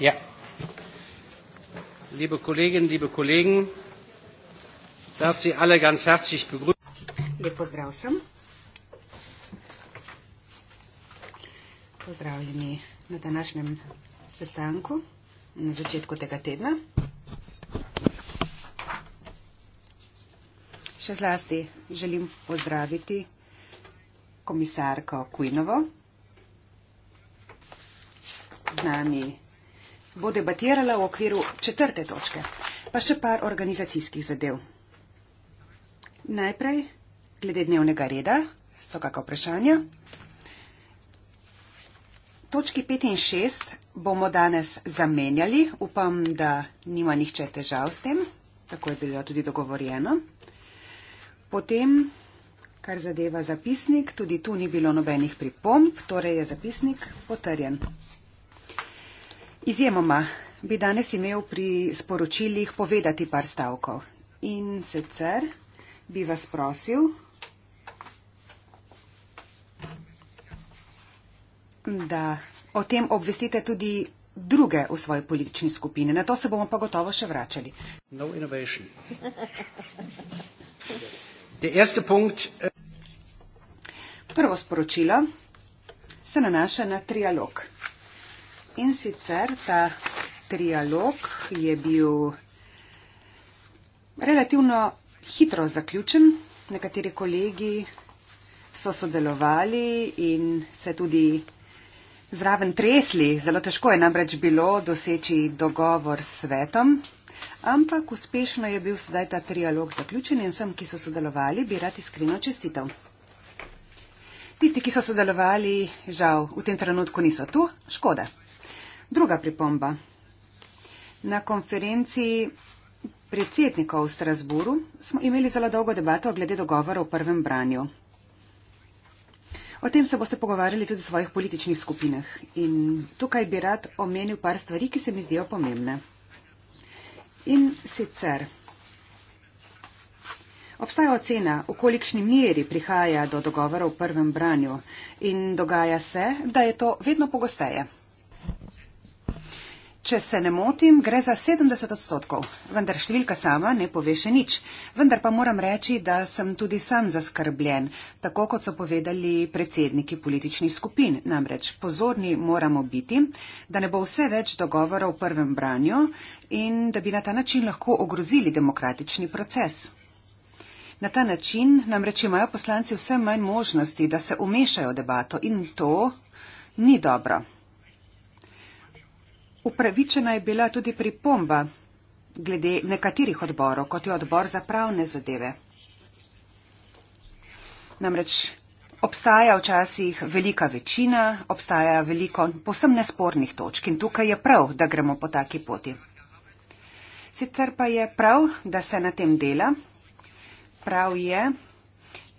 Ja. Liebe Kolleginnen, liebe Kollegen, ich darf Sie alle ganz herzlich begrüßen. Pozdravljeni na današnjem sestanku na začetku tega tedna. Še zlasti želim pozdraviti komisarko Kujnovo. Z nami bo debatirala v okviru četrte točke, pa še par organizacijskih zadev. Najprej, glede dnevnega reda, so kakšna vprašanja. Točki 5 in 6 bomo danes zamenjali, upam, da nima nihče težav s tem, tako je bilo tudi dogovorjeno. Potem, kar zadeva zapisnik, tudi tu ni bilo nobenih pripomb, torej je zapisnik potrjen. Izjemoma bi danes imel pri sporočilih povedati par stavkov. In sicer bi vas prosil, da o tem obvestite tudi druge v svoji politični skupini. Na to se bomo pa gotovo še vračali. No innovation. Punkt, eh. Prvo sporočilo se nanaša na trialog. In sicer ta trialog je bil relativno hitro zaključen. Nekateri kolegi so sodelovali in se tudi zraven tresli. Zelo težko je namreč bilo doseči dogovor s svetom. Ampak uspešno je bil sedaj ta trialog zaključen in vsem, ki so sodelovali, bi rad iskreno čestital. Tisti, ki so sodelovali, žal v tem trenutku niso tu, škoda. Druga pripomba. Na konferenci predsednikov v Strasburu smo imeli zelo dolgo debato glede dogovora v prvem branju. O tem se boste pogovarjali tudi v svojih političnih skupinah. In tukaj bi rad omenil par stvari, ki se mi zdijo pomembne. In sicer. Obstaja ocena, v kolikšni meri prihaja do dogovora v prvem branju in dogaja se, da je to vedno pogosteje. Če se ne motim, gre za 70 odstotkov, vendar številka sama ne pove še nič. Vendar pa moram reči, da sem tudi sam zaskrbljen, tako kot so povedali predsedniki političnih skupin. Namreč pozorni moramo biti, da ne bo vse več dogovorov v prvem branju in da bi na ta način lahko ogrozili demokratični proces. Na ta način namreč imajo poslanci vse manj možnosti, da se umešajo v debato in to ni dobro. Upravičena je bila tudi pripomba glede nekaterih odborov, kot je odbor za pravne zadeve. Namreč obstaja včasih velika večina, obstaja veliko posebno nespornih točk in tukaj je prav, da gremo po taki poti. Sicer pa je prav, da se na tem dela, prav je,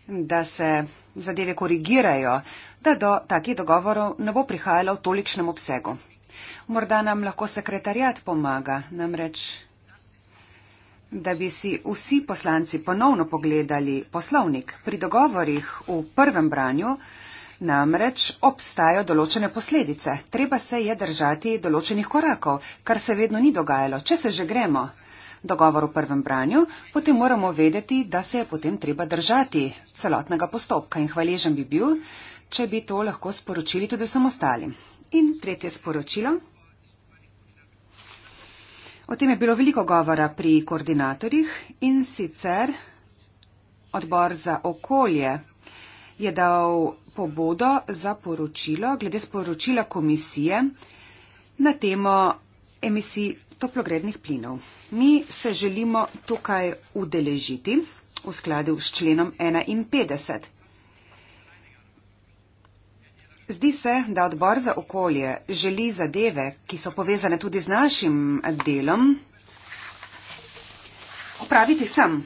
da se zadeve korigirajo, da do takih dogovorov ne bo prihajalo v tolikšnem obsegu. Morda nam lahko sekretarjat pomaga, namreč, da bi si vsi poslanci ponovno pogledali poslovnik. Pri dogovorih v prvem branju namreč obstajajo določene posledice. Treba se je držati določenih korakov, kar se vedno ni dogajalo. Če se že gremo dogovor v prvem branju, potem moramo vedeti, da se je potem treba držati celotnega postopka in hvaležen bi bil, če bi to lahko sporočili tudi samostali. In tretje sporočilo. O tem je bilo veliko govora pri koordinatorjih in sicer odbor za okolje je dal pobudo za poročilo glede sporočila komisije na temo emisij toplogrednih plinov. Mi se želimo tukaj udeležiti v skladu s členom 51. Zdi se, da odbor za okolje želi zadeve, ki so povezane tudi z našim delom, opraviti sam.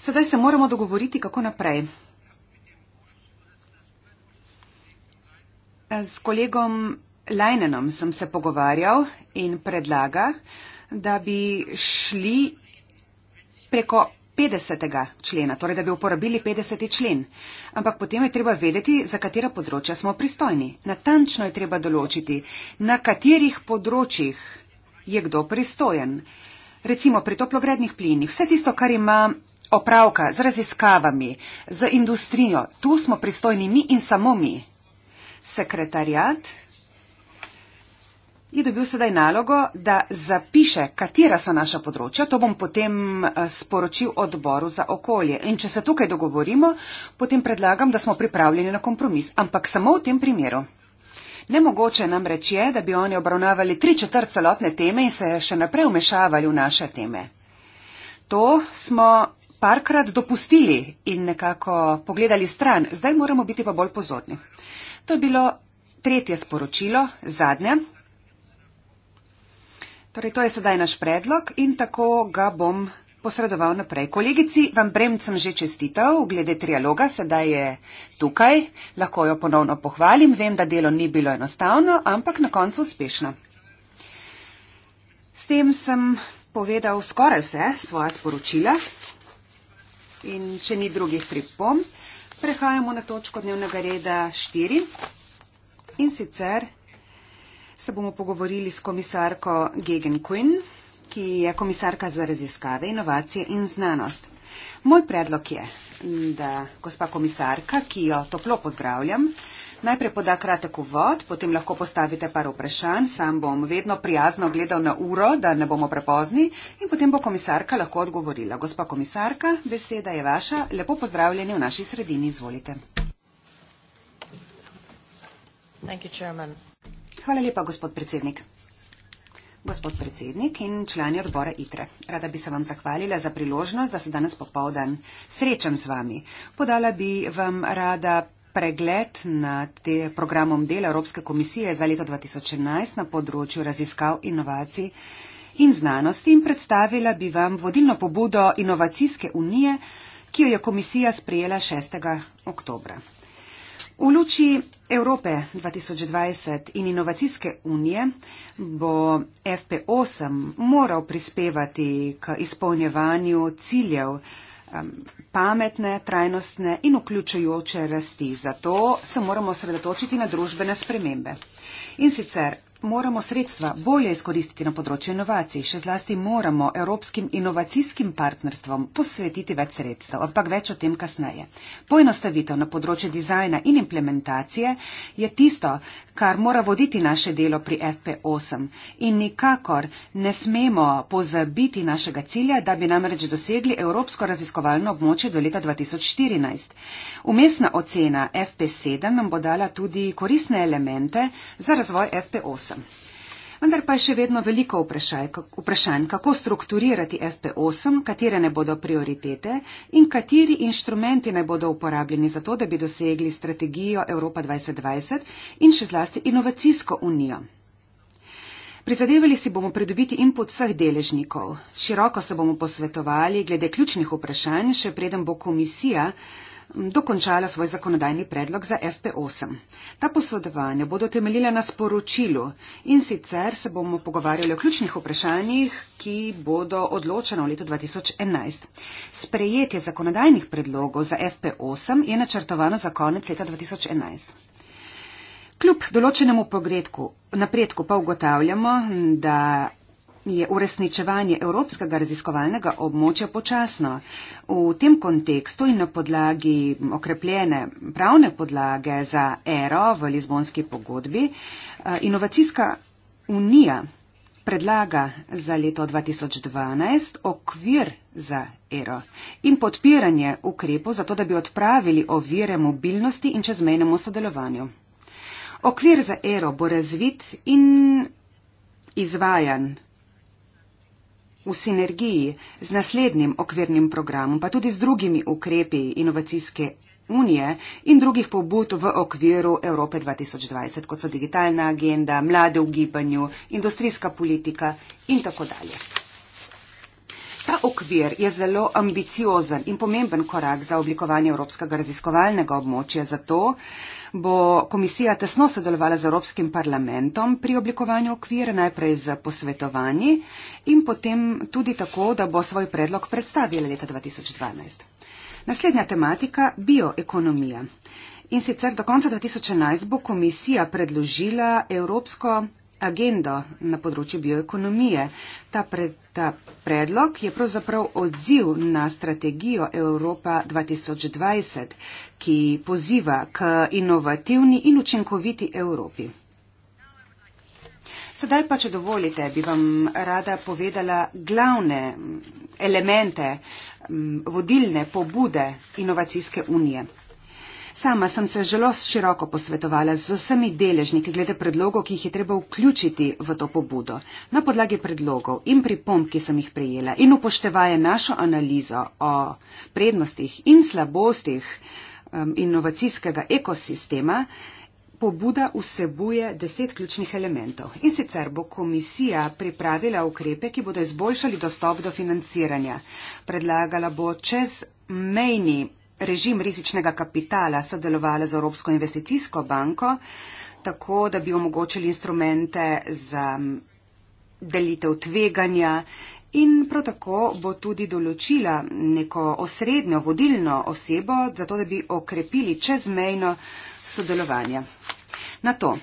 Sedaj se moramo dogovoriti, kako naprej. S kolegom Lajnenom sem se pogovarjal in predlaga, da bi šli preko 50. člena, torej da bi uporabili 50. člen. Ampak potem je treba vedeti, za katera področja smo pristojni. Natančno je treba določiti, na katerih področjih je kdo pristojen. Recimo pri toplogrednih plinih, vse tisto, kar ima opravka z raziskavami, z industrijo, tu smo pristojni mi in samo mi. Sekretarjat je dobil sedaj nalogo, da zapiše, katera so naša področja. To bom potem eh, sporočil odboru za okolje. In če se tukaj dogovorimo, potem predlagam, da smo pripravljeni na kompromis. Ampak samo v tem primeru. Nemogoče namreč je, da bi oni obravnavali tri četrt celotne teme in se še naprej umešavali v naše teme. To smo parkrat dopustili in nekako pogledali stran, zdaj moramo biti pa bolj pozorni. To je bilo tretje sporočilo, zadnje. Torej, to je sedaj naš predlog in tako ga bom posredoval naprej. Kolegici vam bremcem že čestitev, glede trialoga, sedaj je tukaj, lahko jo ponovno pohvalim, vem, da delo ni bilo enostavno, ampak na koncu uspešno. S tem sem povedal skoraj vse svoje sporočila in če ni drugih pripomb, prehajamo na točko dnevnega reda 4 in sicer se bomo pogovorili s komisarko Gegen Quinn, ki je komisarka za raziskave, inovacije in znanost. Moj predlog je, da gospa komisarka, ki jo toplo pozdravljam, najprej poda kratek uvod, potem lahko postavite par vprašanj, sam bom vedno prijazno gledal na uro, da ne bomo prepozni in potem bo komisarka lahko odgovorila. Gospa komisarka, beseda je vaša, lepo pozdravljeni v naši sredini, izvolite. Thank you, Chairman. Hvala lepa, gospod predsednik. Gospod predsednik in člani odbora ITRE, rada bi se vam zahvalila za priložnost, da se danes popovdan srečam z vami. Podala bi vam rada pregled nad te programom dela Evropske komisije za leto 2011 na področju raziskav inovacij in znanosti in predstavila bi vam vodilno pobudo Inovacijske unije, ki jo je komisija sprejela 6. oktobra. V luči Evrope 2020 in inovacijske unije bo FP8 moral prispevati k izpolnjevanju ciljev um, pametne, trajnostne in vključujoče rasti. Zato se moramo sredotočiti na družbene spremembe. In sicer moramo sredstva bolje izkoristiti na področju inovacij, še zlasti moramo evropskim inovacijskim partnerstvom posvetiti več sredstev, ampak več o tem kasneje. Poenostavitev na področju dizajna in implementacije je tisto, kar mora voditi naše delo pri FP8 in nikakor ne smemo pozabiti našega cilja, da bi namreč dosegli Evropsko raziskovalno območje do leta 2014. Umestna ocena FP7 nam bo dala tudi koristne elemente za razvoj FP8 vendar pa je še vedno veliko vprašanj, kako strukturirati FP8, katere ne bodo prioritete in kateri inštrumenti ne bodo uporabljeni za to, da bi dosegli strategijo Evropa 2020 in še zlasti inovacijsko unijo. Prizadevali si bomo pridobiti input vseh deležnikov, široko se bomo posvetovali glede ključnih vprašanj, še preden bo komisija dokončala svoj zakonodajni predlog za FP8. Ta posodovanja bodo temeljila na sporočilu in sicer se bomo pogovarjali o ključnih vprašanjih, ki bodo odločena v letu 2011. Sprejetje zakonodajnih predlogov za FP8 je načrtovano za konec leta 2011. Kljub določenemu napredku pa ugotavljamo, da je uresničevanje evropskega raziskovalnega območja počasno. V tem kontekstu in na podlagi okrepljene pravne podlage za ERO v Lizbonski pogodbi, eh, Inovacijska unija predlaga za leto 2012 okvir za ERO in podpiranje ukrepov za to, da bi odpravili ovire mobilnosti in čezmejnemu sodelovanju. Okvir za ERO bo razvit in izvajan v sinergiji z naslednjim okvirnim programom, pa tudi z drugimi ukrepi inovacijske unije in drugih pobud v okviru Evrope 2020, kot so digitalna agenda, mlade v gibanju, industrijska politika in tako dalje. Ta okvir je zelo ambiciozen in pomemben korak za oblikovanje Evropskega raziskovalnega območja, zato bo komisija tesno sodelovala z Evropskim parlamentom pri oblikovanju okvira, najprej z posvetovanji in potem tudi tako, da bo svoj predlog predstavila leta 2012. Naslednja tematika - bioekonomija. In sicer do konca 2011 bo komisija predložila Evropsko parlamento agendo na področju bioekonomije. Ta, pred, ta predlog je pravzaprav odziv na strategijo Evropa 2020, ki poziva k inovativni in učinkoviti Evropi. Sedaj pa, če dovolite, bi vam rada povedala glavne mm, elemente, mm, vodilne pobude inovacijske unije. Sama sem se zelo široko posvetovala z vsemi deležniki glede predlogov, ki jih je treba vključiti v to pobudo. Na podlagi predlogov in pripomb, ki sem jih prejela in upoštevaje našo analizo o prednostih in slabostih um, inovacijskega ekosistema, pobuda vsebuje deset ključnih elementov. In sicer bo komisija pripravila ukrepe, ki bodo izboljšali dostop do financiranja. Predlagala bo čez mejni režim rizičnega kapitala sodelovala z Evropsko investicijsko banko, tako da bi omogočili instrumente za delitev tveganja in prav tako bo tudi določila neko osrednjo vodilno osebo, zato da bi okrepili čezmejno sodelovanje. Na to.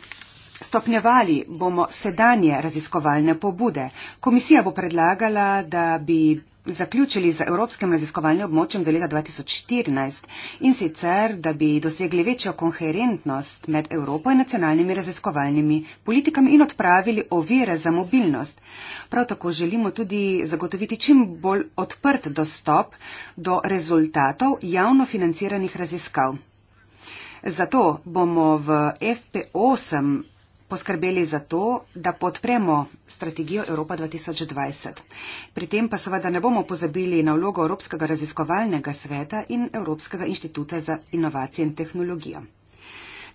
Stopnjevali bomo sedanje raziskovalne pobude. Komisija bo predlagala, da bi zaključili z Evropskim raziskovalnim območjem do leta 2014 in sicer, da bi dosegli večjo koherentnost med Evropo in nacionalnimi raziskovalnimi politikami in odpravili ovire za mobilnost. Prav tako želimo tudi zagotoviti čim bolj odprt dostop do rezultatov javno financiranih raziskav. Zato bomo v FP8 poskrbeli za to, da podpremo strategijo Evropa 2020. Pri tem pa seveda ne bomo pozabili na vlogo Evropskega raziskovalnega sveta in Evropskega inštituta za inovacije in tehnologijo.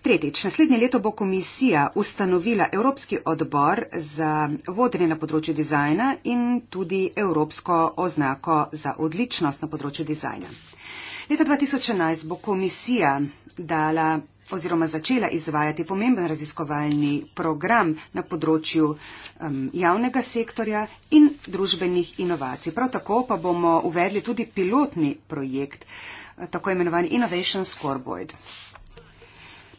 Tretjič, naslednje leto bo komisija ustanovila Evropski odbor za vodenje na področju dizajna in tudi Evropsko oznako za odličnost na področju dizajna. Leta 2011 bo komisija dala oziroma začela izvajati pomemben raziskovalni program na področju um, javnega sektorja in družbenih inovacij. Prav tako pa bomo uvedli tudi pilotni projekt, eh, tako imenovan Innovation Scoreboard.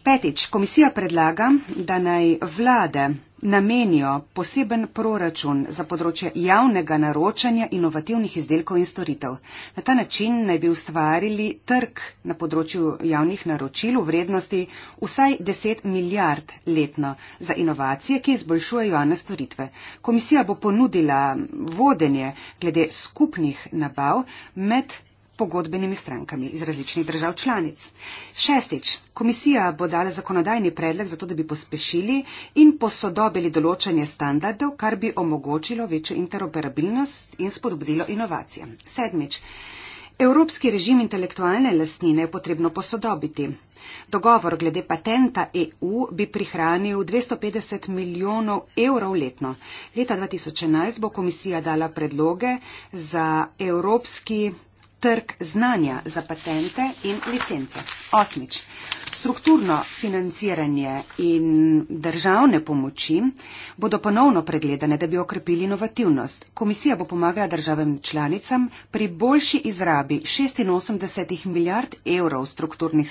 Petič, komisija predlaga, da naj vlade namenijo poseben proračun za področje javnega naročanja inovativnih izdelkov in storitev. Na ta način naj bi ustvarili trg na področju javnih naročil v vrednosti vsaj 10 milijard letno za inovacije, ki izboljšujejo javne storitve. Komisija bo ponudila vodenje glede skupnih nabav med pogodbenimi strankami iz različnih držav članic. Šestič, komisija bo dala zakonodajni predlog za to, da bi pospešili in posodobili določanje standardov, kar bi omogočilo večjo interoperabilnost in spodbudilo inovacije. Sedmič, evropski režim intelektualne lasnine je potrebno posodobiti. Dogovor glede patenta EU bi prihranil 250 milijonov evrov letno. Leta 2011 bo komisija dala predloge za evropski trg znanja za patente in licence. Osmič. Strukturno financiranje in državne pomoči bodo ponovno pregledane, da bi okrepili inovativnost. Komisija bo pomagala državam članicam pri boljši izrabi 86 milijard evrov strukturnih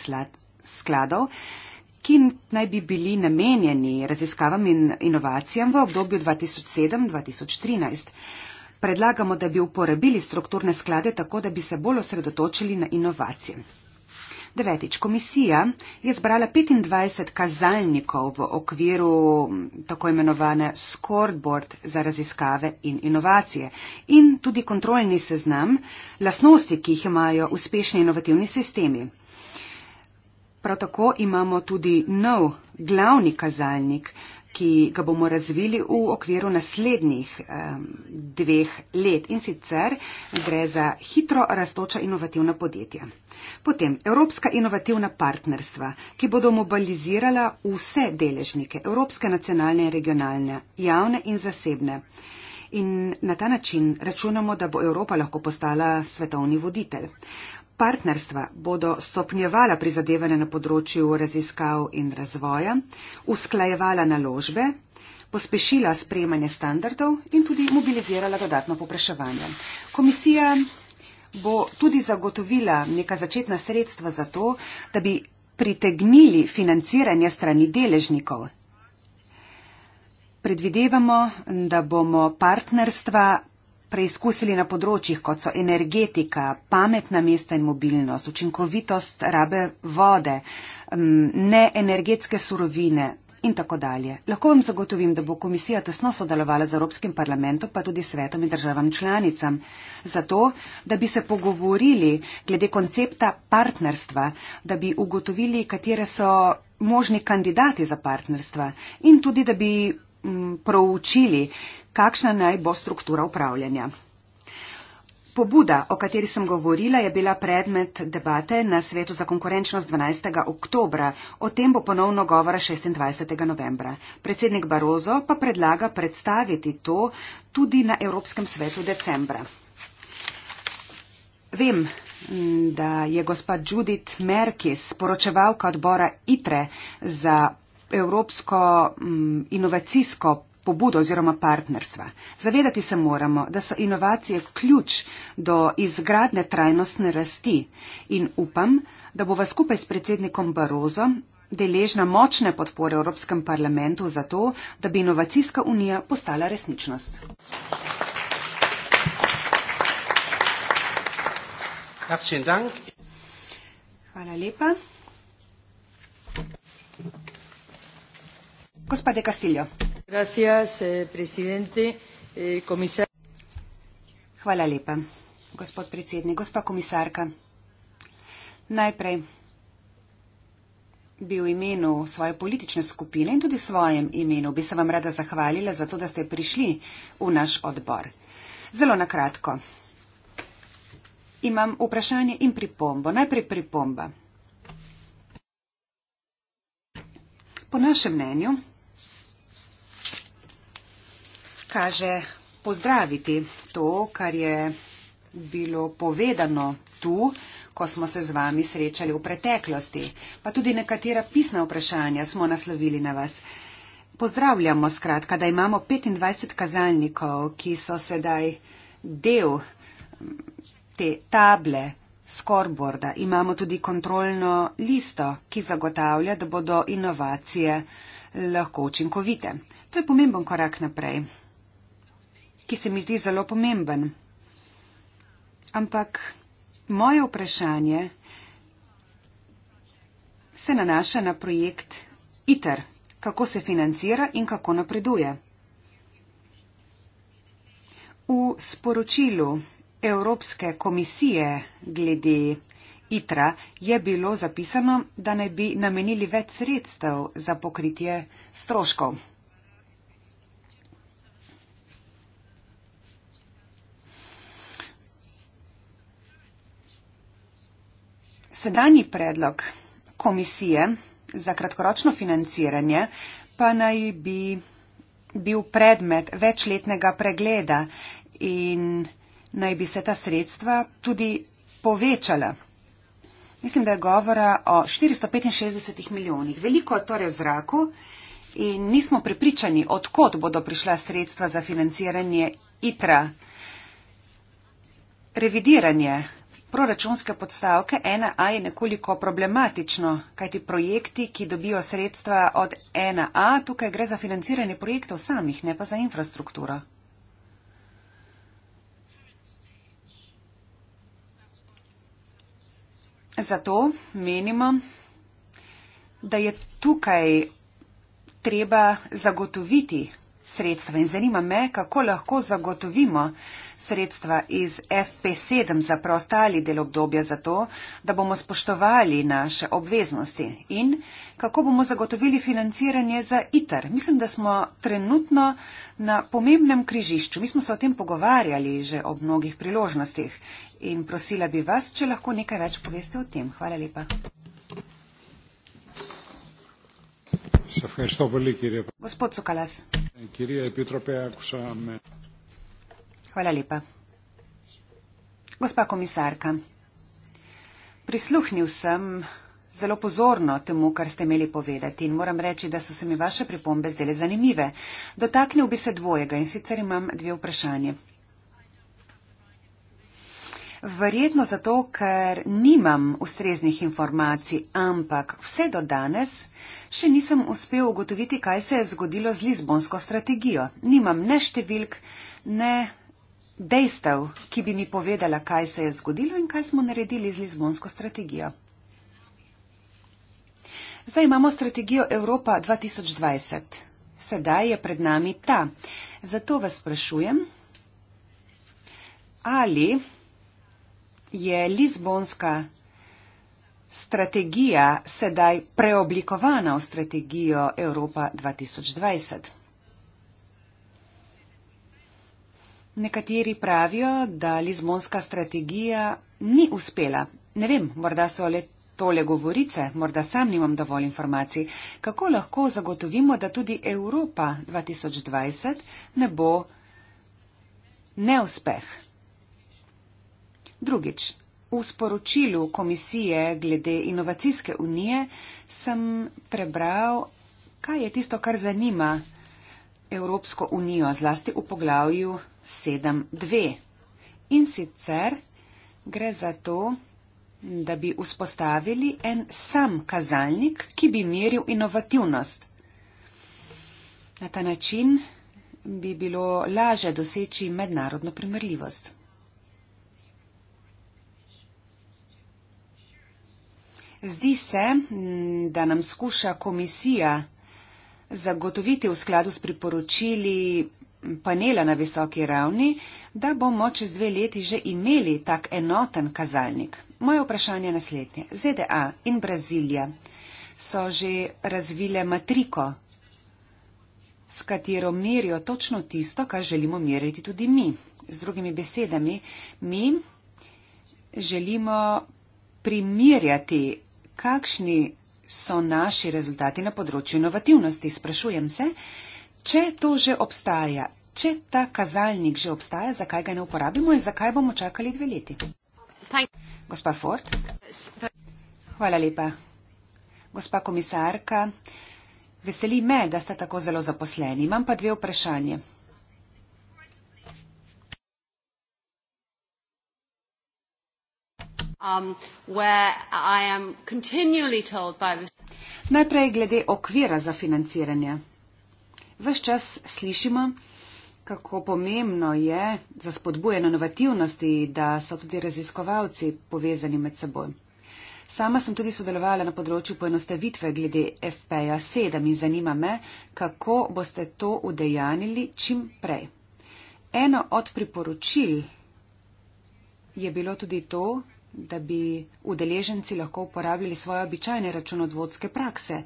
skladov, ki naj bi bili namenjeni raziskavam in inovacijam v obdobju 2007-2013 predlagamo, da bi uporabili strukturne sklade tako, da bi se bolj osredotočili na inovacije. Devetič, komisija je zbrala 25 kazalnikov v okviru tako imenovane scoreboard za raziskave in inovacije in tudi kontrolni seznam lasnosti, ki jih imajo uspešni inovativni sistemi. Prav tako imamo tudi nov glavni kazalnik, ki ga bomo razvili v okviru naslednjih um, dveh let in sicer gre za hitro raztoča inovativna podjetja. Potem Evropska inovativna partnerstva, ki bodo mobilizirala vse deležnike, evropske, nacionalne, regionalne, javne in zasebne. In na ta način računamo, da bo Evropa lahko postala svetovni voditelj partnerstva bodo stopnjevala prizadevanja na področju raziskav in razvoja, usklajevala naložbe, pospešila sprejemanje standardov in tudi mobilizirala dodatno popraševanje. Komisija bo tudi zagotovila neka začetna sredstva za to, da bi pritegnili financiranje strani deležnikov. Predvidevamo, da bomo partnerstva preizkusili na področjih, kot so energetika, pametna mesta in mobilnost, učinkovitost rabe vode, neenergetske surovine in tako dalje. Lahko vam zagotovim, da bo komisija tesno sodelovala z Evropskim parlamentom, pa tudi svetom in državam članicam, zato, da bi se pogovorili glede koncepta partnerstva, da bi ugotovili, katere so možni kandidati za partnerstva in tudi, da bi m, proučili, kakšna naj bo struktura upravljanja. Pobuda, o kateri sem govorila, je bila predmet debate na svetu za konkurenčnost 12. oktobra. O tem bo ponovno govora 26. novembra. Predsednik Barozo pa predlaga predstaviti to tudi na Evropskem svetu decembra. Vem, mm, da je gospa Judith Merkis, poročevalka odbora ITRE za evropsko mm, inovacijsko pobudo oziroma partnerstva. Zavedati se moramo, da so inovacije ključ do izgradne trajnostne rasti in upam, da bova skupaj s predsednikom Barozo deležna močne podpore Evropskem parlamentu za to, da bi inovacijska unija postala resničnost. Hvala lepa. Gospa De Castillo. Eh, eh, Hvala lepa, gospod predsednik. Gospa komisarka, najprej bi v imenu svoje politične skupine in tudi v svojem imenu bi se vam rada zahvalila za to, da ste prišli v naš odbor. Zelo na kratko. Imam vprašanje in pripombo. Najprej pripomba. Po našem mnenju kaže pozdraviti to, kar je bilo povedano tu, ko smo se z vami srečali v preteklosti, pa tudi nekatera pisna vprašanja smo naslovili na vas. Pozdravljamo skratka, da imamo 25 kazalnikov, ki so sedaj del mm, te table skorborda. Imamo tudi kontrolno listo, ki zagotavlja, da bodo inovacije lahko učinkovite. To je pomemben korak naprej ki se mi zdi zelo pomemben. Ampak moje vprašanje se nanaša na projekt ITER, kako se financira in kako napreduje. V sporočilu Evropske komisije glede ITRA je bilo zapisano, da naj bi namenili več sredstev za pokritje stroškov. Sedajni predlog komisije za kratkoročno financiranje pa naj bi bil predmet večletnega pregleda in naj bi se ta sredstva tudi povečala. Mislim, da je govora o 465 milijonih. Veliko je torej v zraku in nismo prepričani, odkot bodo prišla sredstva za financiranje ITRA. Revidiranje proračunske podstavke 1A je nekoliko problematično, kajti projekti, ki dobijo sredstva od 1A, tukaj gre za financiranje projektov samih, ne pa za infrastrukturo. Zato menimo, da je tukaj treba zagotoviti sredstva in zanima me, kako lahko zagotovimo sredstva sredstva iz FP7 za preostali del obdobja zato, da bomo spoštovali naše obveznosti in kako bomo zagotovili financiranje za ITER. Mislim, da smo trenutno na pomembnem križišču. Mi smo se o tem pogovarjali že ob mnogih priložnostih in prosila bi vas, če lahko nekaj več poveste o tem. Hvala lepa. Gospod Sokalas. Kirija je Petropeja, kušam. Hvala lepa. Gospa komisarka, prisluhnil sem zelo pozorno temu, kar ste imeli povedati in moram reči, da so se mi vaše pripombe zdele zanimive. Dotaknil bi se dvojega in sicer imam dve vprašanje. Verjetno zato, ker nimam ustreznih informacij, ampak vse do danes še nisem uspel ugotoviti, kaj se je zgodilo z Lizbonsko strategijo. Nimam ne številk, ne dejstev, ki bi mi povedala, kaj se je zgodilo in kaj smo naredili z Lizbonsko strategijo. Zdaj imamo strategijo Evropa 2020. Sedaj je pred nami ta. Zato vas sprašujem, ali je Lizbonska strategija sedaj preoblikovana v strategijo Evropa 2020. Nekateri pravijo, da Lizbonska strategija ni uspela. Ne vem, morda so le tole govorice, morda sam nimam dovolj informacij. Kako lahko zagotovimo, da tudi Evropa 2020 ne bo neuspeh? Drugič, v sporočilu komisije glede inovacijske unije sem prebral, kaj je tisto, kar zanima Evropsko unijo, zlasti v poglavju 7.2. In sicer gre za to, da bi vzpostavili en sam kazalnik, ki bi meril inovativnost. Na ta način bi bilo laže doseči mednarodno primerljivost. Zdi se, da nam skuša komisija zagotoviti v skladu s priporočili panela na visoki ravni, da bomo čez dve leti že imeli tak enoten kazalnik. Moje vprašanje je naslednje. ZDA in Brazilija so že razvile matriko, s katero merijo točno tisto, kar želimo meriti tudi mi. Z drugimi besedami, mi želimo primerjati, kakšni so naši rezultati na področju inovativnosti. Sprašujem se, če to že obstaja, če ta kazalnik že obstaja, zakaj ga ne uporabimo in zakaj bomo čakali dve leti? Thank Gospa Ford. Hvala lepa. Gospa komisarka, veseli me, da ste tako zelo zaposleni. Imam pa dve vprašanje. Um, Najprej glede okvira za financiranje. Ves čas slišimo, kako pomembno je za spodbujanje inovativnosti, da so tudi raziskovalci povezani med seboj. Sama sem tudi sodelovala na področju poenostavitve glede FPA 7 in zanima me, kako boste to udejanili čim prej. Eno od priporočil je bilo tudi to, da bi udeleženci lahko uporabljali svoje običajne računovodske prakse.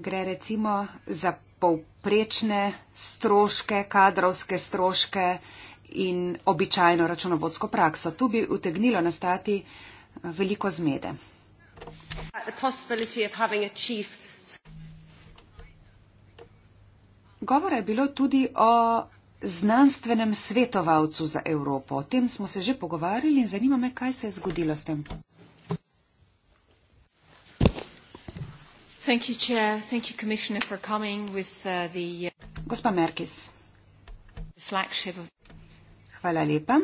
gre recimo za povprečne stroške, kadrovske stroške in običajno računovodsko prakso. Tu bi utegnilo nastati eh, veliko zmede. Govora je bilo tudi o znanstvenem svetovalcu za Evropo. O tem smo se že pogovarjali in zanima me, kaj se je zgodilo s tem. Uh, uh, Gospa Merkis. Hvala lepa.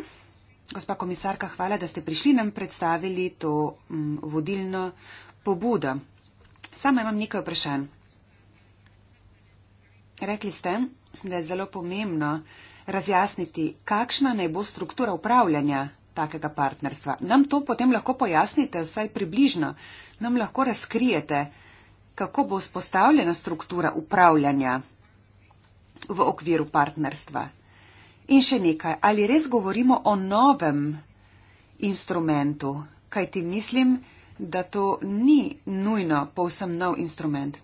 Gospa komisarka, hvala, da ste prišli nam predstavili to mm, vodilno pobudo. Sama imam nekaj vprašanj. Rekli ste, da je zelo pomembno razjasniti, kakšna naj bo struktura upravljanja takega partnerstva. Nam to potem lahko pojasnite, vsaj približno, nam lahko razkrijete, kako bo vzpostavljena struktura upravljanja v okviru partnerstva. In še nekaj, ali res govorimo o novem instrumentu, kajti mislim, da to ni nujno povsem nov instrument.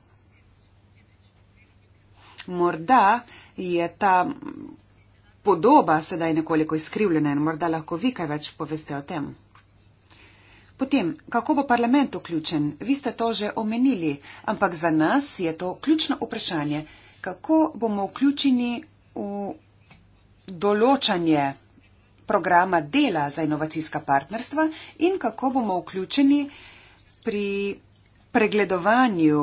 Morda je ta podoba sedaj nekoliko izkrivljena in morda lahko vi kaj več poveste o tem. Potem, kako bo parlament vključen? Vi ste to že omenili, ampak za nas je to ključno vprašanje. Kako bomo vključeni v določanje programa dela za inovacijska partnerstva in kako bomo vključeni pri pregledovanju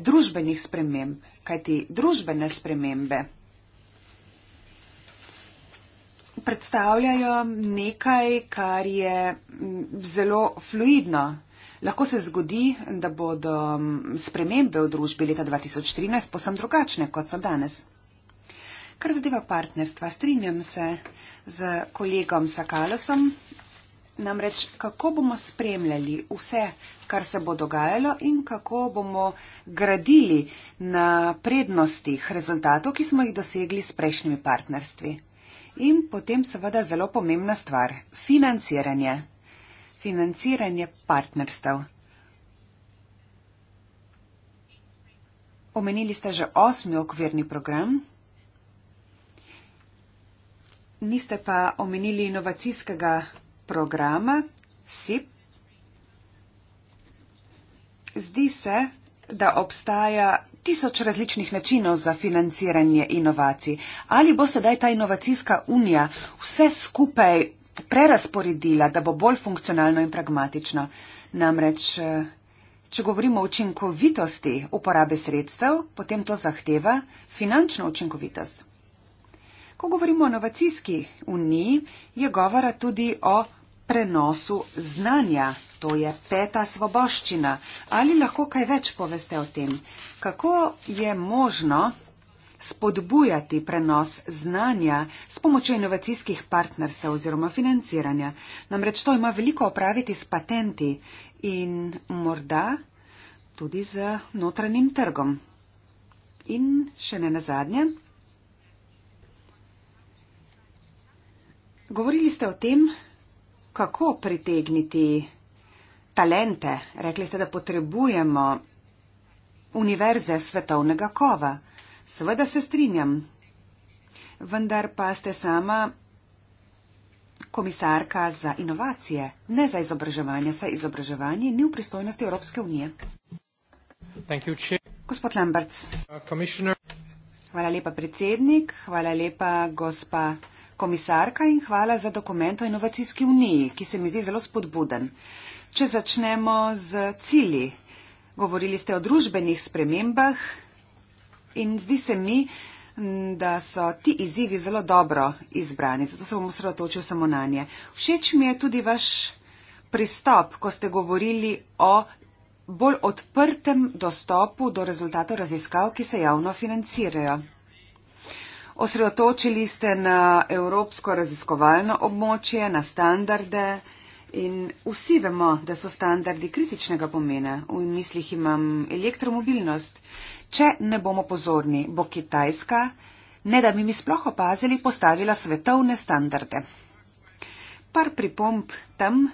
družbenih sprememb, kajti družbene spremembe predstavljajo nekaj, kar je zelo fluidno. Lahko se zgodi, da bodo spremembe v družbi leta 2013 posem drugačne, kot so danes. Kar zadeva partnerstva, strinjam se z kolegom Sakalosom, namreč kako bomo spremljali vse, kar se bo dogajalo in kako bomo gradili na prednostih rezultatov, ki smo jih dosegli s prejšnjimi partnerstvi. In potem seveda zelo pomembna stvar - financiranje. Financiranje partnerstev. Omenili ste že osmi okvirni program, niste pa omenili inovacijskega programa SIP. Zdi se, da obstaja tisoč različnih načinov za financiranje inovacij. Ali bo sedaj ta inovacijska unija vse skupaj prerasporedila, da bo bolj funkcionalno in pragmatično? Namreč, eh, če govorimo o učinkovitosti uporabe sredstev, potem to zahteva finančno učinkovitost. Ko govorimo o inovacijski uniji, je govora tudi o prenosu znanja. To je peta svoboščina. Ali lahko kaj več poveste o tem? Kako je možno spodbujati prenos znanja s pomočjo inovacijskih partnerstev oziroma financiranja? Namreč to ima veliko opraviti s patenti in morda tudi z notranjim trgom. In še ne na zadnje. Govorili ste o tem, kako pritegniti talente. Rekli ste, da potrebujemo univerze svetovnega kova. Seveda se strinjam. Vendar pa ste sama komisarka za inovacije, ne za izobraževanje, saj izobraževanje ni v pristojnosti Evropske unije. You, Gospod Lamberts. Uh, hvala lepa predsednik, hvala lepa gospa komisarka in hvala za dokument o inovacijski uniji, ki se mi zdi zelo spodbuden. Če začnemo z cilji. Govorili ste o družbenih spremembah in zdi se mi, da so ti izzivi zelo dobro izbrani, zato se bom osredotočil samo na nje. Všeč mi je tudi vaš pristop, ko ste govorili o bolj odprtem dostopu do rezultatov raziskav, ki se javno financirajo osredotočili ste na evropsko raziskovalno območje, na standarde in vsi vemo, da so standardi kritičnega pomena. V mislih imam elektromobilnost. Če ne bomo pozorni, bo Kitajska, ne da bi mi sploh opazili, postavila svetovne standarde. Par pripomp tam,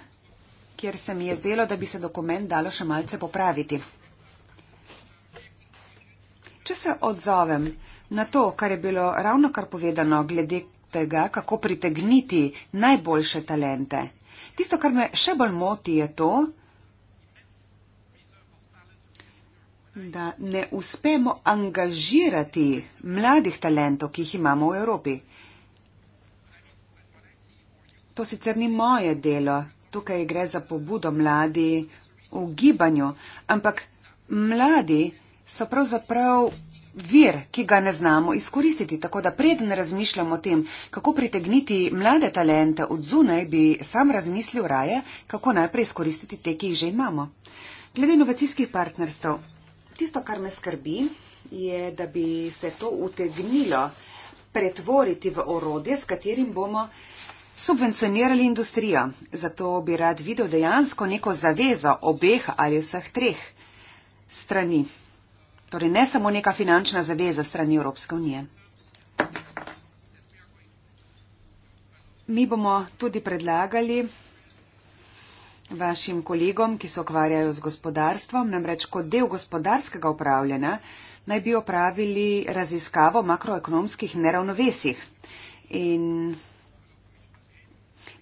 kjer se mi je zdelo, da bi se dokument dalo še malce popraviti. Če se odzovem, Na to, kar je bilo ravno kar povedano glede tega, kako pritegniti najboljše talente. Tisto, kar me še bolj moti, je to, da ne uspemo angažirati mladih talentov, ki jih imamo v Evropi. To sicer ni moje delo, tukaj gre za pobudo mladi v gibanju, ampak mladi so pravzaprav. Prav vir, ki ga ne znamo izkoristiti. Tako da preden razmišljamo o tem, kako pritegniti mlade talente od zunaj, bi sam razmislil raje, kako najprej izkoristiti te, ki jih že imamo. Glede inovacijskih partnerstv, tisto, kar me skrbi, je, da bi se to utegnilo pretvoriti v orodje, s katerim bomo subvencionirali industrijo. Zato bi rad videl dejansko neko zavezo obeh ali vseh treh strani. Torej ne samo neka finančna zaveza strani Evropske unije. Mi bomo tudi predlagali vašim kolegom, ki se okvarjajo z gospodarstvom, namreč kot del gospodarskega upravljanja, naj bi opravili raziskavo makroekonomskih neravnovesih. In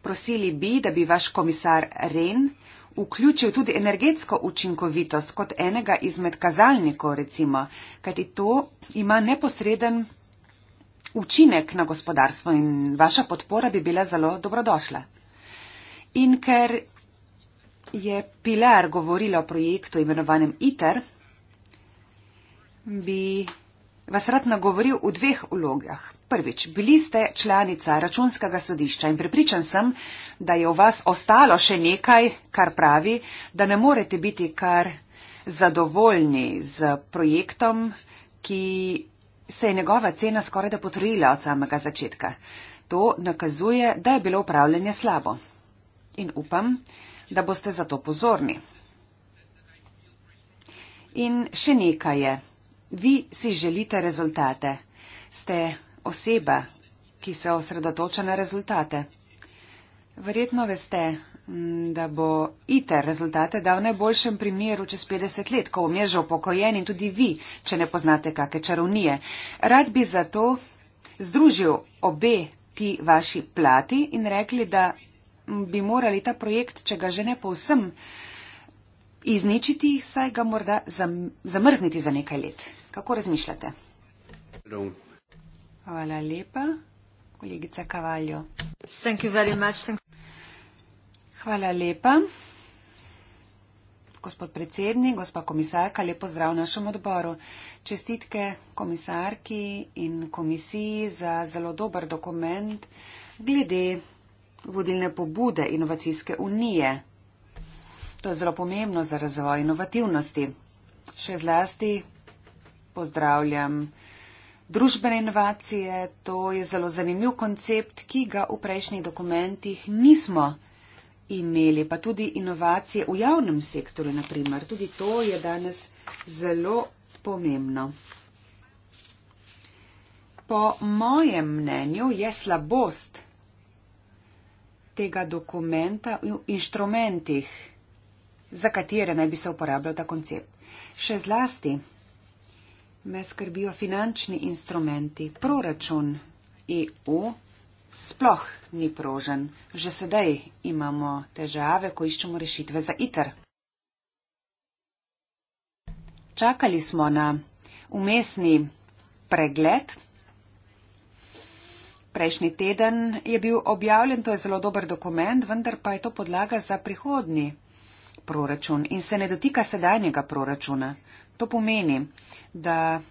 prosili bi, da bi vaš komisar Ren vključil tudi energetsko učinkovitost kot enega izmed kazalnikov, recimo, kajti to ima neposreden učinek na gospodarstvo in vaša podpora bi bila zelo dobrodošla. In ker je Pilar govorila o projektu imenovanem ITER, bi vas rad nagovoril v dveh vlogah. Prvič, bili ste članica računskega sodišča in prepričan sem, da je v vas ostalo še nekaj, kar pravi, da ne morete biti kar zadovoljni z projektom, ki se je njegova cena skoraj da potrojila od samega začetka. To nakazuje, da je bilo upravljanje slabo. In upam, da boste zato pozorni. In še nekaj je. Vi si želite rezultate. Ste osebe, ki se osredotoča na rezultate. Verjetno veste, mm, da bo ITER rezultate dal v najboljšem primeru čez 50 let, ko bom jaz že upokojen in tudi vi, če ne poznate kake čarovnije. Rad bi zato združil obe ti vaši plati in rekli, da bi morali ta projekt, če ga že ne povsem, izničiti, saj ga morda zamrzniti za nekaj let. Kako razmišljate? Hello. Hvala lepa. Kolegica Kavaljo. Thank you very much. Thank Hvala lepa. Gospod predsednik, gospa komisarka, lepo zdrav v našem odboru. Čestitke komisarki in komisiji za zelo dober dokument glede vodilne pobude inovacijske unije. To je zelo pomembno za razvoj inovativnosti. Še zlasti pozdravljam Družbene inovacije, to je zelo zanimiv koncept, ki ga v prejšnjih dokumentih nismo imeli, pa tudi inovacije v javnem sektoru, naprimer. Tudi to je danes zelo pomembno. Po mojem mnenju je slabost tega dokumenta v inštrumentih, za katere naj bi se uporabljal ta koncept. Še zlasti me skrbijo finančni instrumenti. Proračun EU sploh ni prožen. Že sedaj imamo težave, ko iščemo rešitve za ITER. Čakali smo na umestni pregled. Prejšnji teden je bil objavljen, to je zelo dober dokument, vendar pa je to podlaga za prihodni proračun in se ne dotika sedanjega proračuna. To pomeni, da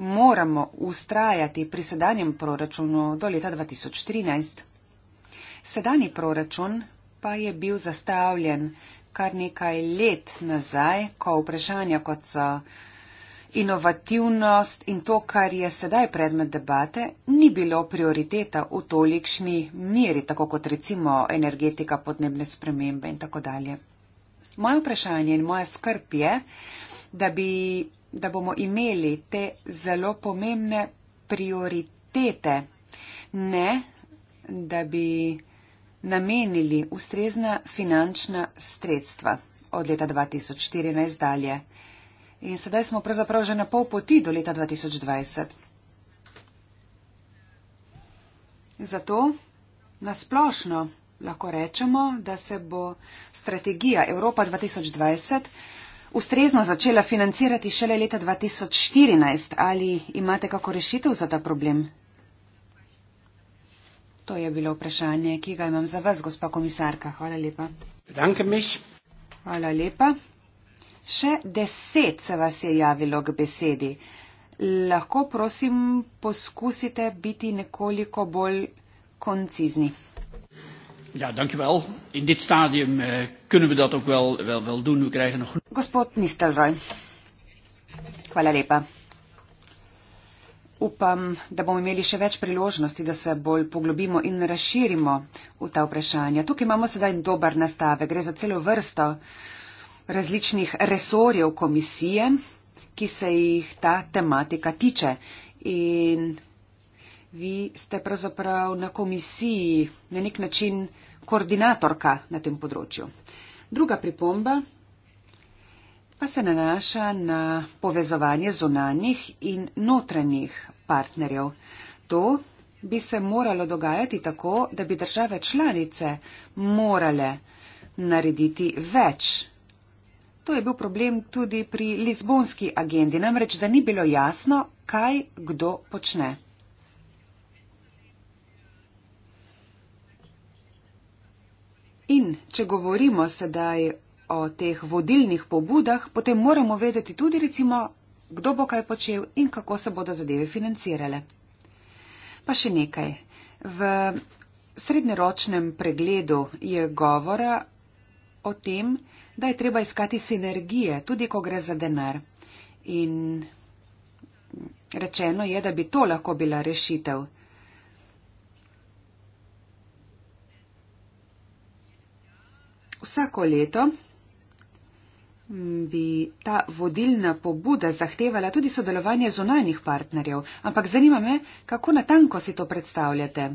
moramo ustrajati pri sedanjem proračunu do leta 2013. Sedani proračun pa je bil zastavljen kar nekaj let nazaj, ko vprašanja kot so inovativnost in to, kar je sedaj predmet debate, ni bilo prioriteta v tolikšni meri, tako kot recimo energetika, podnebne spremembe in tako dalje. Moje vprašanje in moja skrb je, da, bi, da bomo imeli te zelo pomembne prioritete, ne da bi namenili ustrezna finančna sredstva od leta 2014 dalje. In sedaj smo pravzaprav že na pol poti do leta 2020. Zato nasplošno lahko rečemo, da se bo strategija Evropa 2020 ustrezno začela financirati šele leta 2014. Ali imate kako rešitev za ta problem? To je bilo vprašanje, ki ga imam za vas, gospa komisarka. Hvala lepa. Hvala lepa. Še deset se vas je javilo k besedi. Lahko prosim poskusite biti nekoliko bolj koncizni. Ja, dankjewel. In dit stadium uh, kunnen we dat ook wel, wel, wel doen. We krijgen nog genoeg. Gospod Nistelrooy. Hvala lepa. Upam, da bomo imeli še več priložnosti, da se bolj poglobimo in razširimo v ta vprašanja. Tukaj imamo sedaj dober nastave. Gre za celo vrsto različnih resorjev komisije, ki se jih ta tematika tiče. In vi ste pravzaprav na komisiji na nek način koordinatorka na tem področju. Druga pripomba pa se nanaša na povezovanje zunanjih in notranjih partnerjev. To bi se moralo dogajati tako, da bi države članice morale narediti več. To je bil problem tudi pri Lizbonski agendi, namreč da ni bilo jasno, kaj kdo počne. In če govorimo sedaj o teh vodilnih pobudah, potem moramo vedeti tudi, recimo, kdo bo kaj počel in kako se bodo zadeve financirale. Pa še nekaj. V srednjeročnem pregledu je govora o tem, da je treba iskati sinergije, tudi ko gre za denar. In rečeno je, da bi to lahko bila rešitev. vsako leto mm, bi ta vodilna pobuda zahtevala tudi sodelovanje zunanjih partnerjev. Ampak zanima me, kako natanko si to predstavljate.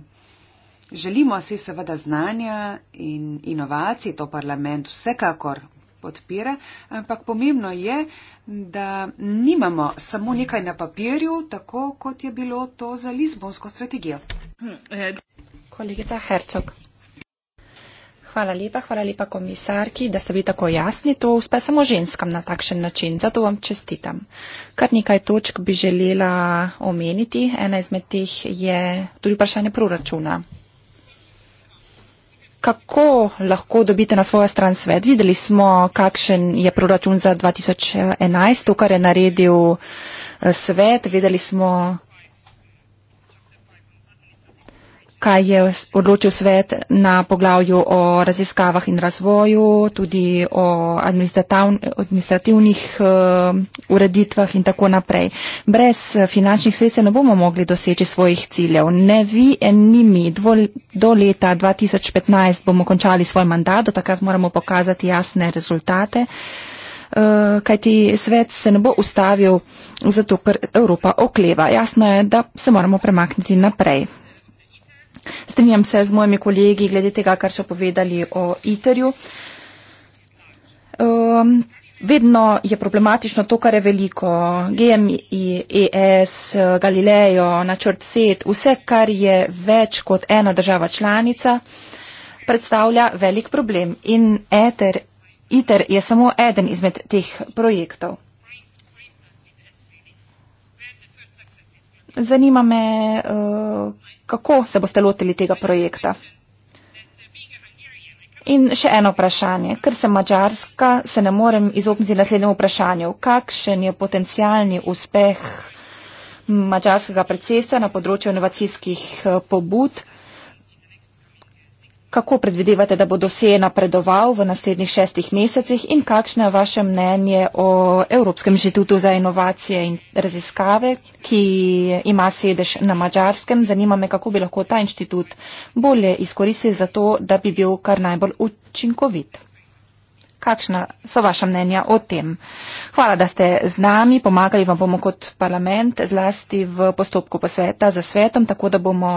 Želimo si seveda znanja in inovacij, to parlament vsekakor podpira, ampak pomembno je, da nimamo samo nekaj na papirju, tako kot je bilo to za Lizbonsko strategijo. Kolegica Hercog. Hvala lepa, hvala lepa komisarki, da ste bili tako jasni. To uspe samo ženskam na takšen način. Zato vam čestitam. Kar nekaj točk bi želela omeniti. Ena izmed teh je tudi vprašanje proračuna. Kako lahko dobite na svojo stran svet? Videli smo, kakšen je proračun za 2011, to, kar je naredil eh, svet. Videli smo, kaj je odločil svet na poglavju o raziskavah in razvoju, tudi o administrativnih eh, ureditvah in tako naprej. Brez eh, finančnih sredstev ne bomo mogli doseči svojih ciljev. Ne vi, eh, ni mi. Do leta 2015 bomo končali svoj mandat, do takrat moramo pokazati jasne rezultate. Kajti svet se ne bo ustavil, zato ker Evropa okleva. Jasno je, da se moramo premakniti naprej. Strinjam se z mojimi kolegi glede tega, kar so povedali o ITER-ju. Um, vedno je problematično to, kar je veliko. GMI, ES, Galileo, načrt SET, vse, kar je več kot ena država članica, predstavlja velik problem. In ETER, ITER je samo eden izmed teh projektov. Zanima me, uh, kako se boste lotili tega projekta? In še eno vprašanje, ker sem mačarska, se ne morem izogniti naslednjemu vprašanju. Kakšen je potencijalni uspeh mačarskega predsedstva na področju inovacijskih eh, pobud? kako predvidevate, da bo dosje napredoval v naslednjih šestih mesecih in kakšno je vaše mnenje o Evropskem inštitutu za inovacije in raziskave, ki ima sedež na Mačarskem. Zanima me, kako bi lahko ta inštitut bolje izkoristil za to, da bi bil kar najbolj učinkovit. Kakšna so vaša mnenja o tem? Hvala, da ste z nami, pomagali vam bomo kot parlament, zlasti v postopku posveta za svetom, tako da bomo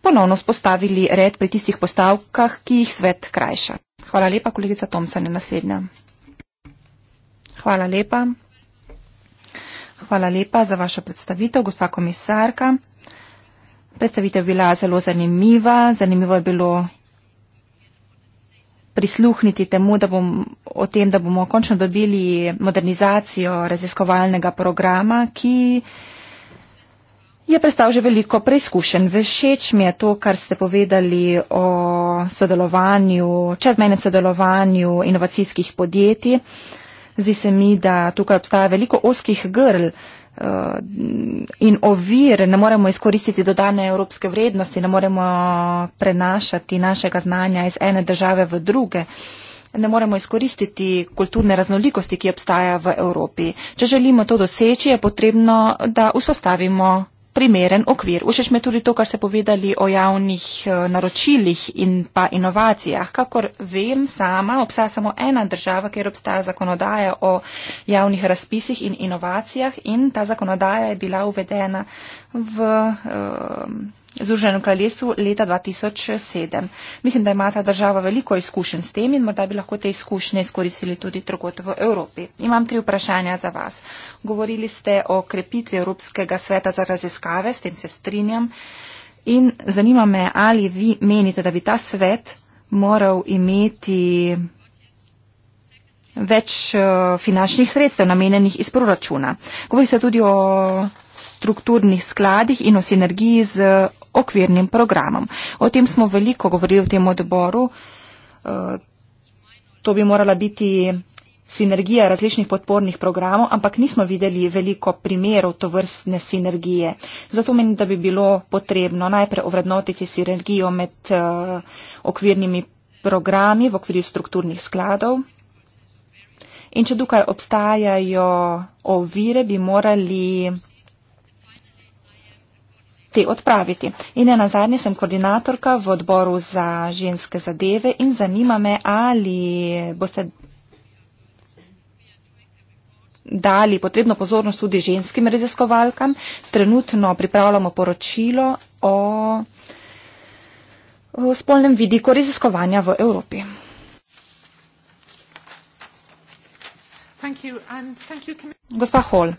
ponovno spostavili red pri tistih postavkah, ki jih svet krajša. Hvala lepa, kolegica Tomsen, naslednja. Hvala lepa. Hvala lepa za vašo predstavitev, gospa komisarka. Predstavitev je bila zelo zanimiva. Zanimivo je bilo prisluhniti temu, da bom o tem, da bomo končno dobili modernizacijo raziskovalnega programa, ki je prestal že veliko preizkušenj. Všeč mi je to, kar ste povedali o sodelovanju, čezmejnem sodelovanju inovacijskih podjetij. Zdi se mi, da tukaj obstaja veliko oskih grl eh, in ovir, ne moremo izkoristiti dodane evropske vrednosti, ne moremo prenašati našega znanja iz ene države v druge, ne moremo izkoristiti kulturne raznolikosti, ki obstaja v Evropi. Če želimo to doseči, je potrebno, da vzpostavimo primeren okvir. Všeč mi je tudi to, kar ste povedali o javnih eh, naročilih in pa inovacijah. Kakor vem sama, obstaja samo ena država, kjer obstaja zakonodaja o javnih razpisih in inovacijah in ta zakonodaja je bila uvedena v. Uh, Združenem kraljestvu leta 2007. Mislim, da ima ta država veliko izkušenj s tem in morda bi lahko te izkušnje izkoristili tudi drugot v Evropi. Imam tri vprašanja za vas. Govorili ste o krepitvi Evropskega sveta za raziskave, s tem se strinjam. In zanima me, ali vi menite, da bi ta svet moral imeti več eh, finančnih sredstev namenjenih iz proračuna. Govori se tudi o strukturnih skladih in o sinergiji z okvirnim programom. O tem smo veliko govorili v tem odboru. Eh, to bi morala biti sinergija različnih podpornih programov, ampak nismo videli veliko primerov to vrstne sinergije. Zato menim, da bi bilo potrebno najprej ovrednotiti sinergijo med eh, okvirnimi programi v okviru strukturnih skladov. In če tukaj obstajajo ovire, bi morali te odpraviti. In ne nazadnje sem koordinatorka v odboru za ženske zadeve in zanima me, ali boste dali potrebno pozornost tudi ženskim raziskovalkam. Trenutno pripravljamo poročilo o spolnem vidiku raziskovanja v Evropi. Gospa Hall,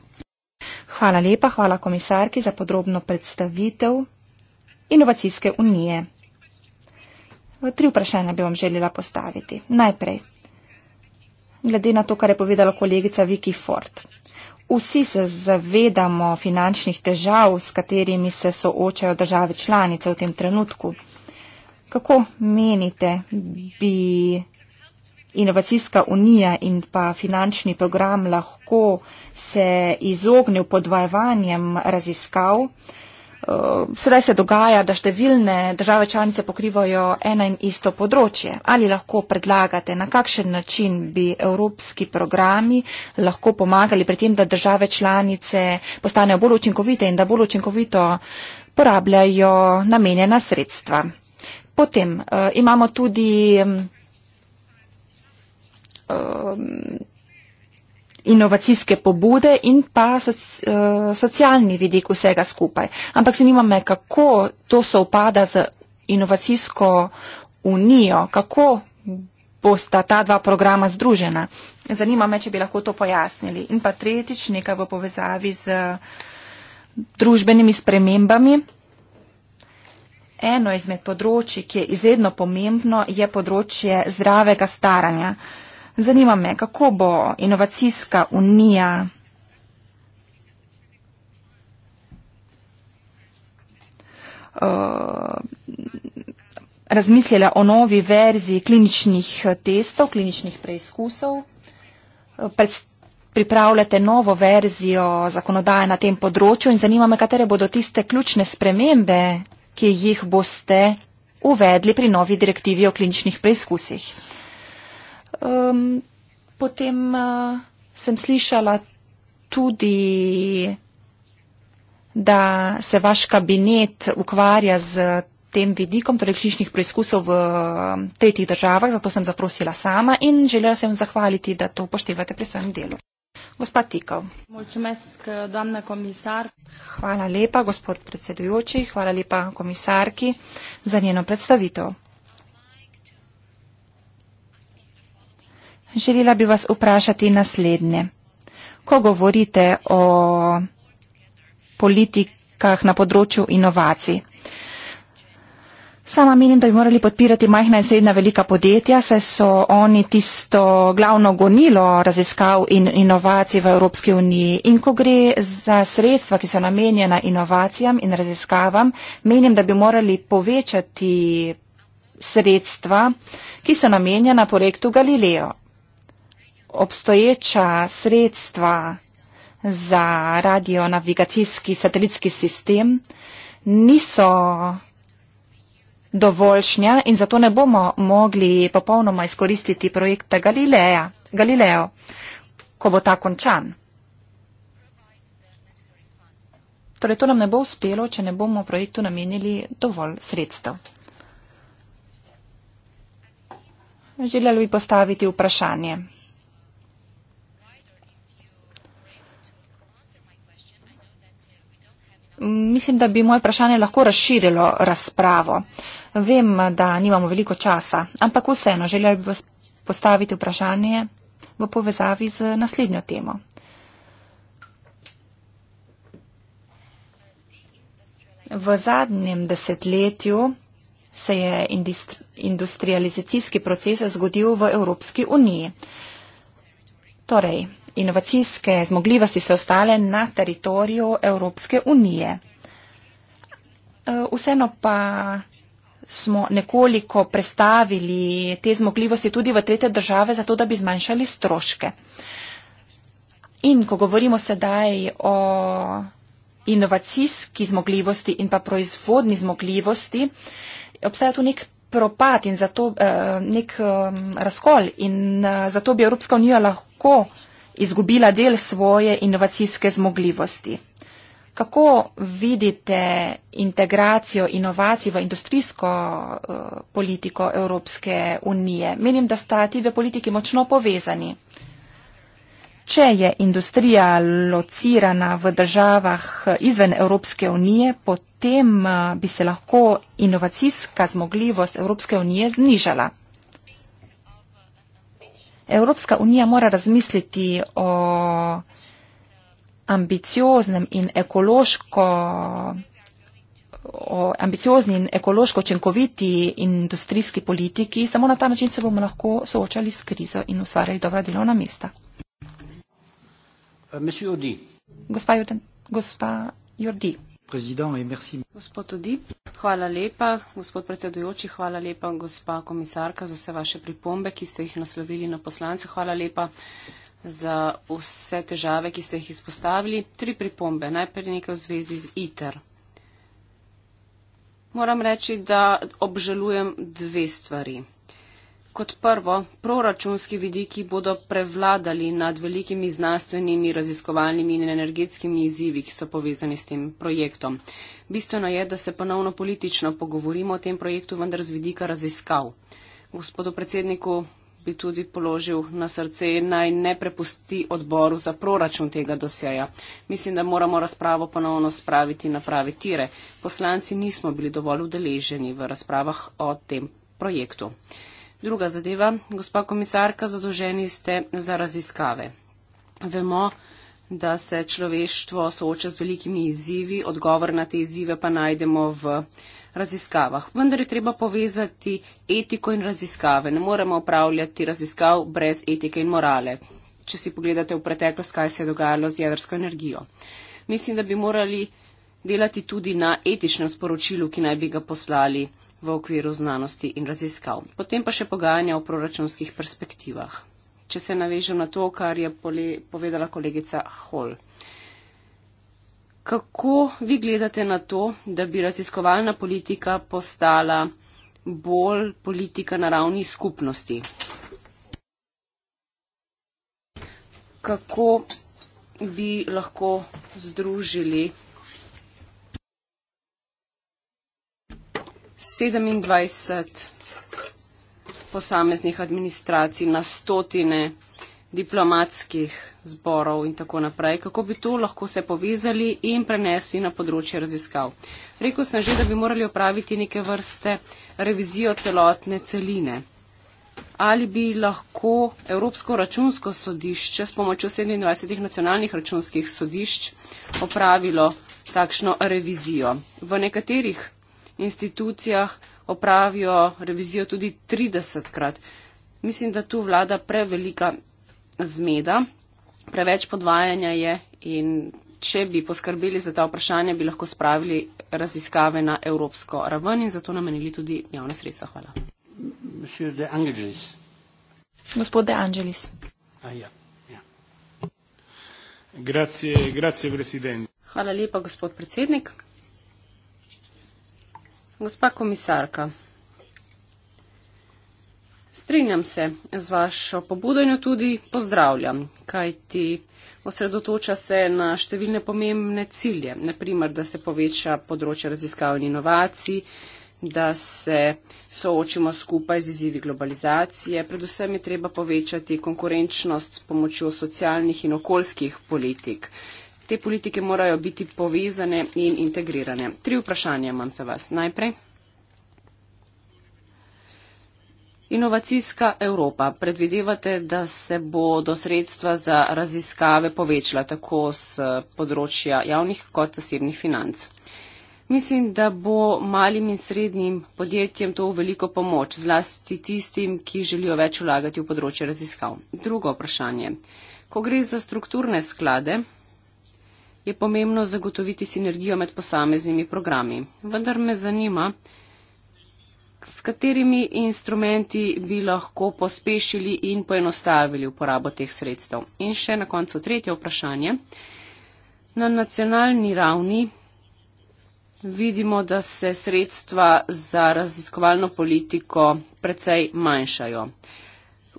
Hvala lepa, hvala komisarki za podrobno predstavitev inovacijske unije. Tri vprašanja bi vam želela postaviti. Najprej, glede na to, kar je povedala kolegica Viki Ford. Vsi se zavedamo finančnih težav, s katerimi se soočajo države članice v tem trenutku. Kako menite, bi inovacijska unija in pa finančni program lahko se izognil podvajevanjem raziskav. Eh, sedaj se dogaja, da številne države članice pokrivajo eno in isto področje. Ali lahko predlagate, na kakšen način bi evropski programi lahko pomagali pri tem, da države članice postanejo bolj učinkovite in da bolj učinkovito porabljajo namenjena sredstva? Potem eh, imamo tudi mm, Um, inovacijske pobude in pa uh, socialni vidik vsega skupaj. Ampak zanima me, kako to se upada z inovacijsko unijo, kako bosta ta dva programa združena. Zanima me, če bi lahko to pojasnili. In pa tretjič, nekaj v povezavi z družbenimi spremembami. Eno izmed področji, ki je izredno pomembno, je področje zdravega staranja. Uh, Zanima me, kako bo inovacijska unija uh, razmislila o novi verziji kliničnih testov, kliničnih preizkusov. Pripravljate novo verzijo zakonodaje na tem področju in zanima me, katere bodo tiste ključne spremembe, ki jih boste uvedli pri novi direktivi o kliničnih preizkusih um, potem uh, sem slišala tudi, da se vaš kabinet ukvarja z tem vidikom, torej kličnih preizkusov v tretjih državah, zato sem zaprosila sama in želela sem zahvaliti, da to upoštevate pri svojem delu. Gospod Tikov. Hvala lepa, gospod predsedujoči, hvala lepa komisarki za njeno predstavitev. želela bi vas vprašati naslednje. Ko govorite o politikah na področju inovacij, sama menim, da bi morali podpirati majhna in srednja velika podjetja, saj so oni tisto glavno gonilo raziskav in inovacij v Evropski uniji. In ko gre za sredstva, ki so namenjena inovacijam in raziskavam, menim, da bi morali povečati sredstva, ki so namenjena projektu Galileo obstoječa sredstva za radionavigacijski satelitski sistem niso dovoljšnja in zato ne bomo mogli popolnoma izkoristiti projekta Galileja, Galileo, ko bo ta končan. Torej, to nam ne bo uspelo, če ne bomo projektu namenili dovolj sredstev. Želeli bi postaviti vprašanje. mislim, da bi moje vprašanje lahko razširilo razpravo. Vem, da nimamo veliko časa, ampak vseeno želel bi vas postaviti vprašanje v povezavi z naslednjo temo. V zadnjem desetletju se je industrializacijski proces zgodil v Evropski uniji. Torej, inovacijske zmogljivosti so ostale na teritoriju Evropske unije. E, vseeno pa smo nekoliko prestavili te zmogljivosti tudi v trete države, zato da bi zmanjšali stroške. In ko govorimo sedaj o inovacijski zmogljivosti in pa proizvodni zmogljivosti, obstaja tu nek propad in zato e, nek e, razkol in zato bi Evropska unija lahko izgubila del svoje inovacijske zmogljivosti. Kako vidite integracijo inovacij v industrijsko eh, politiko Evropske unije? Menim, da sta ti dve politiki močno povezani. Če je industrija locirana v državah eh, izven Evropske unije, potem eh, bi se lahko inovacijska zmogljivost Evropske unije znižala. Evropska unija mora razmisliti o ambicioznem in ekološko o ambiciozni in ekološko učinkoviti industrijski politiki. Samo na ta način se bomo lahko soočali s krizo in ustvarjali dobra delovna mesta. Uh, gospa Jordi. Gospa Jordi. Président et merci. Gospod Odip, hvala lepa. Gospod predsedujoči, hvala lepa, gospa komisarka, za vse vaše pripombe, ki ste jih naslovili na poslance. Hvala lepa za vse težave, ki ste jih izpostavili. Tri pripombe. Najprej nekaj v zvezi z ITER. Moram reči, da obžalujem dve stvari. Kot prvo, proračunski vidiki bodo prevladali nad velikimi znanstvenimi, raziskovalnimi in energetskimi izzivi, ki so povezani s tem projektom. Bistveno je, da se ponovno politično pogovorimo o tem projektu, vendar z vidika raziskav. Gospodu predsedniku bi tudi položil na srce naj ne prepusti odboru za proračun tega dosjeja. Mislim, da moramo razpravo ponovno spraviti na pravi tire. Poslanci nismo bili dovolj udeleženi v razpravah o tem projektu. Druga zadeva, gospa komisarka, zadoženi ste za raziskave. Vemo, da se človeštvo sooča z velikimi izzivi, odgovor na te izzive pa najdemo v raziskavah. Vendar je treba povezati etiko in raziskave. Ne moremo upravljati raziskav brez etike in morale. Če si pogledate v preteklost, kaj se je dogajalo z jedrsko energijo. Mislim, da bi morali delati tudi na etičnem sporočilu, ki naj bi ga poslali v okviru znanosti in raziskav. Potem pa še pogajanja o proračunskih perspektivah. Če se navežem na to, kar je povedala kolegica Hol. Kako vi gledate na to, da bi raziskovalna politika postala bolj politika na ravni skupnosti? Kako bi lahko združili 27 posameznih administracij na stotine diplomatskih zborov in tako naprej, kako bi to lahko se povezali in prenesli na področje raziskav. Rekel sem že, da bi morali opraviti neke vrste revizijo celotne celine. Ali bi lahko Evropsko računsko sodišče s pomočjo 27 nacionalnih računskih sodišč opravilo takšno revizijo? V nekaterih institucijah opravijo revizijo tudi 30krat. Mislim, da tu vlada prevelika zmeda, preveč podvajanja je in če bi poskrbeli za ta vprašanja, bi lahko spravili raziskave na evropsko raven in zato namenili tudi javne sredstva. Hvala. Gospod De Angelis. Ah, ja, ja. Grazie, grazie Hvala lepa, gospod predsednik. Gospa komisarka, strinjam se z vašo pobudo in jo tudi pozdravljam, kajti osredotoča se na številne pomembne cilje, naprimer, da se poveča področje raziskav in inovacij, da se soočimo skupaj z izzivi globalizacije, predvsem je treba povečati konkurenčnost s pomočjo socialnih in okoljskih politik te politike morajo biti povezane in integrirane. Tri vprašanja imam za vas. Najprej. Inovacijska Evropa. Predvidevate, da se bodo sredstva za raziskave povečala tako z področja javnih kot zasebnih financ. Mislim, da bo malim in srednjim podjetjem to veliko pomoč, zlasti tistim, ki želijo več vlagati v področje raziskav. Drugo vprašanje. Ko gre za strukturne sklade, je pomembno zagotoviti sinergijo med posameznimi programi. Vendar me zanima, s katerimi instrumenti bi lahko pospešili in poenostavili uporabo teh sredstev. In še na koncu tretje vprašanje. Na nacionalni ravni vidimo, da se sredstva za raziskovalno politiko precej manjšajo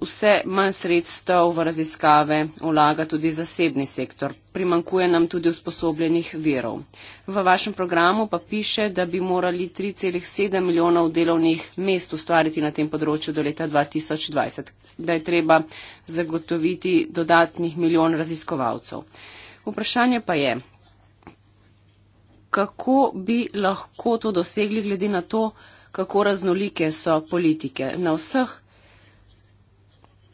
vse manj sredstev v raziskave vlaga tudi zasebni sektor. Primankuje nam tudi usposobljenih verov. V vašem programu pa piše, da bi morali 3,7 milijonov delovnih mest ustvariti na tem področju do leta 2020, da je treba zagotoviti dodatnih milijon raziskovalcev. Vprašanje pa je, kako bi lahko to dosegli glede na to, kako raznolike so politike na vseh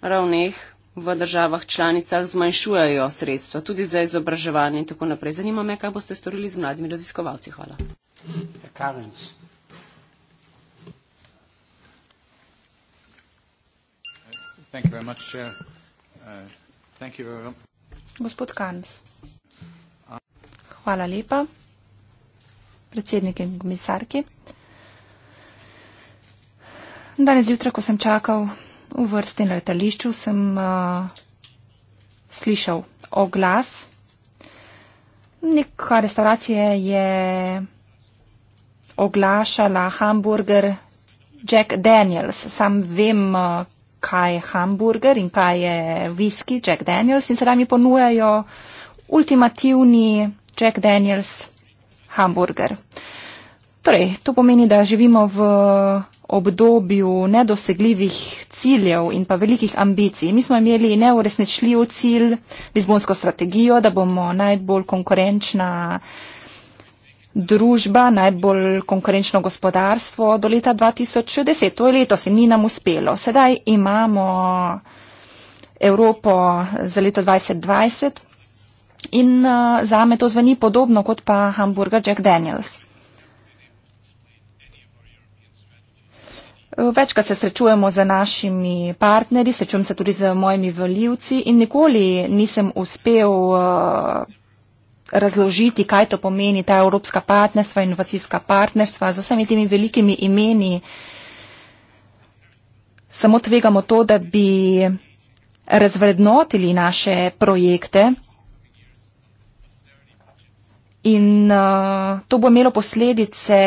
ravneh v državah članicah zmanjšujejo sredstva, tudi za izobraževanje in tako naprej. Zanima me, kaj boste storili z mladimi raziskovalci. Hvala. Ja, uh, Gospod Kanc. Hvala lepa. Predsednik in komisarki. Danes zjutraj, ko sem čakal v vrsti na letališču sem uh, slišal oglas. Neka restauracija je oglašala hamburger Jack Daniels. Sam vem, uh, kaj je hamburger in kaj je viski Jack Daniels in sedaj mi ponujajo ultimativni Jack Daniels hamburger. Uh, Torej, to pomeni, da živimo v obdobju nedosegljivih ciljev in pa velikih ambicij. Mi smo imeli neuresničljiv cilj, Lizbonsko strategijo, da bomo najbolj konkurenčna družba, najbolj konkurenčno gospodarstvo do leta 2010. To je letos in ni nam uspelo. Sedaj imamo Evropo za leto 2020 in uh, zame to zveni podobno kot pa hamburger Jack Daniels. Večkrat se srečujemo z našimi partnerji, srečujem se tudi z mojimi valjivci in nikoli nisem uspel eh, razložiti, kaj to pomeni ta evropska partnerstva, inovacijska partnerstva z vsemi temi velikimi imeni. Samo tvegamo to, da bi razvrednotili naše projekte. In uh, to bo imelo posledice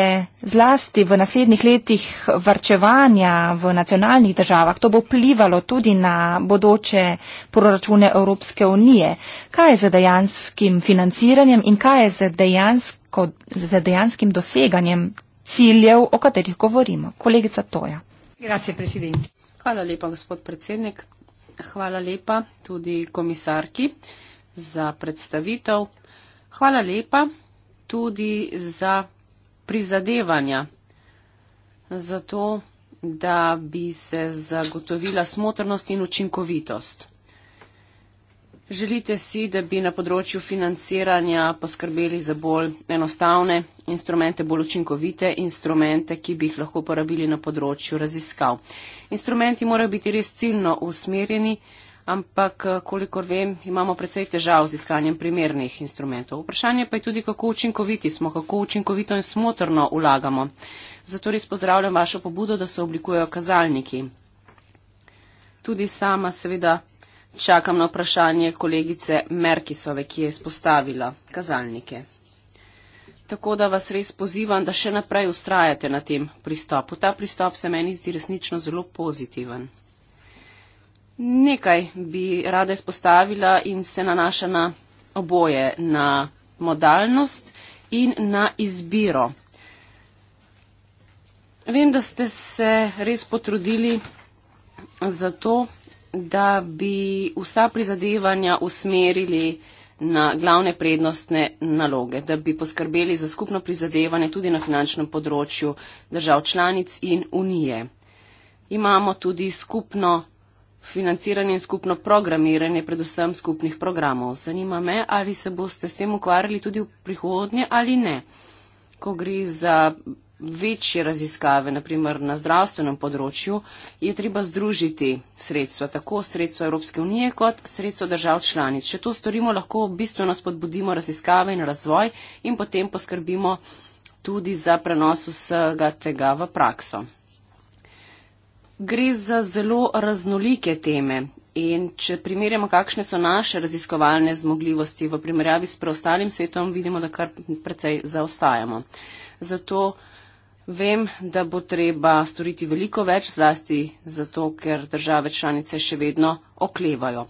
zlasti v naslednjih letih varčevanja v nacionalnih državah. To bo plivalo tudi na bodoče proračune Evropske unije. Kaj je z dejanskim financiranjem in kaj je z, dejansko, z dejanskim doseganjem ciljev, o katerih govorimo? Kolegica Toja. Hvala lepa, gospod predsednik. Hvala lepa tudi komisarki za predstavitev hvala lepa tudi za prizadevanja za to, da bi se zagotovila smotrnost in učinkovitost. Želite si, da bi na področju financiranja poskrbeli za bolj enostavne instrumente, bolj učinkovite instrumente, ki bi jih lahko uporabili na področju raziskav. Instrumenti morajo biti res ciljno usmerjeni, ampak eh, kolikor vem, imamo precej težav z iskanjem primernih instrumentov. Vprašanje pa je tudi, kako učinkoviti smo, kako učinkovito in smotrno ulagamo. Zato res pozdravljam vašo pobudo, da se oblikujejo kazalniki. Tudi sama seveda čakam na vprašanje kolegice Merkisove, ki je spostavila kazalnike. Tako da vas res pozivam, da še naprej ustrajate na tem pristopu. Ta pristop se meni zdi resnično zelo pozitiven. Nekaj bi rada izpostavila in se nanaša na oboje, na modalnost in na izbiro. Vem, da ste se res potrudili za to, da bi vsa prizadevanja usmerili na glavne prednostne naloge, da bi poskrbeli za skupno prizadevanje tudi na finančnem področju držav članic in unije. Imamo tudi skupno financiranje in skupno programiranje, predvsem skupnih programov. Zanima me, ali se boste s tem ukvarjali tudi v prihodnje ali ne, ko gre za večje raziskave, naprimer na zdravstvenem področju, je treba združiti sredstva, tako sredstva Evropske unije kot sredstva držav članic. Če to storimo, lahko bistveno spodbudimo raziskave in razvoj in potem poskrbimo tudi za prenos vsega tega v prakso gre za zelo raznolike teme. In če primerjamo, kakšne so naše raziskovalne zmogljivosti v primerjavi s preostalim svetom, vidimo, da kar precej zaostajamo. Zato vem, da bo treba storiti veliko več zlasti, zato ker države članice še vedno oklevajo.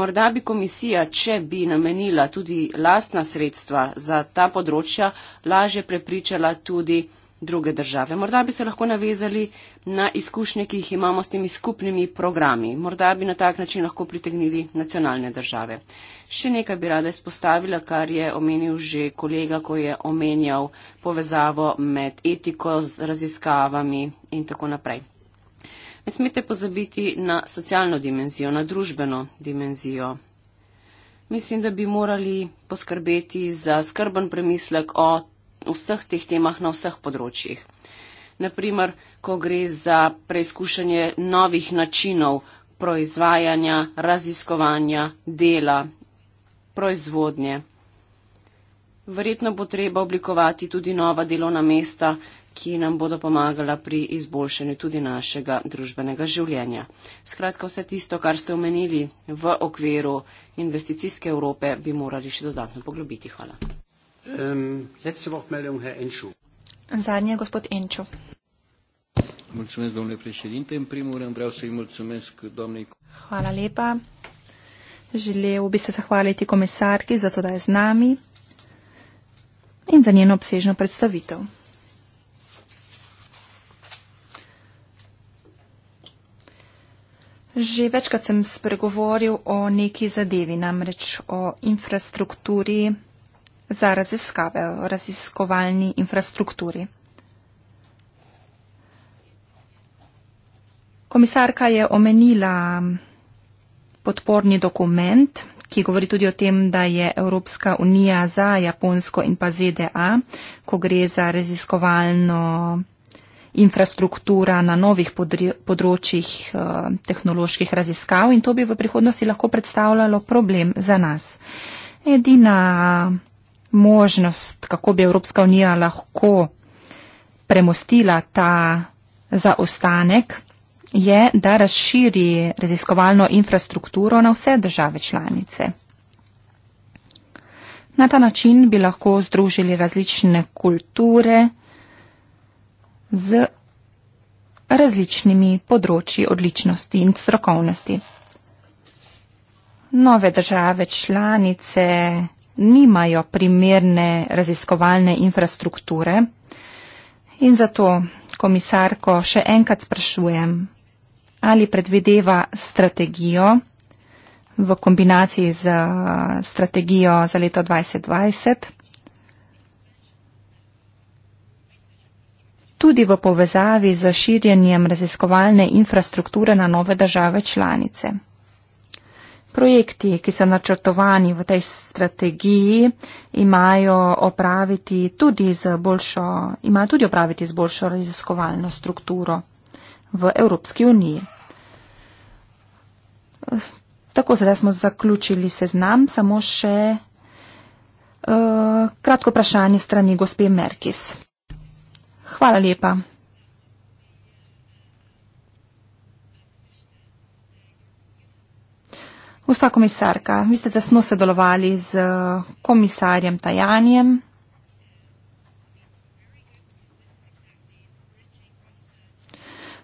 Morda bi komisija, če bi namenila tudi lastna sredstva za ta področja, lažje prepričala tudi druge države. Morda bi se lahko navezali na izkušnje, ki jih imamo s temi skupnimi programi. Morda bi na tak način lahko pritegnili nacionalne države. Še nekaj bi rada izpostavila, kar je omenil že kolega, ko je omenjal povezavo med etiko z raziskavami in tako naprej. Ne smete pozabiti na socialno dimenzijo, na družbeno dimenzijo. Mislim, da bi morali poskrbeti za skrben premislek o vseh teh temah na vseh področjih. Naprimer, ko gre za preizkušanje novih načinov proizvajanja, raziskovanja, dela, proizvodnje. Verjetno bo treba oblikovati tudi nova delovna mesta, ki nam bodo pomagala pri izboljšanju tudi našega družbenega življenja. Skratka, vse tisto, kar ste omenili v okviru investicijske Evrope, bi morali še dodatno poglobiti. Hvala. Um, letzte Wortmeldung, Herr Enschu. Zadnje, gospod Enču. Hvala lepa. Želel bi se zahvaliti komisarki za to, da je z nami in za njeno obsežno predstavitev. Že večkrat sem spregovoril o neki zadevi, namreč o infrastrukturi za raziskave v raziskovalni infrastrukturi. Komisarka je omenila podporni dokument, ki govori tudi o tem, da je Evropska unija za Japonsko in pa ZDA, ko gre za raziskovalno infrastruktura na novih področjih eh, tehnoloških raziskav in to bi v prihodnosti lahko predstavljalo problem za nas. Edina možnost, kako bi Evropska unija lahko premostila ta zaostanek, je, da razširi raziskovalno infrastrukturo na vse države članice. Na ta način bi lahko združili različne kulture z različnimi področji odličnosti in strokovnosti. Nove države članice nimajo primerne raziskovalne infrastrukture. In zato, komisarko, še enkrat sprašujem, ali predvideva strategijo v kombinaciji z eh, strategijo za leto 2020, tudi v povezavi z širjenjem raziskovalne infrastrukture na nove države članice. Projekti, ki so načrtovani v tej strategiji, imajo, tudi boljšo, imajo tudi opraviti z boljšo raziskovalno strukturo v Evropski uniji. Tako sedaj smo zaključili seznam, samo še uh, kratko vprašanje strani gospe Merkis. Hvala lepa. Gospa komisarka, vi ste tesno sodelovali z eh, komisarjem Tajanjem.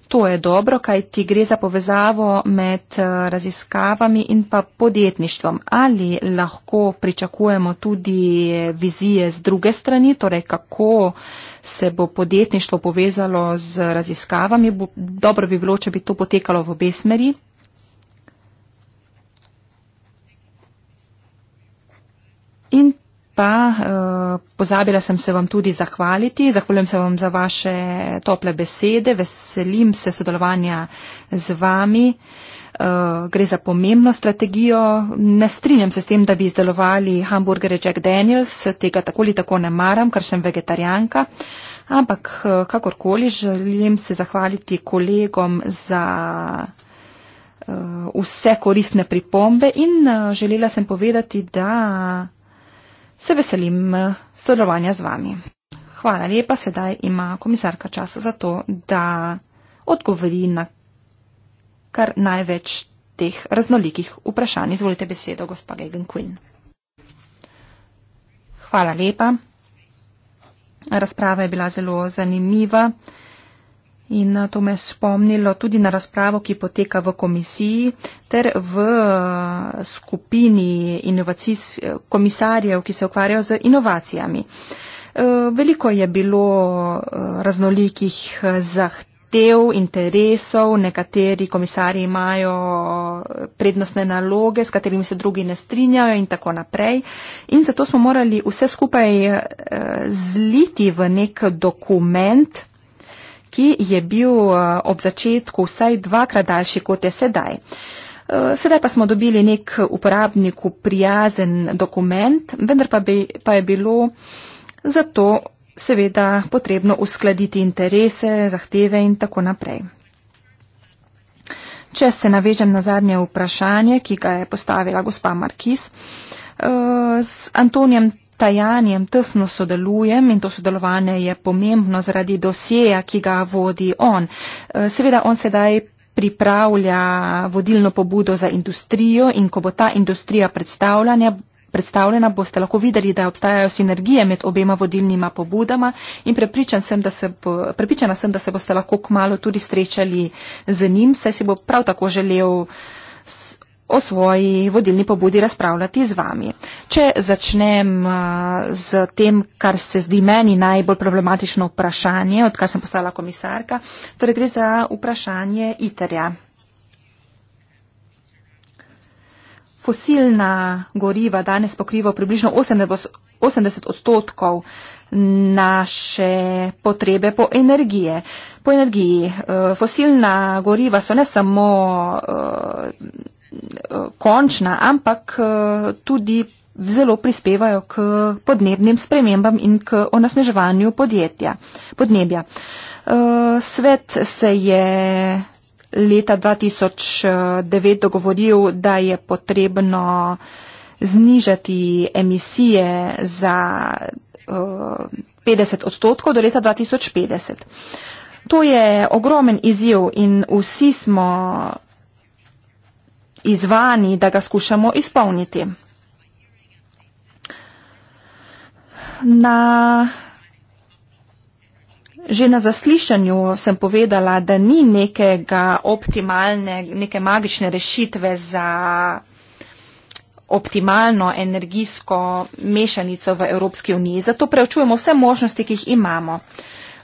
To je dobro, kaj ti gre za povezavo med eh, raziskavami in pa podjetništvom. Ali lahko pričakujemo tudi eh, vizije z druge strani, torej kako se bo podjetništvo povezalo z raziskavami? Dobro bi bilo, če bi to potekalo v obe smeri. In pa eh, pozabila sem se vam tudi zahvaliti. Zahvaljujem se vam za vaše tople besede, veselim se sodelovanja z vami. Eh, gre za pomembno strategijo. Ne strinjam se s tem, da bi izdelovali hamburgerje Jack Daniels, tega tako ali tako ne maram, ker sem vegetarijanka. Ampak eh, kakorkoli želim se zahvaliti kolegom za vse koristne pripombe in želela sem povedati, da se veselim eh, sodelovanja z vami. Hvala lepa, sedaj ima komisarka časa za to, da odgovori na kar največ teh raznolikih vprašanj. Izvolite besedo, gospa Gagan Quinn. Hvala lepa. Razprava je bila zelo zanimiva. In eh, to me spomnilo tudi na razpravo, ki poteka v komisiji ter v eh, skupini komisarjev, ki se ukvarjajo z inovacijami. Eh, veliko je bilo raznolikih zahtev, interesov, nekateri komisarji imajo prednostne naloge, s katerimi se drugi ne strinjajo in tako naprej. In zato smo morali vse skupaj zliti v nek dokument, ki je bil eh, ob začetku vsaj dvakrat daljši kot je sedaj. Eh, sedaj pa smo dobili nek uporabniku prijazen dokument, vendar pa, bi, pa je bilo zato seveda potrebno uskladiti interese, zahteve in tako naprej. Če se navežem na zadnje vprašanje, ki ga je postavila gospa Markis, eh, z Antonijem tajanjem tesno sodelujem in to sodelovanje je pomembno zaradi dosjeja, ki ga vodi on. Eh, seveda on sedaj pripravlja vodilno pobudo za industrijo in ko bo ta industrija predstavljanja predstavljena, boste lahko videli, da obstajajo sinergije med obema vodilnima pobudama in prepričan sem, da se bo, prepričana sem, da se boste lahko kmalo tudi srečali z njim, saj si bo prav tako želel uh, o svoji vodilni pobudi razpravljati z vami. Če začnem z tem, kar se zdi meni najbolj problematično vprašanje, odkar sem postala komisarka, torej gre za vprašanje ITER-ja. Fosilna goriva danes pokriva približno 80 odstotkov naše potrebe po energije. Po energiji. E, fosilna goriva so ne samo e, končna, ampak eh, tudi zelo prispevajo k podnebnim spremembam in k onasneževanju podjetja, podnebja. Eh, svet se je leta 2009 dogovoril, da je potrebno znižati emisije za 50 eh, odstotkov do leta 2050. To je ogromen izjiv in vsi smo izvani, da ga skušamo izpolniti. Na, že na zaslišanju sem povedala, da ni nekega optimalne, neke magične rešitve za optimalno energijsko mešanico v Evropski uniji. Zato preučujemo vse možnosti, ki jih imamo. Uh,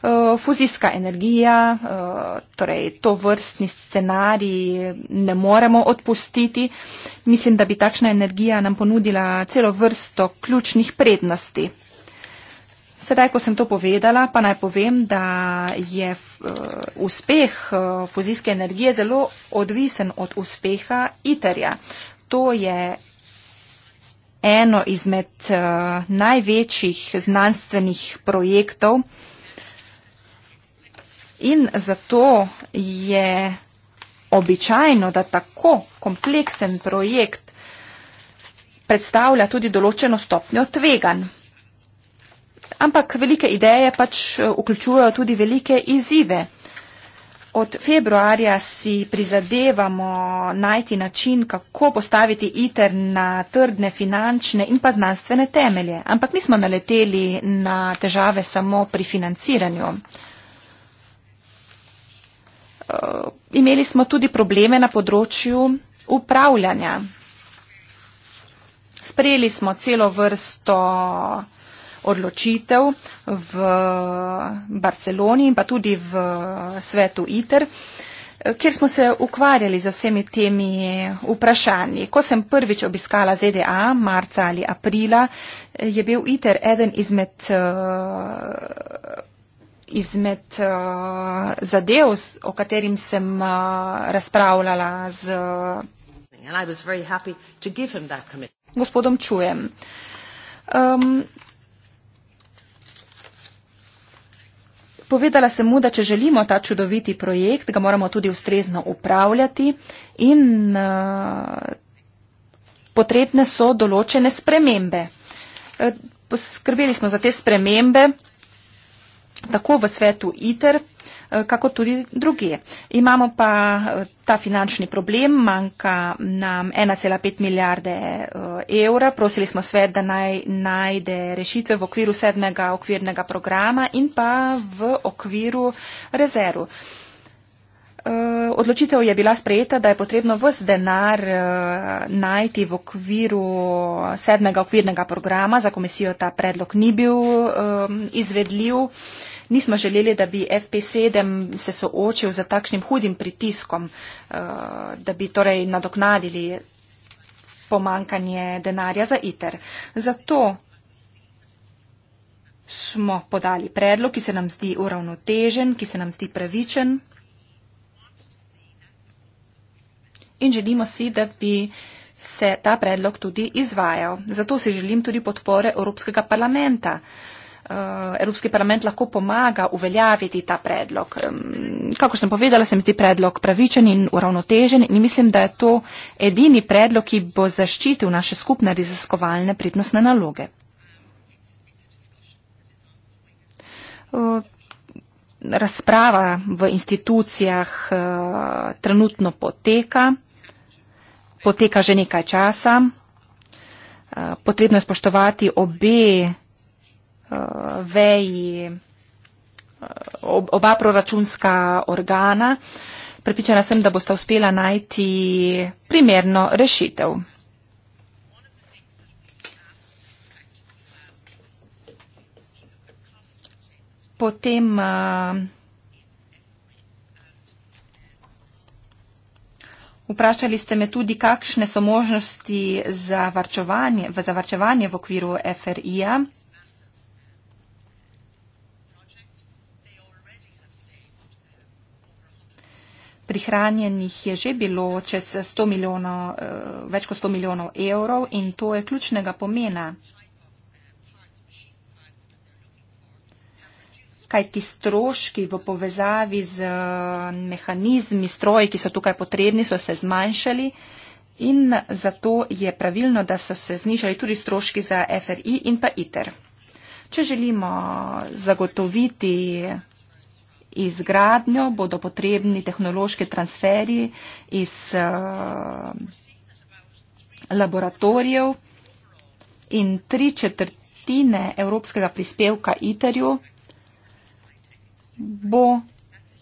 Eh, fuzijska energija, eh, torej to vrstni scenarij ne moremo odpustiti. Mislim, da bi takšna energija nam ponudila celo vrsto ključnih prednosti. Sedaj, ko sem to povedala, pa naj povem, da je f, uh, eh, uspeh fuzijske energije zelo odvisen od uspeha ITER-ja. To je eno izmed uh, največjih znanstvenih projektov, uh, In zato je običajno, da tako kompleksen projekt predstavlja tudi določeno stopnjo tveganj. Ampak velike ideje pač eh, vključujejo tudi velike izzive. Od februarja si prizadevamo najti način, kako postaviti ITER na trdne finančne in pa znanstvene temelje. Ampak nismo naleteli na težave samo pri financiranju. Eh, imeli smo tudi probleme na področju upravljanja. Sprejeli smo celo vrsto odločitev v Barceloni in pa tudi v svetu ITER, eh, kjer smo se ukvarjali z vsemi temi vprašanji. Ko sem prvič obiskala ZDA, marca ali aprila, eh, je bil ITER eden izmed izmed uh, zadev, o katerim sem uh, razpravljala z gospodom Čujem. Um, Povedala sem mu, da če želimo ta čudoviti projekt, ga moramo tudi ustrezno upravljati in uh, potrebne so določene spremembe. Uh, poskrbeli smo za te spremembe, tako v svetu ITER, eh, kako tudi druge. Imamo pa eh, ta finančni problem, manjka nam 1,5 milijarde eh, evra. Prosili smo svet, da naj najde rešitve v okviru sedmega okvirnega programa in pa v okviru rezervu. Odločitev je bila sprejeta, da je potrebno vs denar najti v okviru sedmega okvirnega programa. Za komisijo ta predlog ni bil izvedljiv nismo želeli, da bi FP7 se soočil z takšnim hudim pritiskom, eh, da bi torej nadoknadili pomankanje denarja za ITER. Zato smo podali predlog, ki se nam zdi uravnotežen, ki se nam zdi pravičen in želimo si, da bi se ta predlog tudi izvajal. Zato si želim tudi podpore Evropskega parlamenta. Uh, Eh, Evropski parlament lahko pomaga uveljaviti ta predlog. Kako sem povedala, se mi zdi predlog pravičen in uravnotežen in mislim, da je to edini predlog, ki bo zaščitil naše skupne raziskovalne pridnostne naloge. Eh, razprava v institucijah eh, trenutno poteka, poteka že nekaj časa. Potrebno je spoštovati obe uh, veji eh, ob, oba proračunska organa. Pripričana sem, da boste uspela najti primerno rešitev. Potem uh, vprašali ste me tudi, kakšne so možnosti za varčevanje, za varčevanje v okviru FRI-ja. prihranjenih je že bilo čez 100 milijonov, eh, več kot 100 milijonov evrov in to je ključnega pomena. Kaj ti stroški v povezavi z eh, mehanizmi, stroji, ki so tukaj potrebni, so se zmanjšali in zato je pravilno, da so se znižali tudi stroški za FRI in pa ITER. Če želimo zagotoviti izgradnjo bodo potrebni tehnološki transferji iz eh, laboratorijev in tri četrtine evropskega prispevka ITER-ju bo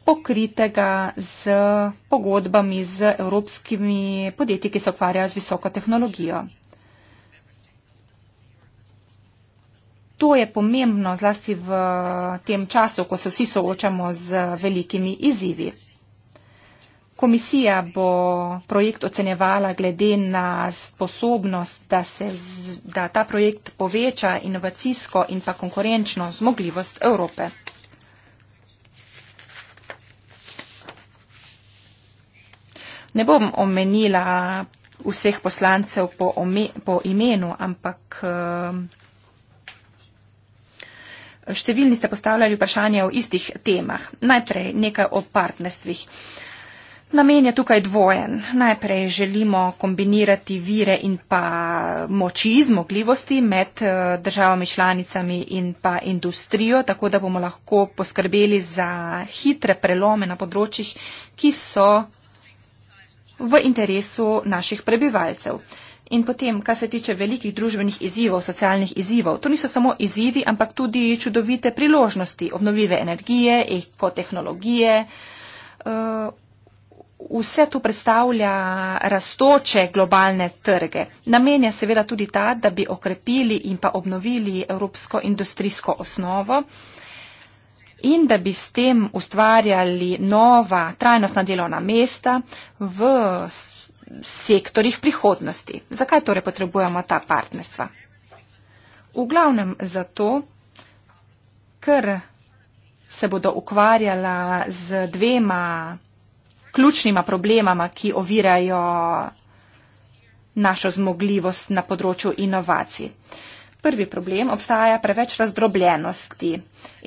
pokritega z pogodbami z evropskimi podjetji, ki se ukvarjajo z visoko tehnologijo. To je pomembno zlasti v tem času, ko se vsi soočamo z velikimi izzivi. Komisija bo projekt ocenjevala glede na sposobnost, da se da ta projekt poveča inovacijsko in pa konkurenčno zmogljivost Evrope. Ne bom omenila vseh poslancev po, ome, po imenu, ampak. Uh, številni ste postavljali vprašanje o istih temah. Najprej nekaj o partnerstvih. Namen je tukaj dvojen. Najprej želimo kombinirati vire in pa moči, zmogljivosti med eh, državami članicami in pa industrijo, tako da bomo lahko poskrbeli za hitre prelome na področjih, ki so v interesu naših prebivalcev. In potem, kar se tiče velikih družbenih izzivov, socialnih izzivov, to niso samo izzivi, ampak tudi čudovite priložnosti obnovljive energije, ekotehnologije. Eh, vse to predstavlja raztoče globalne trge. Namen je seveda tudi ta, da bi okrepili in pa obnovili evropsko industrijsko osnovo in da bi s tem ustvarjali nova trajnostna delovna mesta v sektorjih prihodnosti. Zakaj torej potrebujemo ta partnerstva? V glavnem zato, ker se bodo ukvarjala z dvema ključnima problemama, ki ovirajo našo zmogljivost na področju inovacij. Prvi problem obstaja preveč razdrobljenosti.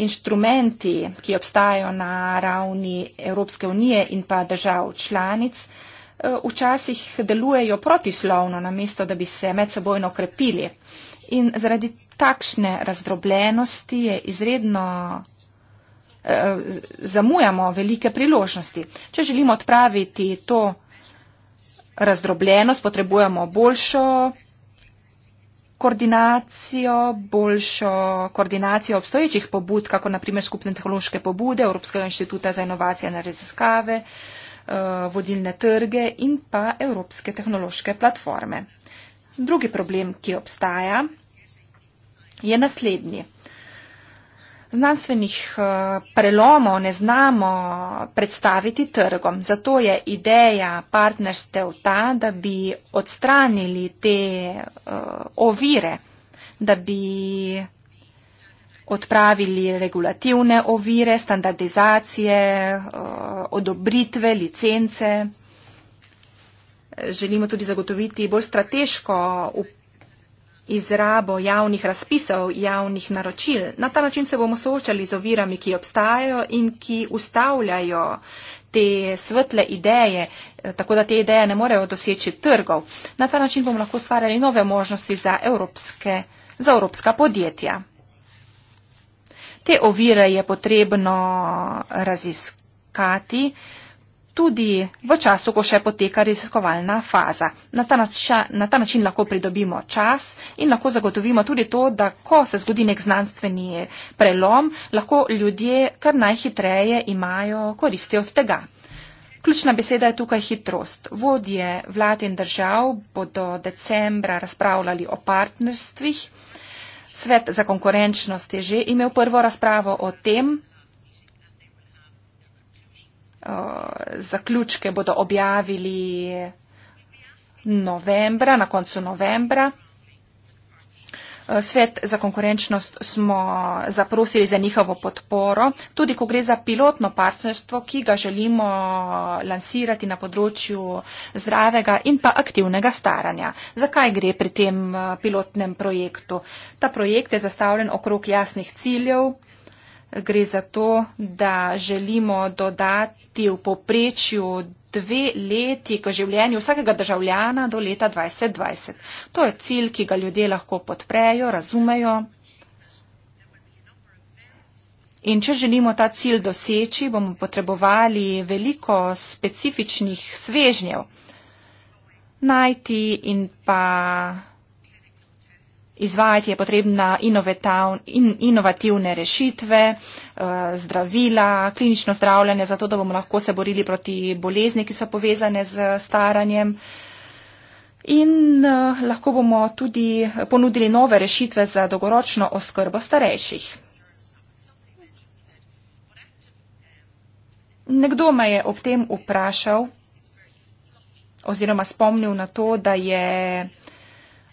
Inštrumenti, ki obstajajo na ravni Evropske unije in pa držav članic, včasih delujejo protislovno, namesto da bi se medsebojno krepili. In zaradi takšne razdrobljenosti je izredno eh, zamujamo velike priložnosti. Če želimo odpraviti to razdrobljenost, potrebujemo boljšo koordinacijo, boljšo koordinacijo obstoječih pobud, kako naprimer skupne tehnološke pobude Evropskega inštituta za inovacije in raziskave, Eh, vodilne trge in pa evropske tehnološke platforme. Drugi problem, ki obstaja, je naslednji. Znanstvenih eh, prelomov ne znamo predstaviti trgom, zato je ideja partnerstev ta, da bi odstranili te eh, ovire, da bi odpravili regulativne ovire, standardizacije, eh, odobritve, licence. Želimo tudi zagotoviti bolj strateško izrabo javnih razpisov, javnih naročil. Na ta način se bomo soočali z ovirami, ki obstajajo in ki ustavljajo te svetle ideje, eh, tako da te ideje ne morejo doseči trgov. Na ta način bomo lahko stvarjali nove možnosti za evropske, za evropska podjetja. Te ovire je potrebno raziskati tudi v času, ko še poteka raziskovalna faza. Na ta, nača, na ta način lahko pridobimo čas in lahko zagotovimo tudi to, da ko se zgodi nek znanstveni prelom, lahko ljudje kar najhitreje imajo koristi od tega. Ključna beseda je tukaj hitrost. Vodje vlad in držav bodo decembra razpravljali o partnerstvih. Svet za konkurenčnost je že imel prvo razpravo o tem. Zaključke bodo objavili novembra, na koncu novembra. Eh, svet za konkurenčnost smo zaprosili za njihovo podporo, tudi ko gre za pilotno partnerstvo, ki ga želimo lansirati na področju zdravega in pa aktivnega staranja. Zakaj gre pri tem eh, pilotnem projektu? Ta projekt je zastavljen okrog jasnih ciljev. Gre za to, da želimo dodati v poprečju dve leti k življenju vsakega državljana do leta 2020. To je cilj, ki ga ljudje lahko podprejo, razumejo. In če želimo ta cilj doseči, bomo potrebovali veliko specifičnih svežnjev. Najti in pa izvajati je potrebna inovativne rešitve, eh, zdravila, klinično zdravljanje, zato da bomo lahko se borili proti bolezni, ki so povezane z staranjem. In eh, lahko bomo tudi ponudili nove rešitve za dolgoročno oskrbo starejših. Nekdo me je ob tem vprašal oziroma spomnil na to, da je uh,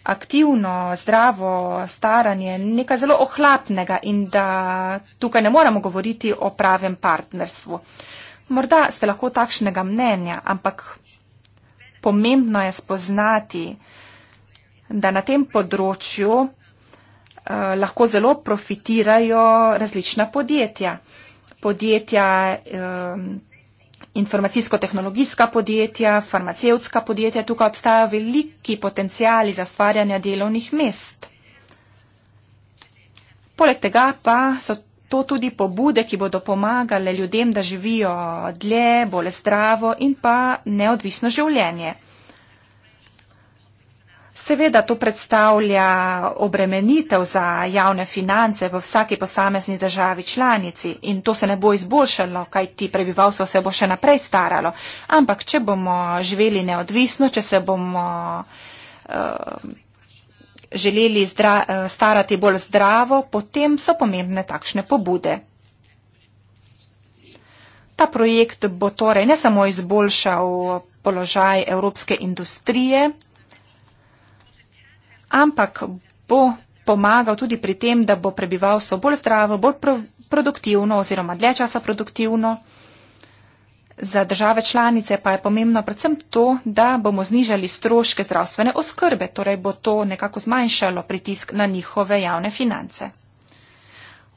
aktivno, zdravo staranje nekaj zelo ohlapnega in da tukaj ne moramo govoriti o pravem partnerstvu. Morda ste lahko takšnega mnenja, ampak pomembno je spoznati, da na tem področju eh, lahko zelo profitirajo različna podjetja. Podjetja. Eh, informacijsko-tehnologijska podjetja, farmacevtska podjetja, tukaj obstajajo veliki potencijali za stvarjanje delovnih mest. Poleg tega pa so to tudi pobude, ki bodo pomagale ljudem, da živijo dlje, bolj zdravo in pa neodvisno življenje. Seveda to predstavlja obremenitev za javne finance v vsaki posamezni državi članici in to se ne bo izboljšalo, kaj ti prebivalstvo se bo še naprej staralo. Ampak, če bomo živeli neodvisno, če se bomo uh, želeli zdra, uh, starati bolj zdravo, potem so pomembne takšne pobude. Ta projekt bo torej ne samo izboljšal položaj evropske industrije, ampak bo pomagal tudi pri tem, da bo prebivalstvo bolj zdravo, bolj pro produktivno oziroma dlje časa produktivno. Za države članice pa je pomembno predvsem to, da bomo znižali stroške zdravstvene oskrbe, torej bo to nekako zmanjšalo pritisk na njihove javne finance.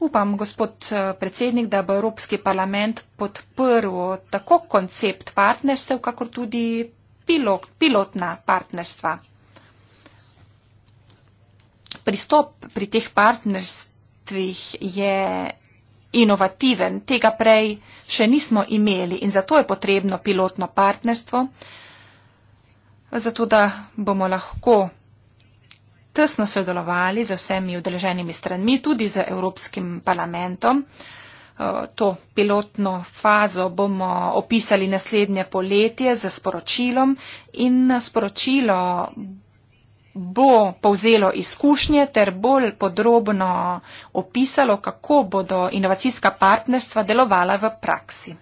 Upam, gospod eh, predsednik, da bo Evropski parlament podprl tako koncept partnerstev, kakor tudi pilot, pilotna partnerstva pristop pri teh partnerstvih je inovativen, tega prej še nismo imeli in zato je potrebno pilotno partnerstvo, zato da bomo lahko tesno sodelovali z vsemi udeleženimi stranmi, tudi z Evropskim parlamentom. Eh, to pilotno fazo bomo opisali naslednje poletje z sporočilom in sporočilo bo povzelo izkušnje ter bolj podrobno opisalo, kako bodo inovacijska partnerstva delovala v praksi.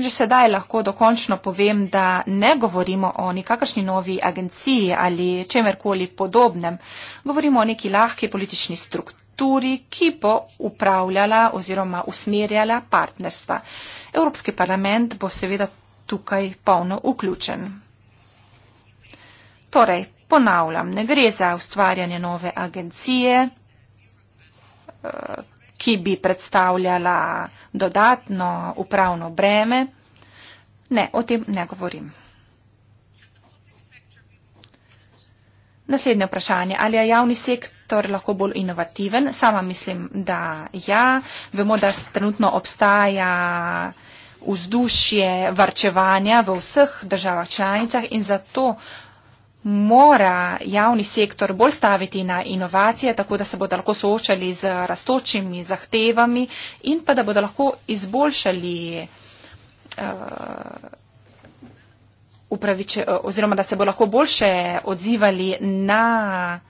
Že sedaj lahko dokončno povem, da ne govorimo o nikakršni novi agenciji ali čemerkoli podobnem. Govorimo o neki lahki politični strukturi, ki bo upravljala oziroma usmerjala partnerstva. Evropski parlament bo seveda tukaj polno vključen. Torej, ponavljam, ne gre za ustvarjanje nove agencije, eh, ki bi predstavljala dodatno upravno breme. Ne, o tem ne govorim. Naslednje vprašanje. Ali je javni sektor lahko bolj inovativen? Sama mislim, da ja. Vemo, da trenutno obstaja vzdušje varčevanja v vseh državah članicah in zato mora javni sektor bolj staviti na inovacije, tako da se bodo lahko soočali z rastočimi zahtevami in pa da bodo lahko izboljšali uh, upraviče, oziroma da se bo lahko boljše odzivali na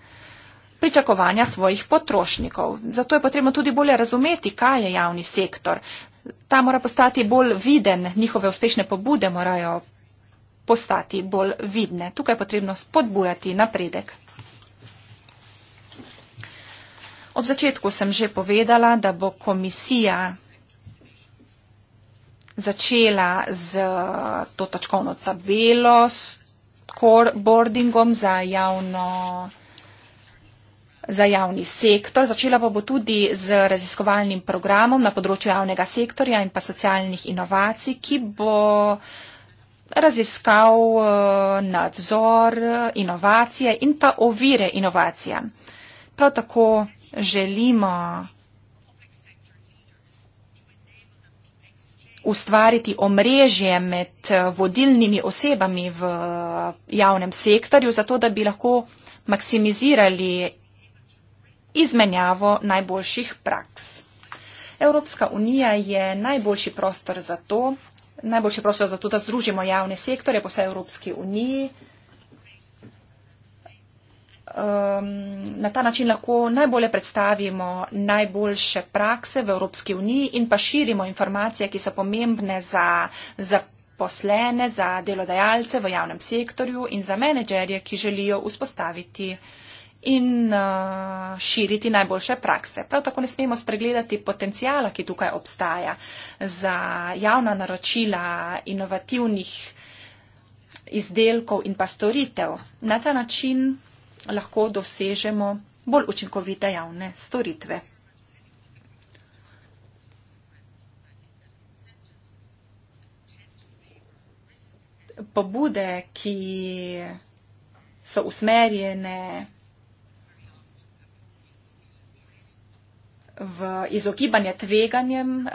pričakovanja svojih potrošnikov. Zato je potrebno tudi bolje razumeti, kaj je javni sektor. Ta mora postati bolj viden, njihove uspešne pobude morajo postati bolj vidne. Tukaj je potrebno spodbujati napredek. Ob začetku sem že povedala, da bo komisija začela z uh, to točkovno tabelo, s boardingom za, javno, za javni sektor. Začela pa bo tudi z raziskovalnim programom na področju javnega sektorja in pa socialnih inovacij, ki bo raziskav, eh, nadzor, inovacije in pa ovire inovacijam. Prav tako želimo ustvariti omrežje med eh, vodilnimi osebami v eh, javnem sektorju, zato da bi lahko maksimizirali izmenjavo najboljših praks. Evropska unija je najboljši prostor za to, najboljše prostor za to, da združimo javne sektore po vsej Evropski uniji. Um, na ta način lahko najbolje predstavimo najboljše prakse v Evropski uniji in pa širimo informacije, ki so pomembne za zaposlene, za delodajalce v javnem sektorju in za menedžerje, ki želijo vzpostaviti in uh, širiti najboljše prakse. Prav tako ne smemo spregledati potencijala, ki tukaj obstaja za javna naročila inovativnih izdelkov in pa storitev. Na ta način lahko dosežemo bolj učinkovite javne storitve. Pobude, ki so usmerjene v izogibanje tveganjem, eh,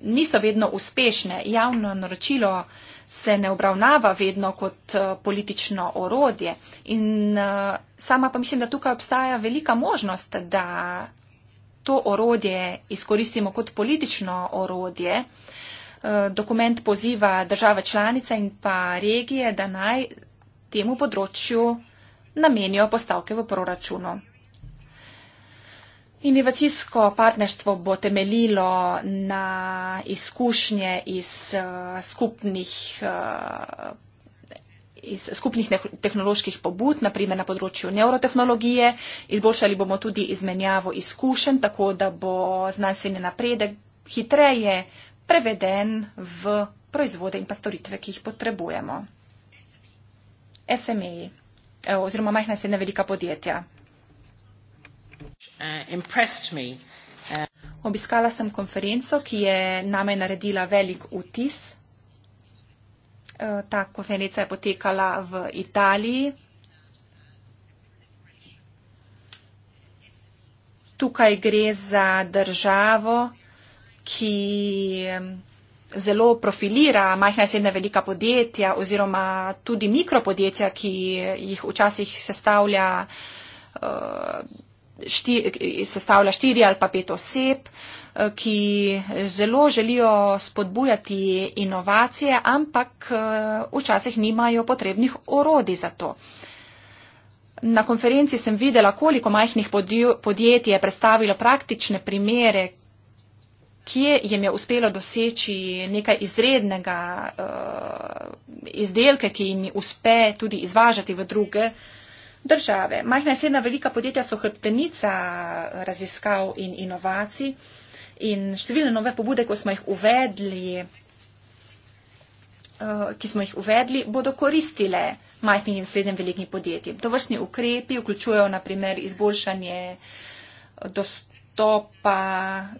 niso vedno uspešne. Javno naročilo se ne obravnava vedno kot eh, politično orodje. In eh, sama pa mislim, da tukaj obstaja velika možnost, da to orodje izkoristimo kot politično orodje. Dokument poziva države članice in pa regije, da naj temu področju namenijo postavke v proračunu. Inovacijsko partnerstvo bo temeljilo na izkušnje iz uh, skupnih. Uh, iz skupnih tehnoloških pobud, naprimer na področju neurotehnologije. Izboljšali bomo tudi izmenjavo izkušenj, tako da bo znanstveni napredek hitreje preveden v proizvode in pa storitve, ki jih potrebujemo. SME eh, oziroma majhna in srednja velika podjetja. Uh, uh, Obiskala sem konferenco, ki je name naredila velik vtis. Uh, ta konferenca je potekala v Italiji. Tukaj gre za državo, ki um, zelo profilira majhna in srednja velika podjetja oziroma tudi mikropodjetja, ki jih včasih sestavlja. Uh, štir, sestavlja štiri ali pa pet oseb, eh, ki zelo želijo spodbujati inovacije, ampak eh, včasih nimajo potrebnih orodij za to. Na konferenci sem videla, koliko majhnih podjetij je predstavilo praktične primere, kje jim je uspelo doseči nekaj izrednega eh, izdelke, ki jim uspe tudi izvažati v druge države. Majhna in srednja velika podjetja so hrbtenica raziskav in inovacij in številne nove pobude, ko smo jih uvedli, eh, ki smo jih uvedli, bodo koristile majhnim in srednjim velikim podjetjem. To vrstni ukrepi vključujejo naprimer izboljšanje dostopa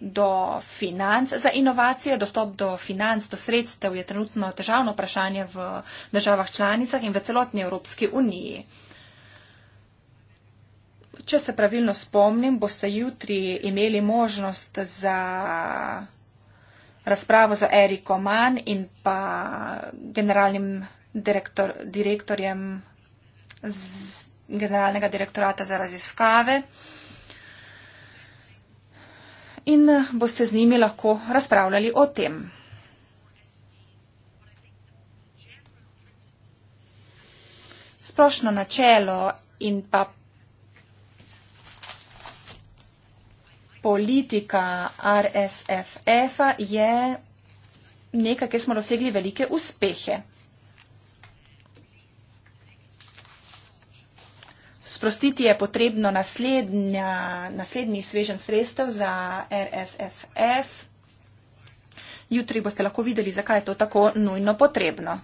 do financ za inovacije. Dostop do financ, do sredstev je trenutno težavno vprašanje v državah članicah in v celotni Evropski uniji. Uh, če se pravilno spomnim, boste jutri imeli možnost za razpravo z Eriko Mann in pa generalnim direktor, direktorjem z generalnega direktorata za raziskave. In boste z njimi lahko razpravljali o tem. Splošno načelo in pa politika RSFF-a je nekaj, kjer smo dosegli velike uspehe. Sprostiti je potrebno naslednja, naslednji svežen sredstev za RSFF. Jutri boste lahko videli, zakaj je to tako nujno potrebno.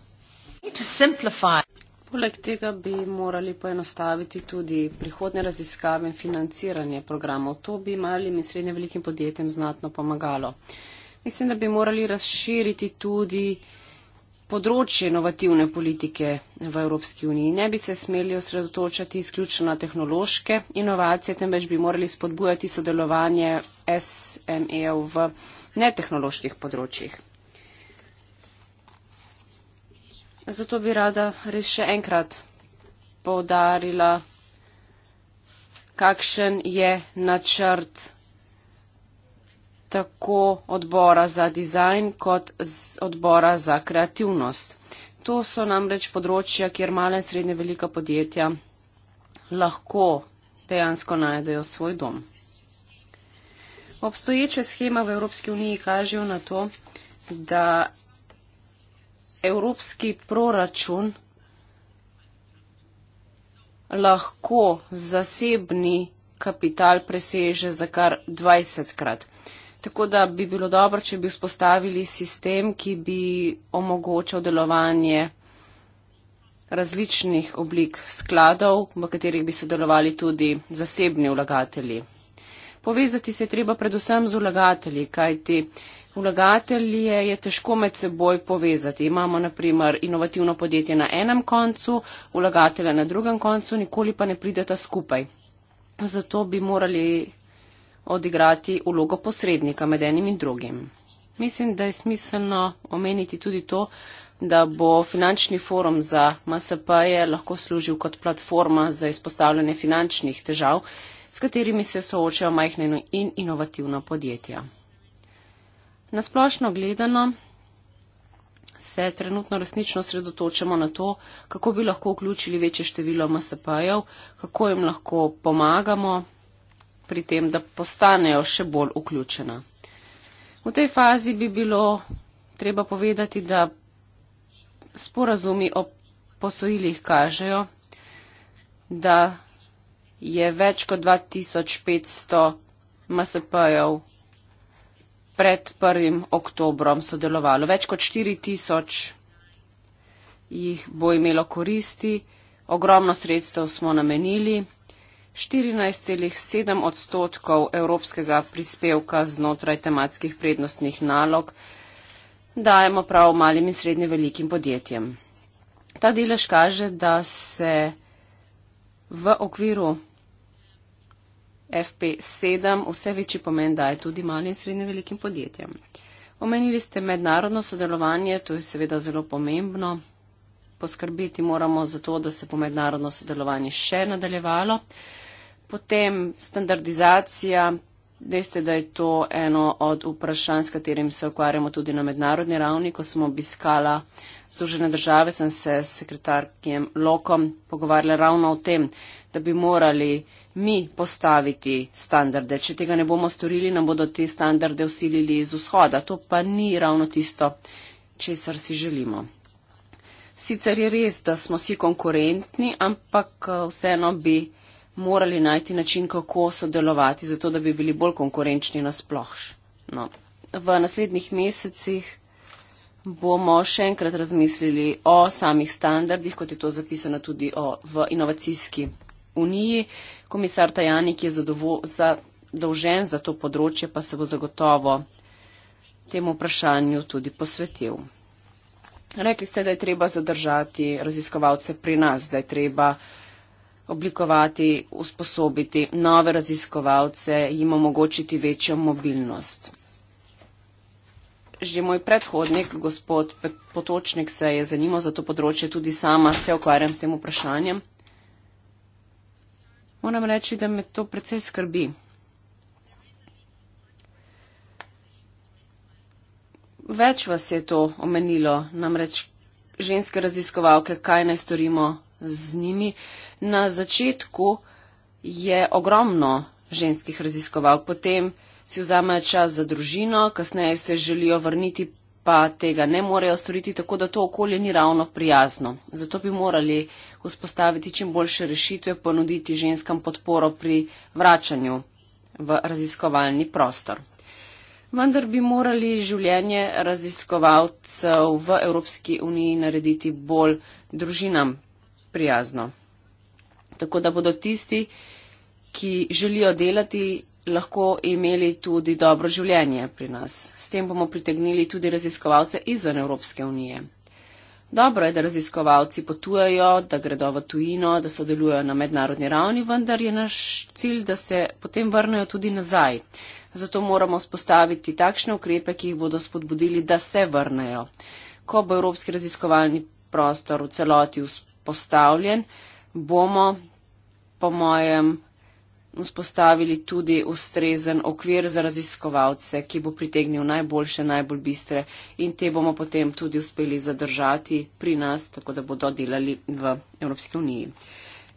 Need to simplify. Poleg tega bi morali poenostaviti tudi prihodne raziskave in financiranje programov. To bi malim in srednje velikim podjetjem znatno pomagalo. Mislim, da bi morali razširiti tudi področje inovativne politike v Evropski uniji. Ne bi se smeli osredotočati izključno na tehnološke inovacije, temveč bi morali spodbujati sodelovanje SME-ov v netehnoloških področjih. zato bi rada res še enkrat povdarila, kakšen je načrt tako odbora za dizajn kot odbora za kreativnost. To so namreč področja, kjer male in srednje velika podjetja lahko dejansko najdejo svoj dom. Obstoječa schema v Evropski uniji kaže na to, da evropski proračun lahko zasebni kapital preseže za kar 20 krat. Tako da bi bilo dobro, če bi vzpostavili sistem, ki bi omogočal delovanje različnih oblik skladov, v katerih bi sodelovali tudi zasebni vlagatelji. Povezati se je treba predvsem z vlagatelji, kajti vlagatelje je težko med seboj povezati. Imamo naprimer inovativno podjetje na enem koncu, vlagatelja na drugem koncu, nikoli pa ne prideta skupaj. Zato bi morali odigrati ulogo posrednika med enim in drugim. Mislim, da je smiselno omeniti tudi to, da bo finančni forum za MSP je lahko služil kot platforma za izpostavljanje finančnih težav, s katerimi se soočajo majhne in inovativna podjetja. Nasplošno gledano se trenutno resnično sredotočamo na to, kako bi lahko vključili večje število MSP-jev, kako jim lahko pomagamo pri tem, da postanejo še bolj vključena. V tej fazi bi bilo treba povedati, da sporazumi o posojilih kažejo, da je več kot 2500 MSP-jev pred 1. oktobrom sodelovalo. Več kot 4 tisoč jih bo imelo koristi, ogromno sredstev smo namenili, 14,7 odstotkov evropskega prispevka znotraj tematskih prednostnih nalog dajemo prav malim in srednje velikim podjetjem. Ta delež kaže, da se v okviru FP7 vse večji pomen daje tudi malim in srednjim velikim podjetjem. Omenili ste mednarodno sodelovanje, to je seveda zelo pomembno. Poskrbeti moramo za to, da se bo mednarodno sodelovanje še nadaljevalo. Potem standardizacija. Veste, da je to eno od vprašanj, s katerim se ukvarjamo tudi na mednarodni ravni. Ko sem obiskala Združene države, sem se s sekretarkem Lokom pogovarjala ravno o tem, da bi morali mi postaviti standarde. Če tega ne bomo storili, nam bodo te standarde usilili iz vzhoda. To pa ni ravno tisto, česar si želimo. Sicer je res, da smo vsi konkurentni, ampak eh, vseeno bi morali najti način, kako sodelovati, zato da bi bili bolj konkurenčni nasploh. No. V naslednjih mesecih bomo še enkrat razmislili o samih standardih, kot je to zapisano tudi o, v inovacijski uniji. Komisar Tajanik je zadolžen za to področje, pa se bo zagotovo temu vprašanju tudi posvetil. Rekli ste, da je treba zadržati raziskovalce pri nas, da je treba oblikovati, usposobiti nove raziskovalce, jim omogočiti večjo mobilnost. Že moj predhodnik, gospod Potočnik, se je zanimal za to področje, tudi sama se ukvarjam s tem vprašanjem. Moram reči, da me to precej skrbi. Več vas je to omenilo, namreč ženske raziskovalke, kaj naj storimo z njimi. Na začetku je ogromno ženskih raziskovalk, potem si vzamejo čas za družino, kasneje se želijo vrniti pa tega ne morejo storiti, tako da to okolje ni ravno prijazno. Zato bi morali vzpostaviti čim boljše rešitve, ponuditi ženskam podporo pri vračanju v raziskovalni prostor. Vendar bi morali življenje raziskovalcev v Evropski uniji narediti bolj družinam prijazno. Tako da bodo tisti, ki ki želijo delati, lahko imeli tudi dobro življenje pri nas. S tem bomo pritegnili tudi raziskovalce izven Evropske unije. Dobro je, da raziskovalci potujejo, da gredo v tujino, da sodelujejo na mednarodni ravni, vendar je naš cilj, da se potem vrnejo tudi nazaj. Zato moramo spostaviti takšne ukrepe, ki jih bodo spodbudili, da se vrnejo. Ko bo evropski raziskovalni prostor v celoti vzpostavljen, bomo, po mojem, vzpostavili tudi ustrezen okvir za raziskovalce, ki bo pritegnil najboljše, najbolj bistre in te bomo potem tudi uspeli zadržati pri nas, tako da bodo delali v Evropski uniji.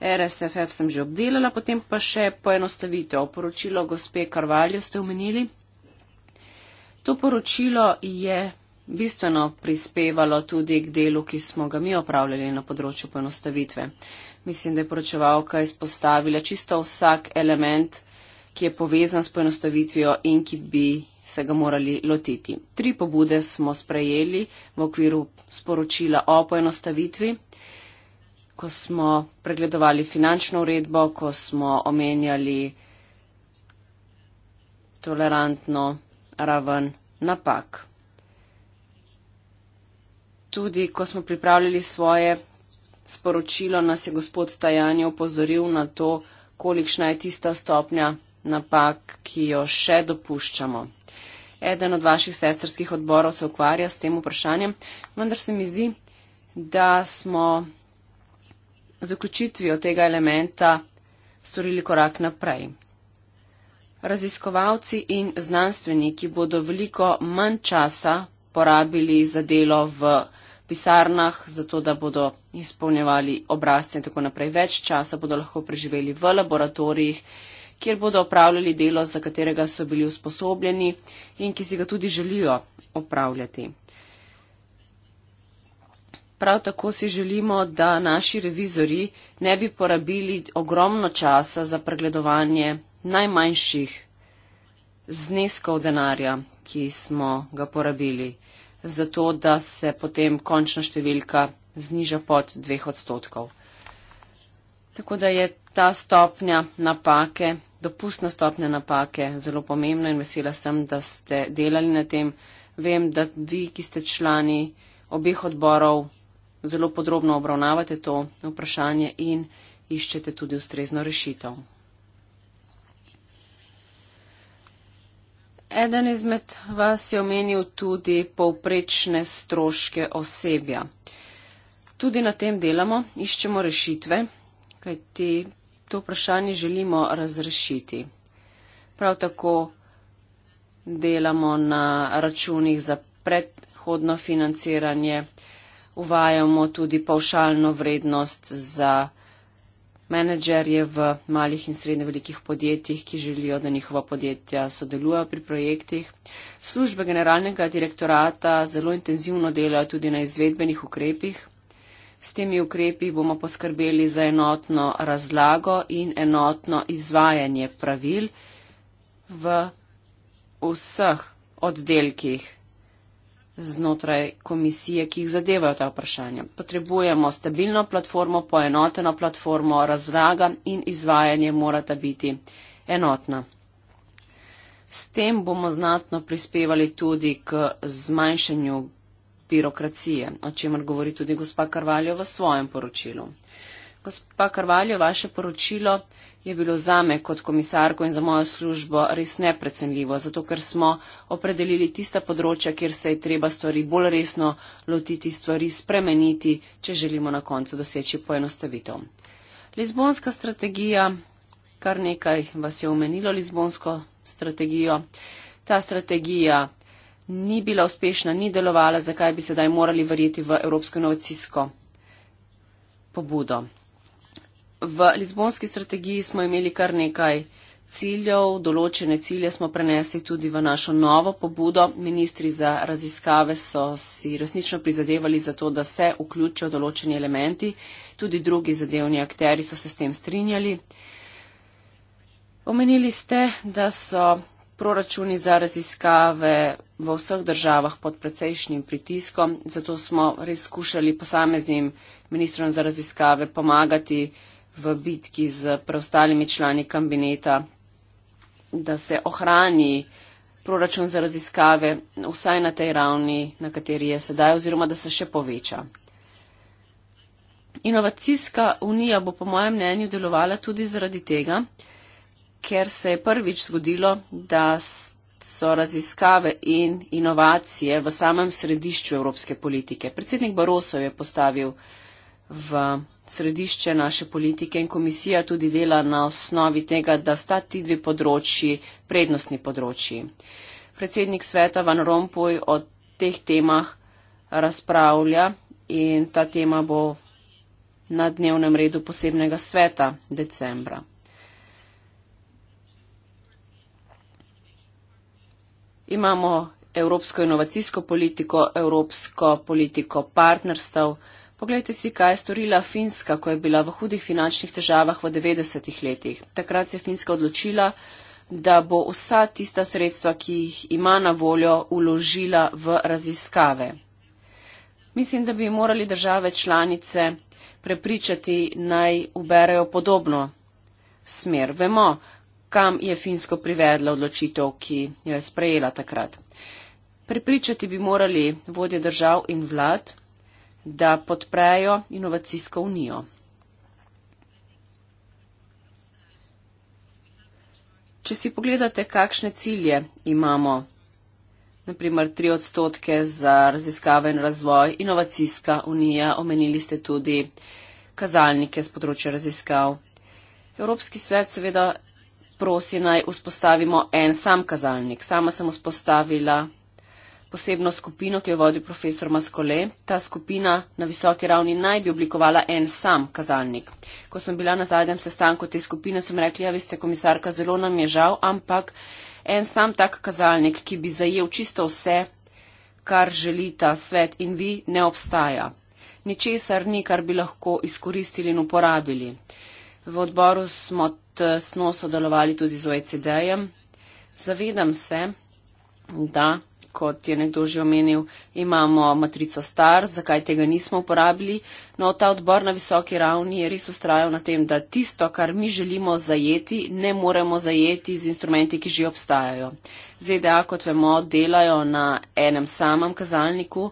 RSFF sem že obdelala, potem pa še poenostavitev. Poročilo gospe Karvaljo ste omenili. To poročilo je bistveno prispevalo tudi k delu, ki smo ga mi opravljali na področju poenostavitve. Mislim, da je poročevalka izpostavila čisto vsak element, ki je povezan s poenostavitvijo in ki bi se ga morali lotiti. Tri pobude smo sprejeli v okviru sporočila o poenostavitvi, ko smo pregledovali finančno uredbo, ko smo omenjali tolerantno raven napak. Tudi, ko smo pripravljali svoje sporočilo nas je gospod Tajani opozoril na to, kolikšna je tista stopnja napak, ki jo še dopuščamo. Eden od vaših sestrskih odborov se ukvarja s tem vprašanjem, vendar se mi zdi, da smo z zaključitvijo tega elementa storili korak naprej. Raziskovalci in znanstveniki bodo veliko manj časa porabili za delo v pisarnah, zato da bodo izpolnjevali obrazce in tako naprej. Več časa bodo lahko preživeli v laboratorijih, kjer bodo opravljali delo, za katerega so bili usposobljeni in ki si ga tudi želijo opravljati. Prav tako si želimo, da naši revizori ne bi porabili ogromno časa za pregledovanje najmanjših zneskov denarja, ki smo ga porabili zato da se potem končna številka zniža pod dveh odstotkov. Tako da je ta stopnja napake, dopustna stopnja napake, zelo pomembna in vesela sem, da ste delali na tem. Vem, da vi, ki ste člani obeh odborov, zelo podrobno obravnavate to vprašanje in iščete tudi ustrezno rešitev. Eden izmed vas je omenil tudi povprečne stroške osebja. Tudi na tem delamo, iščemo rešitve, kajti to vprašanje želimo razrešiti. Prav tako delamo na računih za predhodno financiranje, uvajamo tudi pavšalno vrednost za menedžerje v malih in srednje velikih podjetjih, ki želijo, da njihova podjetja sodelujejo pri projektih. Službe generalnega direktorata zelo intenzivno delajo tudi na izvedbenih ukrepih. S temi ukrepi bomo poskrbeli za enotno razlago in enotno izvajanje pravil v vseh oddelkih znotraj komisije, ki jih zadevajo ta vprašanja. Potrebujemo stabilno platformo, poenoteno platformo, razlaga in izvajanje morata biti enotna. S tem bomo znatno prispevali tudi k zmanjšanju birokracije, o čemer govori tudi gospa Karvaljo v svojem poročilu. Gospa Karvaljo, vaše poročilo je bilo zame kot komisarko in za mojo službo res neprecenljivo, zato ker smo opredelili tista področja, kjer se je treba stvari bolj resno lotiti, stvari spremeniti, če želimo na koncu doseči poenostavitev. Lizbonska strategija, kar nekaj vas je omenilo Lizbonsko strategijo. Ta strategija ni bila uspešna, ni delovala, zakaj bi sedaj morali verjeti v Evropsko inovacijsko pobudo v Lizbonski strategiji smo imeli kar nekaj ciljev, določene cilje smo prenesli tudi v našo novo pobudo. Ministri za raziskave so si resnično prizadevali za to, da se vključijo določeni elementi, tudi drugi zadevni akteri so se s tem strinjali. Omenili ste, da so proračuni za raziskave v vseh državah pod precejšnjim pritiskom, zato smo res skušali posameznim ministrom za raziskave pomagati uh, v bitki z preostalimi člani kabineta, da se ohrani proračun za raziskave vsaj na tej ravni, na kateri je sedaj, oziroma da se še poveča. Inovacijska unija bo po mojem mnenju delovala tudi zaradi tega, ker se je prvič zgodilo, da so raziskave in inovacije v samem središču evropske politike. Predsednik Baroso je postavil v središče naše politike in komisija tudi dela na osnovi tega, da sta ti dve področji prednostni področji. Predsednik sveta Van Rompuy o teh temah razpravlja in ta tema bo na dnevnem redu posebnega sveta decembra. Imamo evropsko inovacijsko politiko, evropsko politiko partnerstv, Poglejte si, kaj je storila Finska, ko je bila v hudih finančnih težavah v 90-ih letih. Takrat se je Finska odločila, da bo vsa tista sredstva, ki jih ima na voljo, uložila v raziskave. Mislim, da bi morali države članice prepričati naj uberejo podobno smer. Vemo, kam je Finsko privedla odločitev, ki jo je sprejela takrat. Prepričati bi morali vodje držav in vlad, da podprejo inovacijsko unijo. Če si pogledate, kakšne cilje imamo, naprimer tri odstotke za raziskave in razvoj, inovacijska unija, omenili ste tudi kazalnike z področja raziskav. Evropski svet seveda prosi naj vzpostavimo en sam kazalnik. Sama sem vzpostavila posebno skupino, ki jo vodi profesor Maskole. Ta skupina na visoki ravni naj bi oblikovala en sam kazalnik. Ko sem bila na zadnjem sestanku te skupine, sem rekla, ja, vi ste komisarka, zelo nam je žal, ampak en sam tak kazalnik, ki bi zajel čisto vse, kar želi ta svet in vi, ne obstaja. Ničesar ni, kar bi lahko izkoristili in uporabili. V odboru smo tesno sodelovali tudi z OECD-jem. Zavedam se, da kot je nekdo že omenil, imamo matrico star, zakaj tega nismo uporabili. No, ta odbor na visoki ravni je res ustrajal na tem, da tisto, kar mi želimo zajeti, ne moremo zajeti z instrumenti, ki že obstajajo. ZDA, kot vemo, delajo na enem samem kazalniku.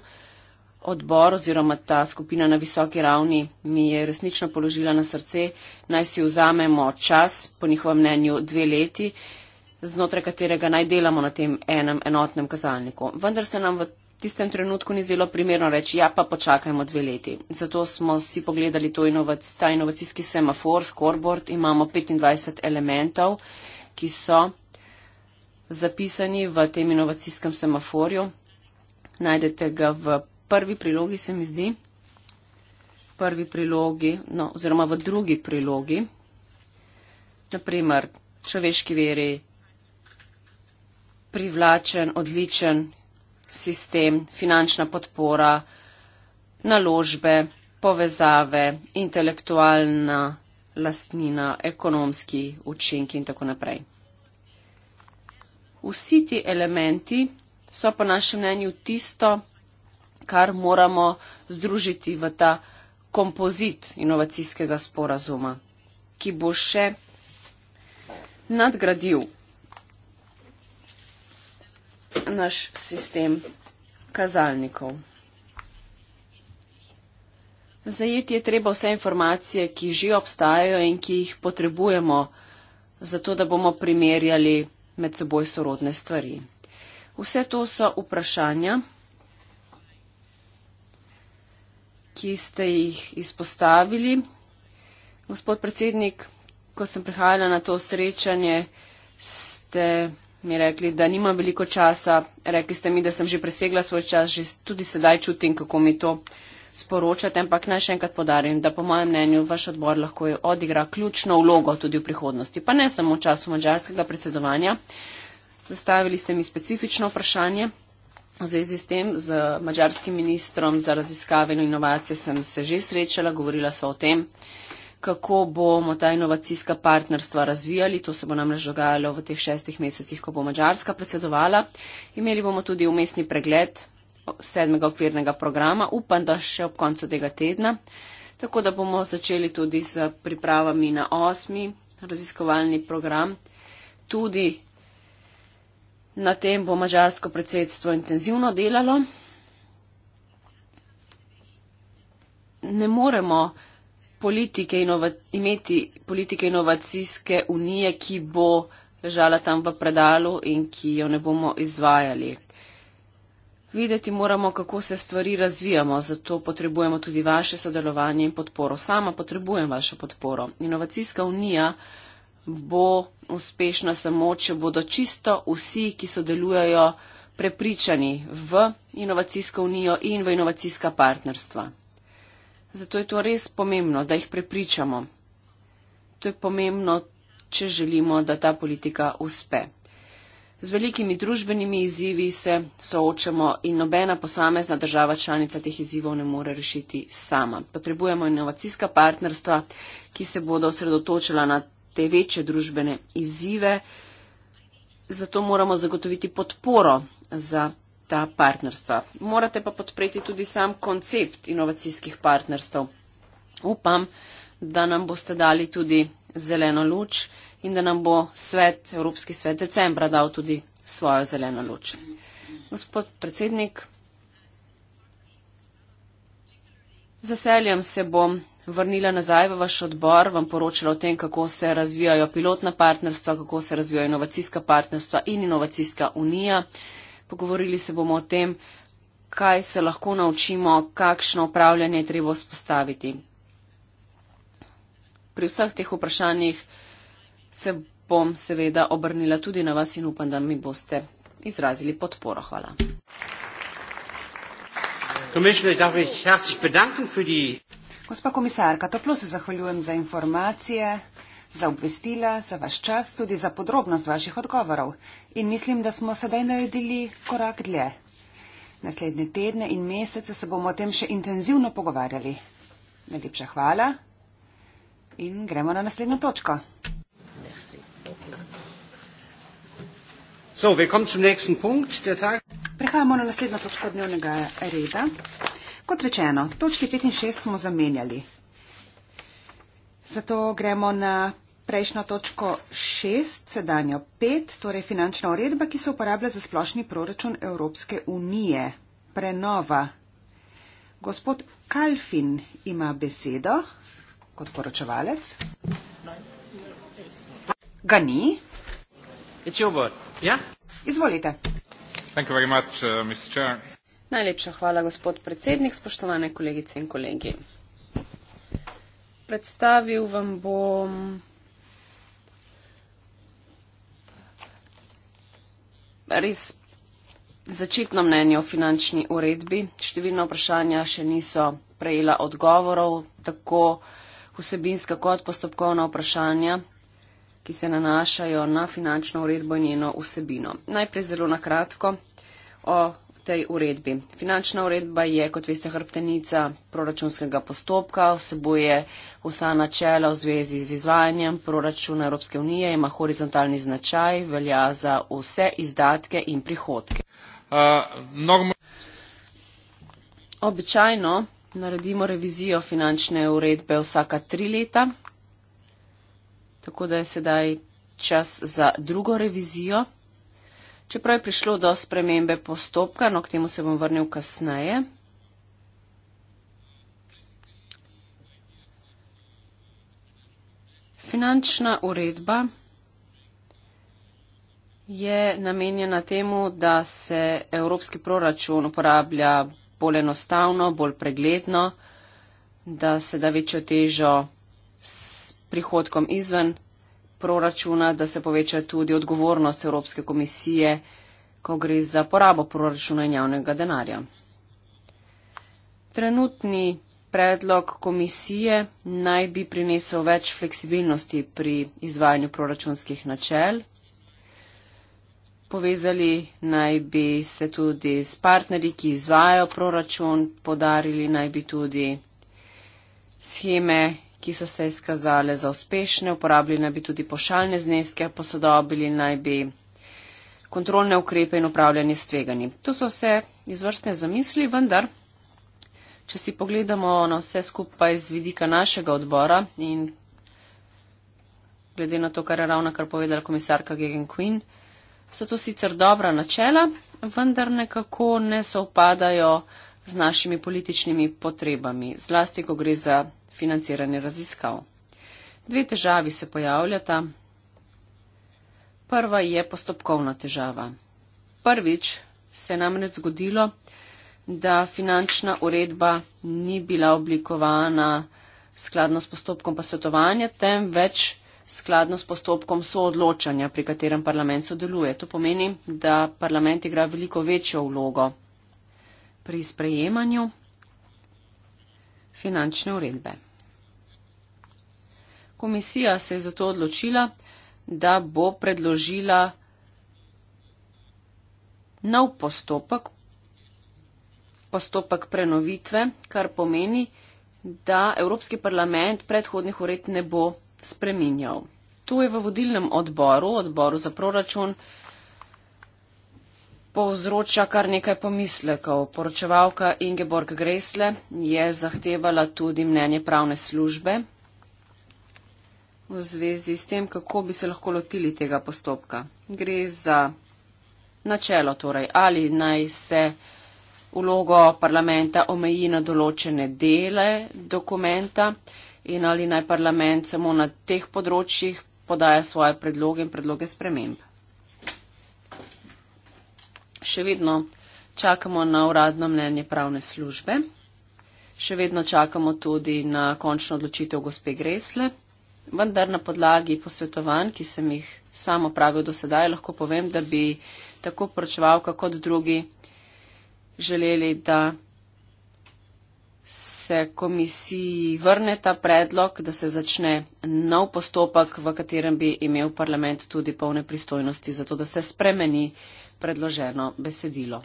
Odbor oziroma ta skupina na visoki ravni mi je resnično položila na srce, naj si vzamemo čas, po njihovem mnenju dve leti, znotraj katerega naj delamo na tem enem enotnem kazalniku. Vendar se nam v tistem trenutku ni zdelo primerno reči, ja pa počakajmo dve leti. Zato smo si pogledali to inovac, ta inovacijski semafor, scoreboard, imamo 25 elementov, ki so zapisani v tem inovacijskem semaforju. Najdete ga v prvi prilogi, se mi zdi, prvi prilogi, no, oziroma v drugi prilogi. Naprimer, človeški veri, privlačen, odličen sistem, finančna podpora, naložbe, povezave, intelektualna lastnina, ekonomski učinki in tako naprej. Vsi ti elementi so po našem mnenju tisto, kar moramo združiti v ta kompozit inovacijskega sporazuma, ki bo še nadgradil naš sistem kazalnikov. Zajeti je treba vse informacije, ki že obstajajo in ki jih potrebujemo, zato da bomo primerjali med seboj sorodne stvari. Vse to so vprašanja, ki ste jih izpostavili. Gospod predsednik, ko sem prihajala na to srečanje, ste mi rekli, da nima veliko časa. Rekli ste mi, da sem že presegla svoj čas, že tudi sedaj čutim, kako mi to sporočate, ampak naj še enkrat podarim, da po mojem mnenju vaš odbor lahko odigra ključno vlogo tudi v prihodnosti, pa ne samo v času mađarskega predsedovanja. Zastavili ste mi specifično vprašanje v zvezi s tem, z mađarskim ministrom za raziskave in inovacije sem se že srečala, govorila sva o tem. Uh, kako bomo ta inovacijska partnerstva razvijali. To se bo namreč dogajalo v teh šestih mesecih, ko bo Mačarska predsedovala. Imeli bomo tudi umestni pregled sedmega okvirnega programa, upam, da še ob koncu tega tedna. Tako da bomo začeli tudi s pripravami na osmi raziskovalni program. Tudi na tem bo mađarsko predsedstvo intenzivno delalo. Ne moremo politike inova, imeti politike inovacijske unije, ki bo ležala tam v predalu in ki jo ne bomo izvajali. Videti moramo, kako se stvari razvijamo, zato potrebujemo tudi vaše sodelovanje in podporo. Sama potrebujem vašo podporo. Inovacijska unija bo uspešna samo, če bodo čisto vsi, ki sodelujejo, prepričani v inovacijsko unijo in v inovacijska partnerstva. Zato je to res pomembno, da jih prepričamo. To je pomembno, če želimo, da ta politika uspe. Z velikimi družbenimi izzivi se soočamo in nobena posamezna država članica teh izzivov ne more rešiti sama. Potrebujemo inovacijska partnerstva, ki se bodo osredotočila na te večje družbene izzive. Zato moramo zagotoviti podporo za ta partnerstva. Morate pa podpreti tudi sam koncept inovacijskih partnerstv. Upam, da nam boste dali tudi zeleno luč in da nam bo svet, Evropski svet decembra dal tudi svojo zeleno luč. Gospod predsednik, z veseljem se bom vrnila nazaj v vaš odbor, vam poročala o tem, kako se razvijajo pilotna partnerstva, kako se razvijajo inovacijska partnerstva in inovacijska unija pogovorili se bomo o tem, kaj se lahko naučimo, kakšno upravljanje je treba vzpostaviti. Pri vseh teh vprašanjih se bom seveda obrnila tudi na vas in upam, da mi boste izrazili podporo. Hvala. Gospa komisarka, toplo se zahvaljujem za informacije za obvestila, za vaš čas, tudi za podrobnost vaših odgovorov. In mislim, da smo sedaj naredili korak dlje. Naslednje tedne in mesece se bomo o tem še intenzivno pogovarjali. Najlepša hvala in gremo na naslednjo točko. So, Prehajamo na naslednjo točko dnevnega reda. Kot rečeno, točki 5 in 6 smo zamenjali. Zato gremo na prejšnjo točko 6, sedanjo 5, torej finančna uredba, ki se uporablja za splošni proračun Evropske unije. Prenova. Gospod Kalfin ima besedo kot poročevalec. Ga ni? Ja? Izvolite. Much, uh, Najlepša hvala, gospod predsednik, spoštovane kolegice in kolegi predstavil vam bom res začetno mnenje o finančni uredbi. Številna vprašanja še niso prejela odgovorov, tako vsebinska kot postopkovna vprašanja, ki se nanašajo na finančno uredbo in njeno vsebino. Najprej zelo nakratko o tej uredbi. Finančna uredba je, kot veste, hrbtenica proračunskega postopka, vseboje vsa načela v zvezi z izvajanjem proračuna Evropske unije, ima horizontalni značaj, velja za vse izdatke in prihodke. Uh, normal... Običajno naredimo revizijo finančne uredbe vsaka tri leta, tako da je sedaj čas za drugo revizijo čeprav je prišlo do spremembe postopka, no k temu se bom vrnil kasneje. Finančna uredba je namenjena temu, da se evropski proračun uporablja bolj enostavno, bolj pregledno, da se da večjo težo s prihodkom izven proračuna, da se poveča tudi odgovornost Evropske komisije, ko gre za porabo proračuna in javnega denarja. Trenutni predlog komisije naj bi prinesel več fleksibilnosti pri izvajanju proračunskih načel. Povezali naj bi se tudi s partnerji, ki izvajo proračun, podarili naj bi tudi scheme ki so se izkazale za uspešne, uporabljali naj bi tudi pošaljne zneske, posodobili naj bi kontrolne ukrepe in upravljanje s tvegani. To so vse izvrstne zamisli, vendar, če si pogledamo na vse skupaj z vidika našega odbora in glede na to, kar je ravno kar povedala komisarka Gegen Queen, so to sicer dobra načela, vendar nekako ne se upadajo z našimi političnimi potrebami. Zlasti, ko gre za financiranje raziskav. Dve težavi se pojavljata. Prva je postopkovna težava. Prvič se je namreč zgodilo, da finančna uredba ni bila oblikovana skladno s postopkom posvetovanja, temveč skladno s postopkom soodločanja, pri katerem parlament sodeluje. To pomeni, da parlament igra veliko večjo vlogo pri sprejemanju finančne uredbe. Komisija se je zato odločila, da bo predložila nov postopek, postopek prenovitve, kar pomeni, da Evropski parlament predhodnih ured ne bo spreminjal. To je v vodilnem odboru, odboru za proračun, povzroča kar nekaj pomislekov. Poročevalka Ingeborg Gresle je zahtevala tudi mnenje pravne službe v zvezi s tem, kako bi se lahko lotili tega postopka. Gre za načelo, torej, ali naj se ulogo parlamenta omeji na določene dele dokumenta in ali naj parlament samo na teh področjih podaja svoje predloge in predloge sprememb. Še vedno čakamo na uradno mnenje pravne službe. Še vedno čakamo tudi na končno odločitev gospe Gresle vendar na podlagi posvetovanj, ki sem jih samo pravil do sedaj, lahko povem, da bi tako poročevalka kot drugi želeli, da se komisiji vrne ta predlog, da se začne nov postopek, v katerem bi imel parlament tudi polne pristojnosti, zato da se spremeni predloženo besedilo.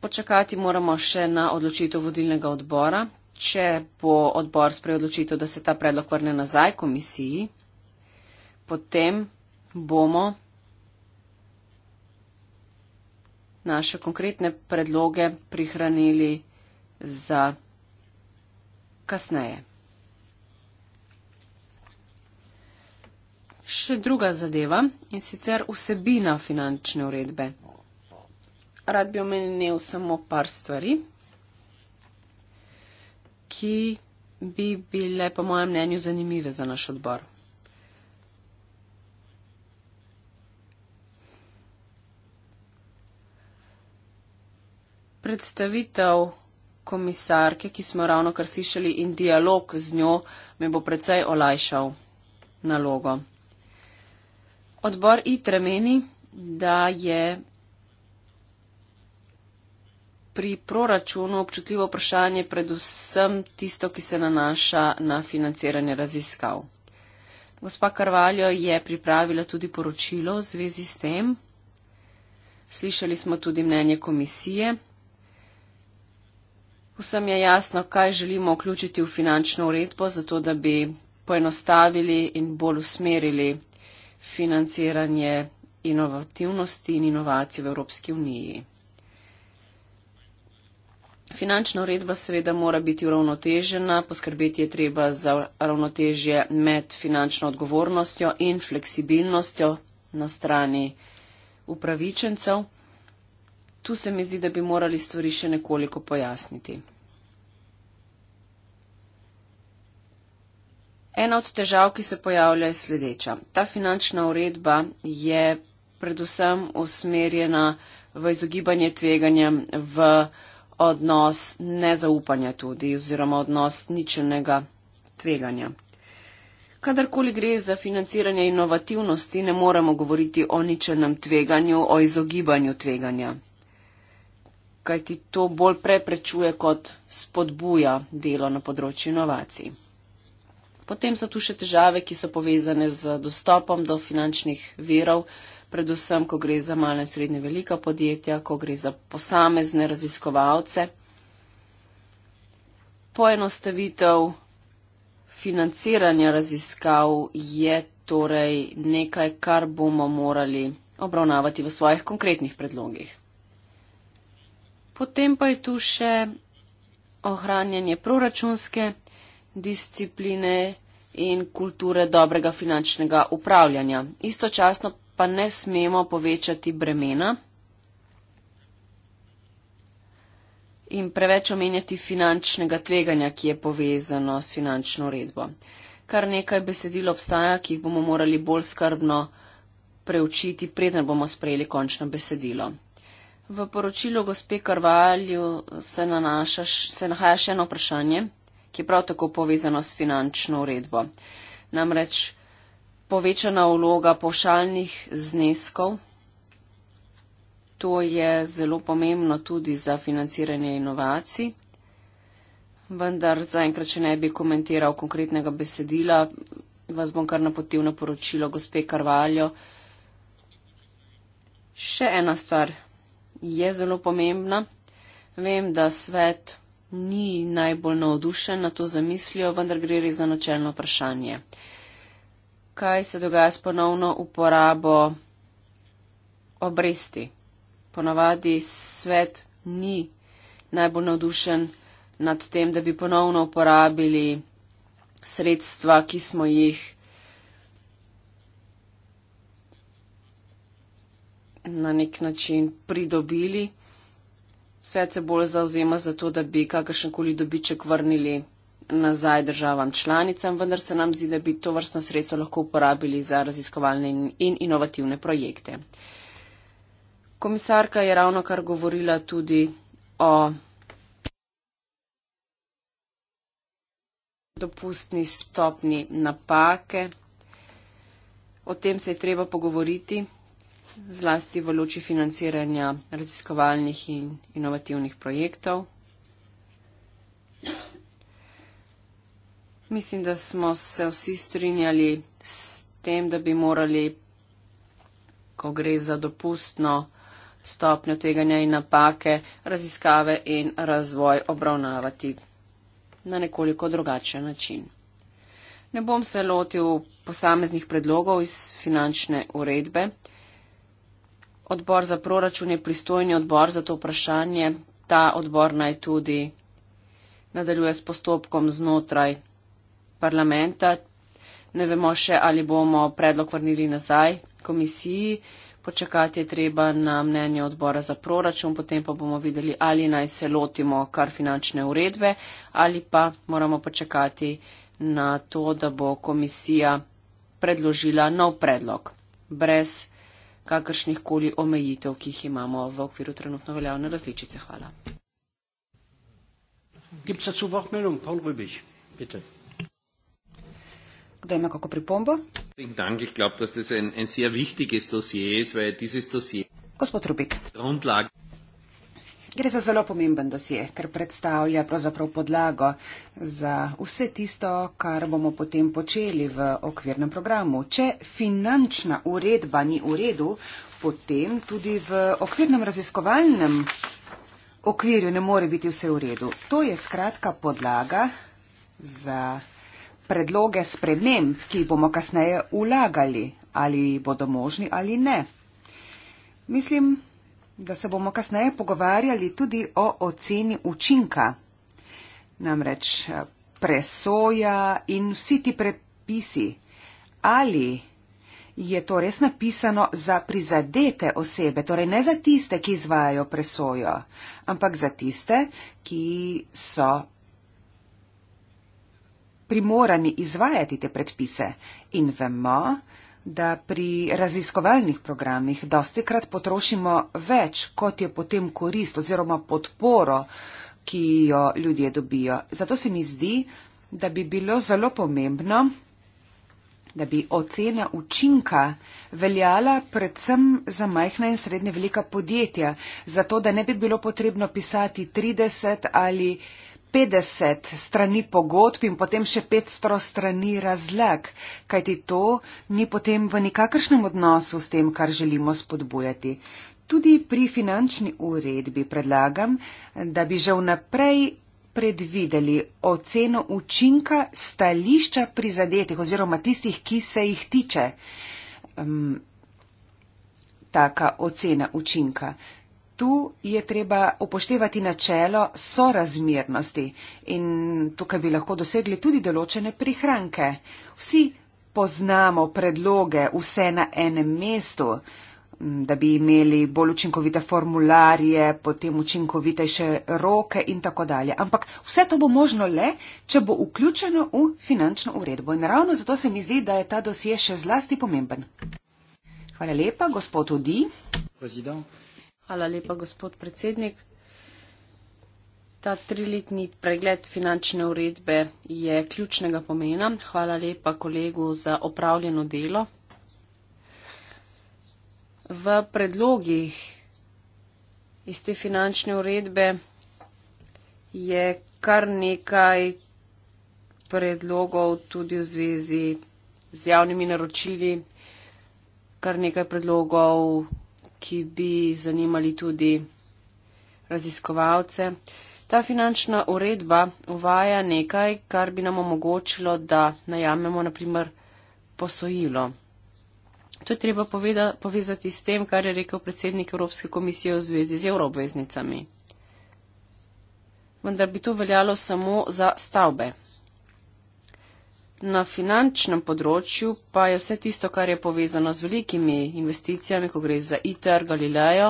Počakati moramo še na odločitev vodilnega odbora, če bo odbor sprejel odločitev, da se ta predlog vrne nazaj komisiji, potem bomo naše konkretne predloge prihranili za kasneje. Še druga zadeva in sicer vsebina finančne uredbe. Rad bi omenil samo par stvari ki bi bile, po mojem mnenju, zanimive za naš odbor. Predstavitev komisarke, ki smo ravno kar slišali, in dialog z njo me bo precej olajšal nalogo. Odbor ITRE meni, da je pri proračunu občutljivo vprašanje predvsem tisto, ki se nanaša na financiranje raziskav. Gospa Karvaljo je pripravila tudi poročilo v zvezi s tem. Slišali smo tudi mnenje komisije. Vsem je jasno, kaj želimo vključiti v finančno uredbo, zato da bi poenostavili in bolj usmerili financiranje inovativnosti in inovacij v Evropski uniji. Finančna uredba seveda mora biti uravnotežena, poskrbeti je treba za ravnotežje med finančno odgovornostjo in fleksibilnostjo na strani upravičencev. Tu se mi zdi, da bi morali stvari še nekoliko pojasniti. Ena od težav, ki se pojavlja, je sledeča. Ta finančna uredba je predvsem usmerjena v izogibanje tveganjem v odnos nezaupanja tudi oziroma odnos ničenega tveganja. Kadarkoli gre za financiranje inovativnosti, ne moremo govoriti o ničenem tveganju, o izogibanju tveganja, kajti to bolj preprečuje kot spodbuja delo na področju inovacij. Potem so tu še težave, ki so povezane z dostopom do finančnih verov, predvsem, ko gre za male in srednje velika podjetja, ko gre za posamezne raziskovalce. Poenostavitev financiranja raziskav je torej nekaj, kar bomo morali obravnavati v svojih konkretnih predlogih. Potem pa je tu še ohranjanje proračunske discipline in kulture dobrega finančnega upravljanja. Istočasno pa ne smemo povečati bremena in preveč omenjati finančnega tveganja, ki je povezano s finančno redbo. Kar nekaj besedil obstaja, ki jih bomo morali bolj skrbno preučiti, preden bomo sprejeli končno besedilo. V poročilu gospe Karvalju se, nanaša, se nahaja še eno vprašanje, ki je prav tako povezano s finančno uredbo. Namreč povečana vloga pošaljnih zneskov. To je zelo pomembno tudi za financiranje inovacij, vendar zaenkrat, če ne bi komentiral konkretnega besedila, vas bom kar napotil na poročilo gospe Karvaljo. Še ena stvar je zelo pomembna. Vem, da svet ni najbolj navdušen na to zamislijo, vendar gre res za načelno vprašanje kaj se dogaja s ponovno uporabo obresti. Ponavadi svet ni najbolj navdušen nad tem, da bi ponovno uporabili sredstva, ki smo jih na nek način pridobili. Svet se bolj zauzema za to, da bi kakršenkoli dobiček vrnili nazaj državam članicam, vendar se nam zdi, da bi to vrstna sredstva lahko uporabili za raziskovalne in inovativne projekte. Komisarka je ravno kar govorila tudi o dopustni stopni napake. O tem se je treba pogovoriti, zlasti v luči financiranja raziskovalnih in inovativnih projektov. Yeah. Mislim, da smo se vsi strinjali s tem, da bi morali, ko gre za dopustno stopnjo teganja in napake, raziskave in razvoj obravnavati na nekoliko drugačen način. Ne bom se lotil posameznih predlogov iz finančne uredbe. Odbor za proračun je pristojni odbor za to vprašanje. Ta odbor naj tudi nadaljuje s postopkom znotraj parlamenta. Ne vemo še, ali bomo predlog vrnili nazaj komisiji. Počakati je treba na mnenje odbora za proračun, potem pa bomo videli, ali naj se lotimo kar finančne uredbe ali pa moramo počakati na to, da bo komisija predložila nov predlog brez kakršnih koli omejitev, ki jih imamo v okviru trenutno veljavne različice. Hvala. Gibt es dazu Wortmeldung? Paul Rübig, bitte da ima kako pripombo. Gospod Rubik. Gre za zelo pomemben dosje, ker predstavlja pravzaprav podlago za vse tisto, kar bomo potem počeli v okvirnem programu. Če finančna uredba ni v redu, potem tudi v okvirnem raziskovalnem okvirju ne more biti vse v redu. To je skratka podlaga za predloge sprememb, ki jih bomo kasneje ulagali, ali bodo možni ali ne. Mislim, da se bomo kasneje pogovarjali tudi o oceni učinka. Namreč eh, presoja in vsi ti predpisi, ali je to res napisano za prizadete osebe, torej ne za tiste, ki izvajajo presojo, ampak za tiste, ki so primorani izvajati te predpise in vemo, da pri raziskovalnih programih dosti krat potrošimo več, kot je potem korist oziroma podporo, ki jo ljudje dobijo. Zato se mi zdi, da bi bilo zelo pomembno, da bi ocena učinka veljala predvsem za majhna in srednje velika podjetja, zato da ne bi bilo potrebno pisati 30 ali 50 strani pogodb in potem še 500 strani razlag, kajti to ni potem v nikakršnem odnosu s tem, kar želimo spodbujati. Tudi pri finančni uredbi predlagam, da bi že vnaprej predvideli oceno učinka stališča prizadetih oziroma tistih, ki se jih tiče. Um, taka ocena učinka tu je treba upoštevati načelo sorazmernosti in tukaj bi lahko dosegli tudi določene prihranke. Vsi poznamo predloge vse na enem mestu, da bi imeli bolj učinkovite formularje, potem učinkovitejše roke in tako dalje. Ampak vse to bo možno le, če bo vključeno v finančno uredbo. In ravno zato se mi zdi, da je ta dosje še zlasti pomemben. Hvala lepa, gospod Odi. Prezident. Hvala lepa, gospod predsednik. Ta triletni pregled finančne uredbe je ključnega pomena. Hvala lepa kolegu za opravljeno delo. V predlogih iz te finančne uredbe je kar nekaj predlogov tudi v zvezi z javnimi naročili, kar nekaj predlogov ki bi zanimali tudi raziskovalce. Ta finančna uredba uvaja nekaj, kar bi nam omogočilo, da najamemo naprimer posojilo. To je treba poveda, povezati s tem, kar je rekel predsednik Evropske komisije v zvezi z evroobveznicami. Vendar bi to veljalo samo za stavbe. Na finančnem področju pa je vse tisto, kar je povezano z velikimi investicijami, ko gre za ITER, Galilejo,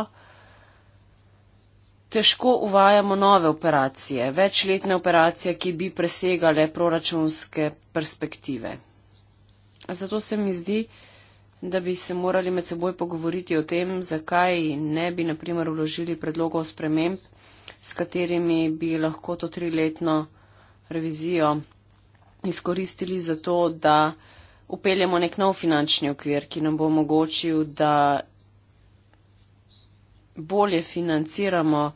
težko uvajamo nove operacije, večletne operacije, ki bi presegale proračunske perspektive. Zato se mi zdi, da bi se morali med seboj pogovoriti o tem, zakaj ne bi naprimer uložili predlogov sprememb, s katerimi bi lahko to triletno revizijo izkoristili za to, da upeljemo nek nov finančni okvir, ki nam bo omogočil, da bolje financiramo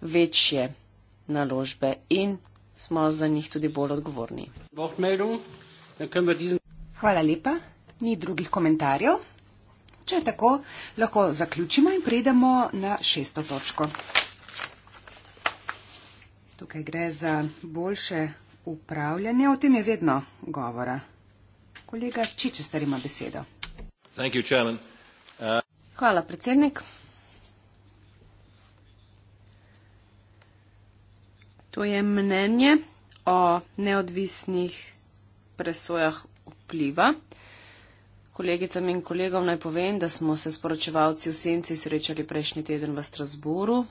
večje naložbe in smo za njih tudi bolj odgovorni. Hvala lepa. Ni drugih komentarjev. Če je tako, lahko zaključimo in predamo na šesto točko. Tukaj gre za boljše upravljanje, o tem je vedno govora. Kolega Čičestar ima besedo. You, uh... Hvala, predsednik. To je mnenje o neodvisnih presojah vpliva. Kolegicam in kolegom naj povem, da smo se sporočevalci v Senci srečali prejšnji teden v Strasburu.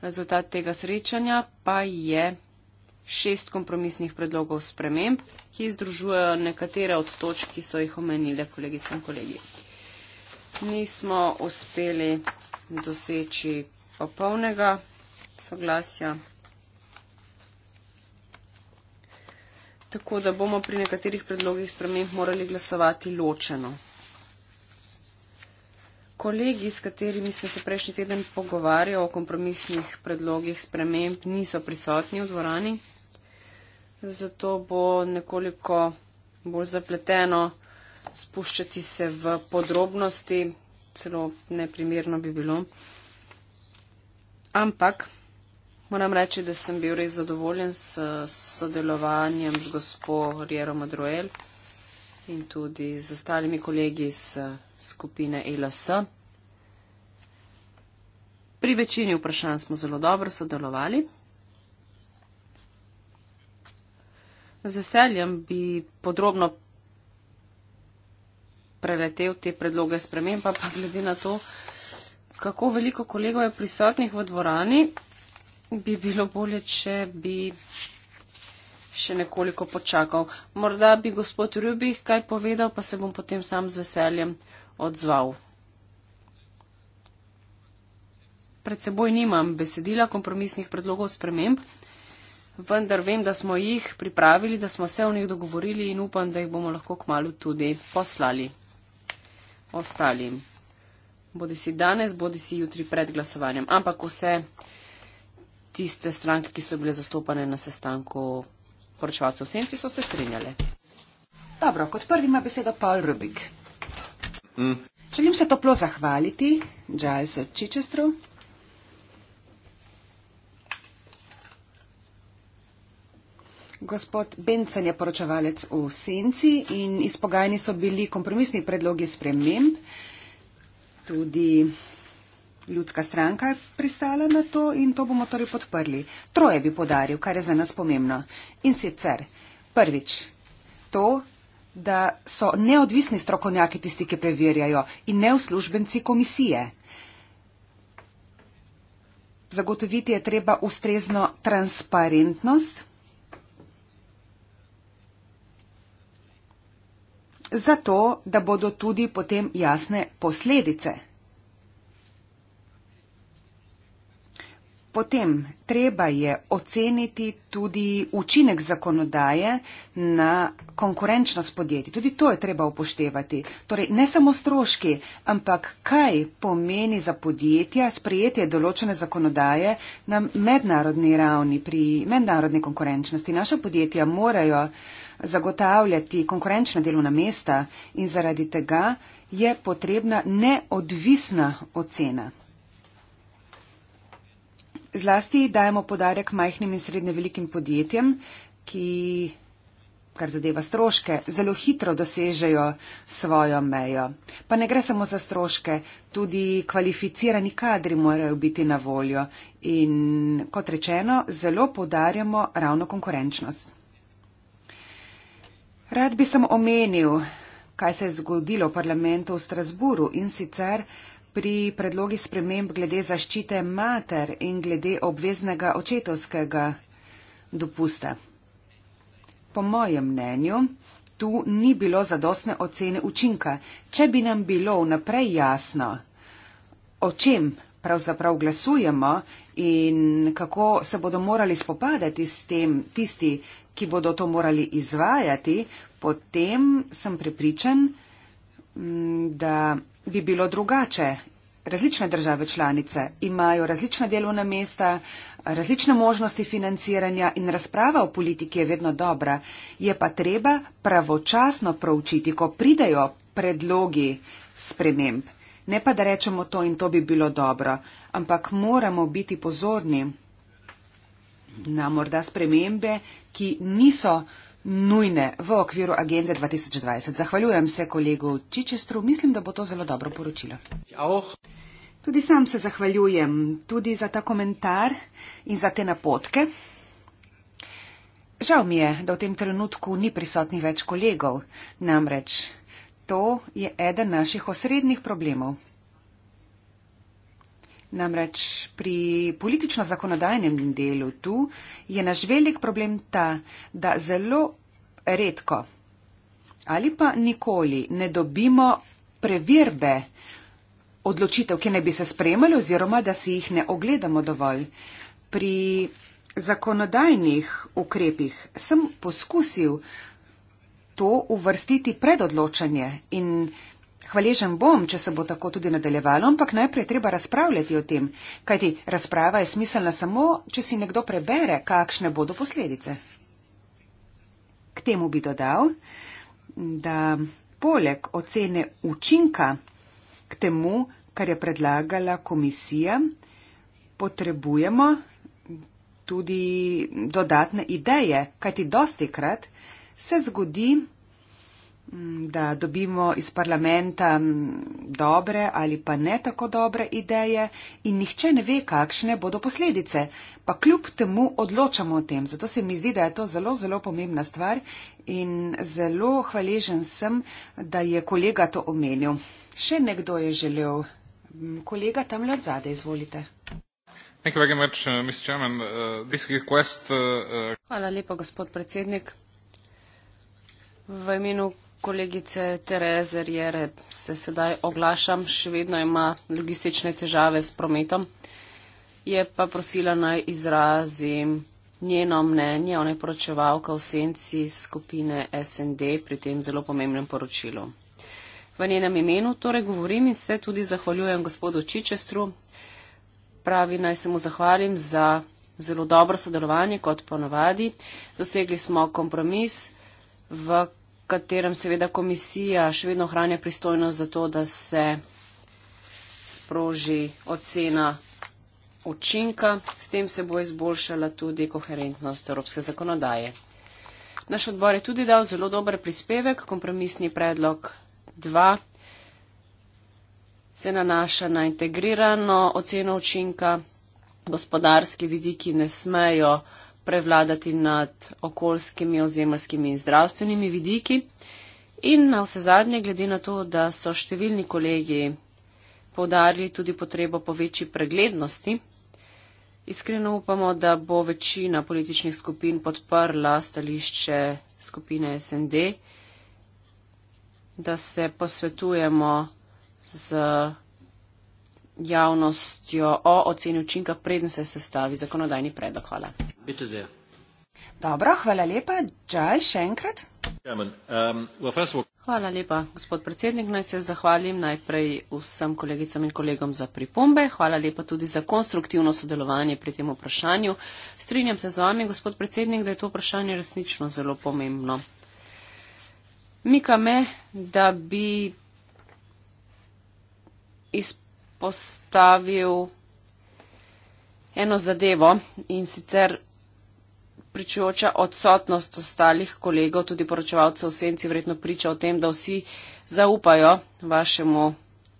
Rezultat tega srečanja pa je šest kompromisnih predlogov sprememb, ki združujejo nekatere od točk, ki so jih omenile kolegice in kolegi. Nismo uspeli doseči popolnega soglasja. Tako da bomo pri nekaterih predlogih sprememb morali glasovati ločeno. Kolegi, s katerimi sem se prejšnji teden pogovarjal o kompromisnih predlogih sprememb, niso prisotni v dvorani zato bo nekoliko bolj zapleteno spuščati se v podrobnosti, celo neprimerno bi bilo. Ampak moram reči, da sem bil res zadovoljen s sodelovanjem z gospo Riero Madruel in tudi z ostalimi kolegi iz skupine ELS. Pri večini vprašanj smo zelo dobro sodelovali. Z veseljem bi podrobno preletel te predloge sprememb, pa glede na to, kako veliko kolegov je prisotnih v dvorani, bi bilo bolje, če bi še nekoliko počakal. Morda bi gospod Rubih kaj povedal, pa se bom potem sam z veseljem odzval. Pred seboj nimam besedila kompromisnih predlogov sprememb vendar vem, da smo jih pripravili, da smo se o njih dogovorili in upam, da jih bomo lahko kmalo tudi poslali ostalim. Bodi si danes, bodi si jutri pred glasovanjem. Ampak vse tiste stranke, ki so bile zastopane na sestanku poročevalcev senci, so se strinjale. Dobro, kot prvi ima besedo Paul Rubik. Mm. Želim se toplo zahvaliti Džajsu Čičestru, Gospod Bencen je poročevalec v senci in izpogajani so bili kompromisni predlogi sprememb. Tudi ljudska stranka je pristala na to in to bomo torej podprli. Troje bi podaril, kar je za nas pomembno. In sicer prvič to, da so neodvisni strokovnjaki tisti, ki preverjajo in ne uslužbenci komisije. Zagotoviti je treba ustrezno transparentnost zato da bodo tudi potem jasne posledice. Potem treba je oceniti tudi učinek zakonodaje na konkurenčnost podjetij. Tudi to je treba upoštevati. Torej, ne samo stroški, ampak kaj pomeni za podjetja sprejetje določene zakonodaje na mednarodni ravni, pri mednarodni konkurenčnosti. Naša podjetja morajo zagotavljati konkurenčna delovna mesta in zaradi tega je potrebna neodvisna ocena zlasti dajemo podarek majhnim in srednje velikim podjetjem, ki, kar zadeva stroške, zelo hitro dosežejo svojo mejo. Pa ne gre samo za stroške, tudi kvalificirani kadri morajo biti na voljo in, kot rečeno, zelo podarjamo ravno konkurenčnost. Rad bi samo omenil, kaj se je zgodilo v parlamentu v Strasburu in sicer, pri predlogi sprememb glede zaščite mater in glede obveznega očetovskega dopusta. Po mojem mnenju tu ni bilo zadostne ocene učinka. Če bi nam bilo vnaprej jasno, o čem pravzaprav glasujemo in kako se bodo morali spopadati s tem tisti, ki bodo to morali izvajati, potem sem prepričan, Mm, da bi bilo drugače. Različne države članice imajo različna delovna mesta, različne možnosti financiranja in razprava o politiki je vedno dobra. Je pa treba pravočasno proučiti, ko pridejo predlogi sprememb. Ne pa, da rečemo to in to bi bilo dobro, ampak moramo biti pozorni na morda spremembe, ki niso nujne v okviru agende 2020. Zahvaljujem se kolegu Čičestru, mislim, da bo to zelo dobro poročilo. Auch. Tudi sam se zahvaljujem tudi za ta komentar in za te napotke. Žal mi je, da v tem trenutku ni prisotnih več kolegov, namreč to je eden naših osrednjih problemov. Namreč pri politično-zakonodajnem delu tu je naš velik problem ta, da zelo redko ali pa nikoli ne dobimo preverbe odločitev, ki ne bi se spremali oziroma da si jih ne ogledamo dovolj. Pri zakonodajnih ukrepih sem poskusil to uvrstiti pred odločanje in Hvaležen bom, če se bo tako tudi nadaljevalo, ampak najprej treba razpravljati o tem, kajti razprava je smiselna samo, če si nekdo prebere, kakšne bodo posledice. K temu bi dodal, da poleg ocene učinka k temu, kar je predlagala komisija, potrebujemo tudi dodatne ideje, kajti dosti krat se zgodi, Mm, da dobimo iz parlamenta mm, dobre ali pa ne tako dobre ideje in nihče ne ve, kakšne bodo posledice. Pa kljub temu odločamo o tem. Zato se mi zdi, da je to zelo, zelo pomembna stvar in zelo hvaležen sem, da je kolega to omenil. Še nekdo je želel. Mm, kolega tam le od zadaj, izvolite. Uh, uh, uh, Hvala lepa, gospod predsednik. V imenu kolegice Tereze Rjere se sedaj oglašam, še vedno ima logistične težave s prometom. Je pa prosila naj izrazim njeno mnenje, ona je poročevalka v senci skupine SND pri tem zelo pomembnem poročilu. V njenem imenu torej govorim in se tudi zahvaljujem gospodu Čičestru. Pravi naj se mu zahvalim za zelo dobro sodelovanje, kot ponavadi. Dosegli smo kompromis, v katerem seveda komisija še vedno hranja pristojnost za to, da se sproži ocena učinka. S tem se bo izboljšala tudi koherentnost evropske zakonodaje. Naš odbor je tudi dal zelo dober prispevek, kompromisni predlog 2 se nanaša na integrirano oceno učinka. Gospodarski vidiki ne smejo uh, prevladati nad okoljskimi, ozemljskimi in zdravstvenimi vidiki. In na vse zadnje, glede na to, da so številni kolegi povdarili tudi potrebo po večji preglednosti, iskreno upamo, da bo večina političnih skupin podprla stališče skupine SND, da se posvetujemo z javnostjo o oceni učinka, preden se sestavi zakonodajni predlog. Hvala. Dobro, hvala lepa. Džaj, še enkrat. Um, hvala lepa, gospod predsednik. Naj se zahvalim najprej vsem kolegicam in kolegom za pripombe. Hvala lepa tudi za konstruktivno sodelovanje pri tem vprašanju. Strinjam se z vami, gospod predsednik, da je to vprašanje resnično zelo pomembno. Mika me, da bi izpolnil izpostavil eno zadevo in sicer pričujoča odsotnost ostalih kolegov, tudi poročevalcev v senci, vredno priča o tem, da vsi zaupajo vašemu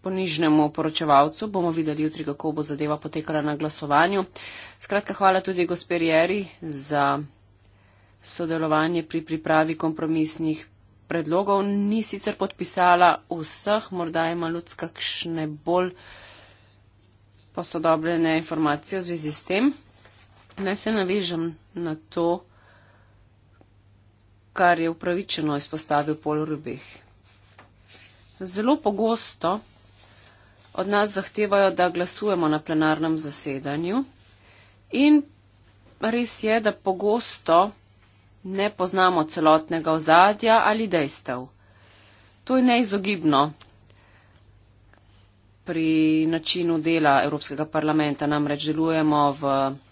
ponižnemu poročevalcu. Bomo videli jutri, kako bo zadeva potekala na glasovanju. Skratka, hvala tudi gosperjeri za sodelovanje pri pripravi kompromisnih predlogov. Ni sicer podpisala vseh, morda ima ljudska kakšne bolj posodobljene informacije v zvezi s tem. Naj se navežem na to, kar je upravičeno izpostavil polorubih. Zelo pogosto od nas zahtevajo, da glasujemo na plenarnem zasedanju in res je, da pogosto ne poznamo celotnega ozadja ali dejstev. To je neizogibno pri načinu dela Evropskega parlamenta. Namreč delujemo v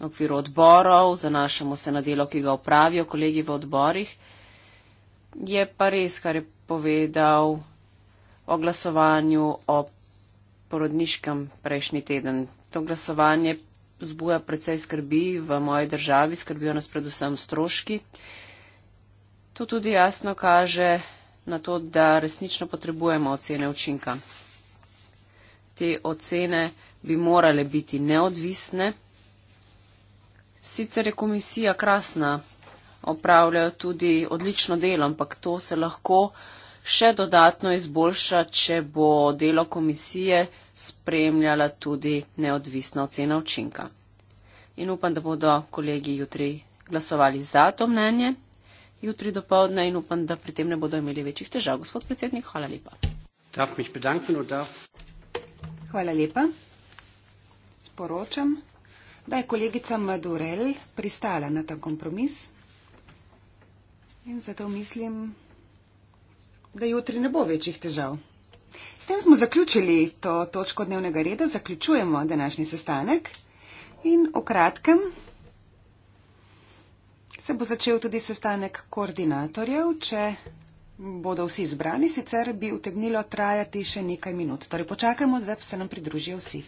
okviru odborov, zanašamo se na delo, ki ga upravijo kolegi v odborih. Je pa res, kar je povedal o glasovanju o porodniškem prejšnji teden. To glasovanje zbuja precej skrbi v moji državi, skrbijo nas predvsem stroški. To tudi jasno kaže na to, da resnično potrebujemo ocene učinka te ocene bi morale biti neodvisne. Sicer je komisija krasna, opravljajo tudi odlično delo, ampak to se lahko še dodatno izboljša, če bo delo komisije spremljala tudi neodvisna ocena učinka. In upam, da bodo kolegi jutri glasovali za to mnenje, jutri do povdne in upam, da pri tem ne bodo imeli večjih težav. Gospod predsednik, hvala lepa. Hvala lepa. Sporočam, da je kolegica Madurel pristala na ta kompromis. In zato mislim, da jutri ne bo večjih težav. S tem smo zaključili to točko dnevnega reda, zaključujemo današnji sestanek in v kratkem se bo začel tudi sestanek koordinatorjev, če bodo vsi zbrani, sicer bi utegnilo trajati še nekaj minut. Torej počakajmo, da se nam pridružijo vsi.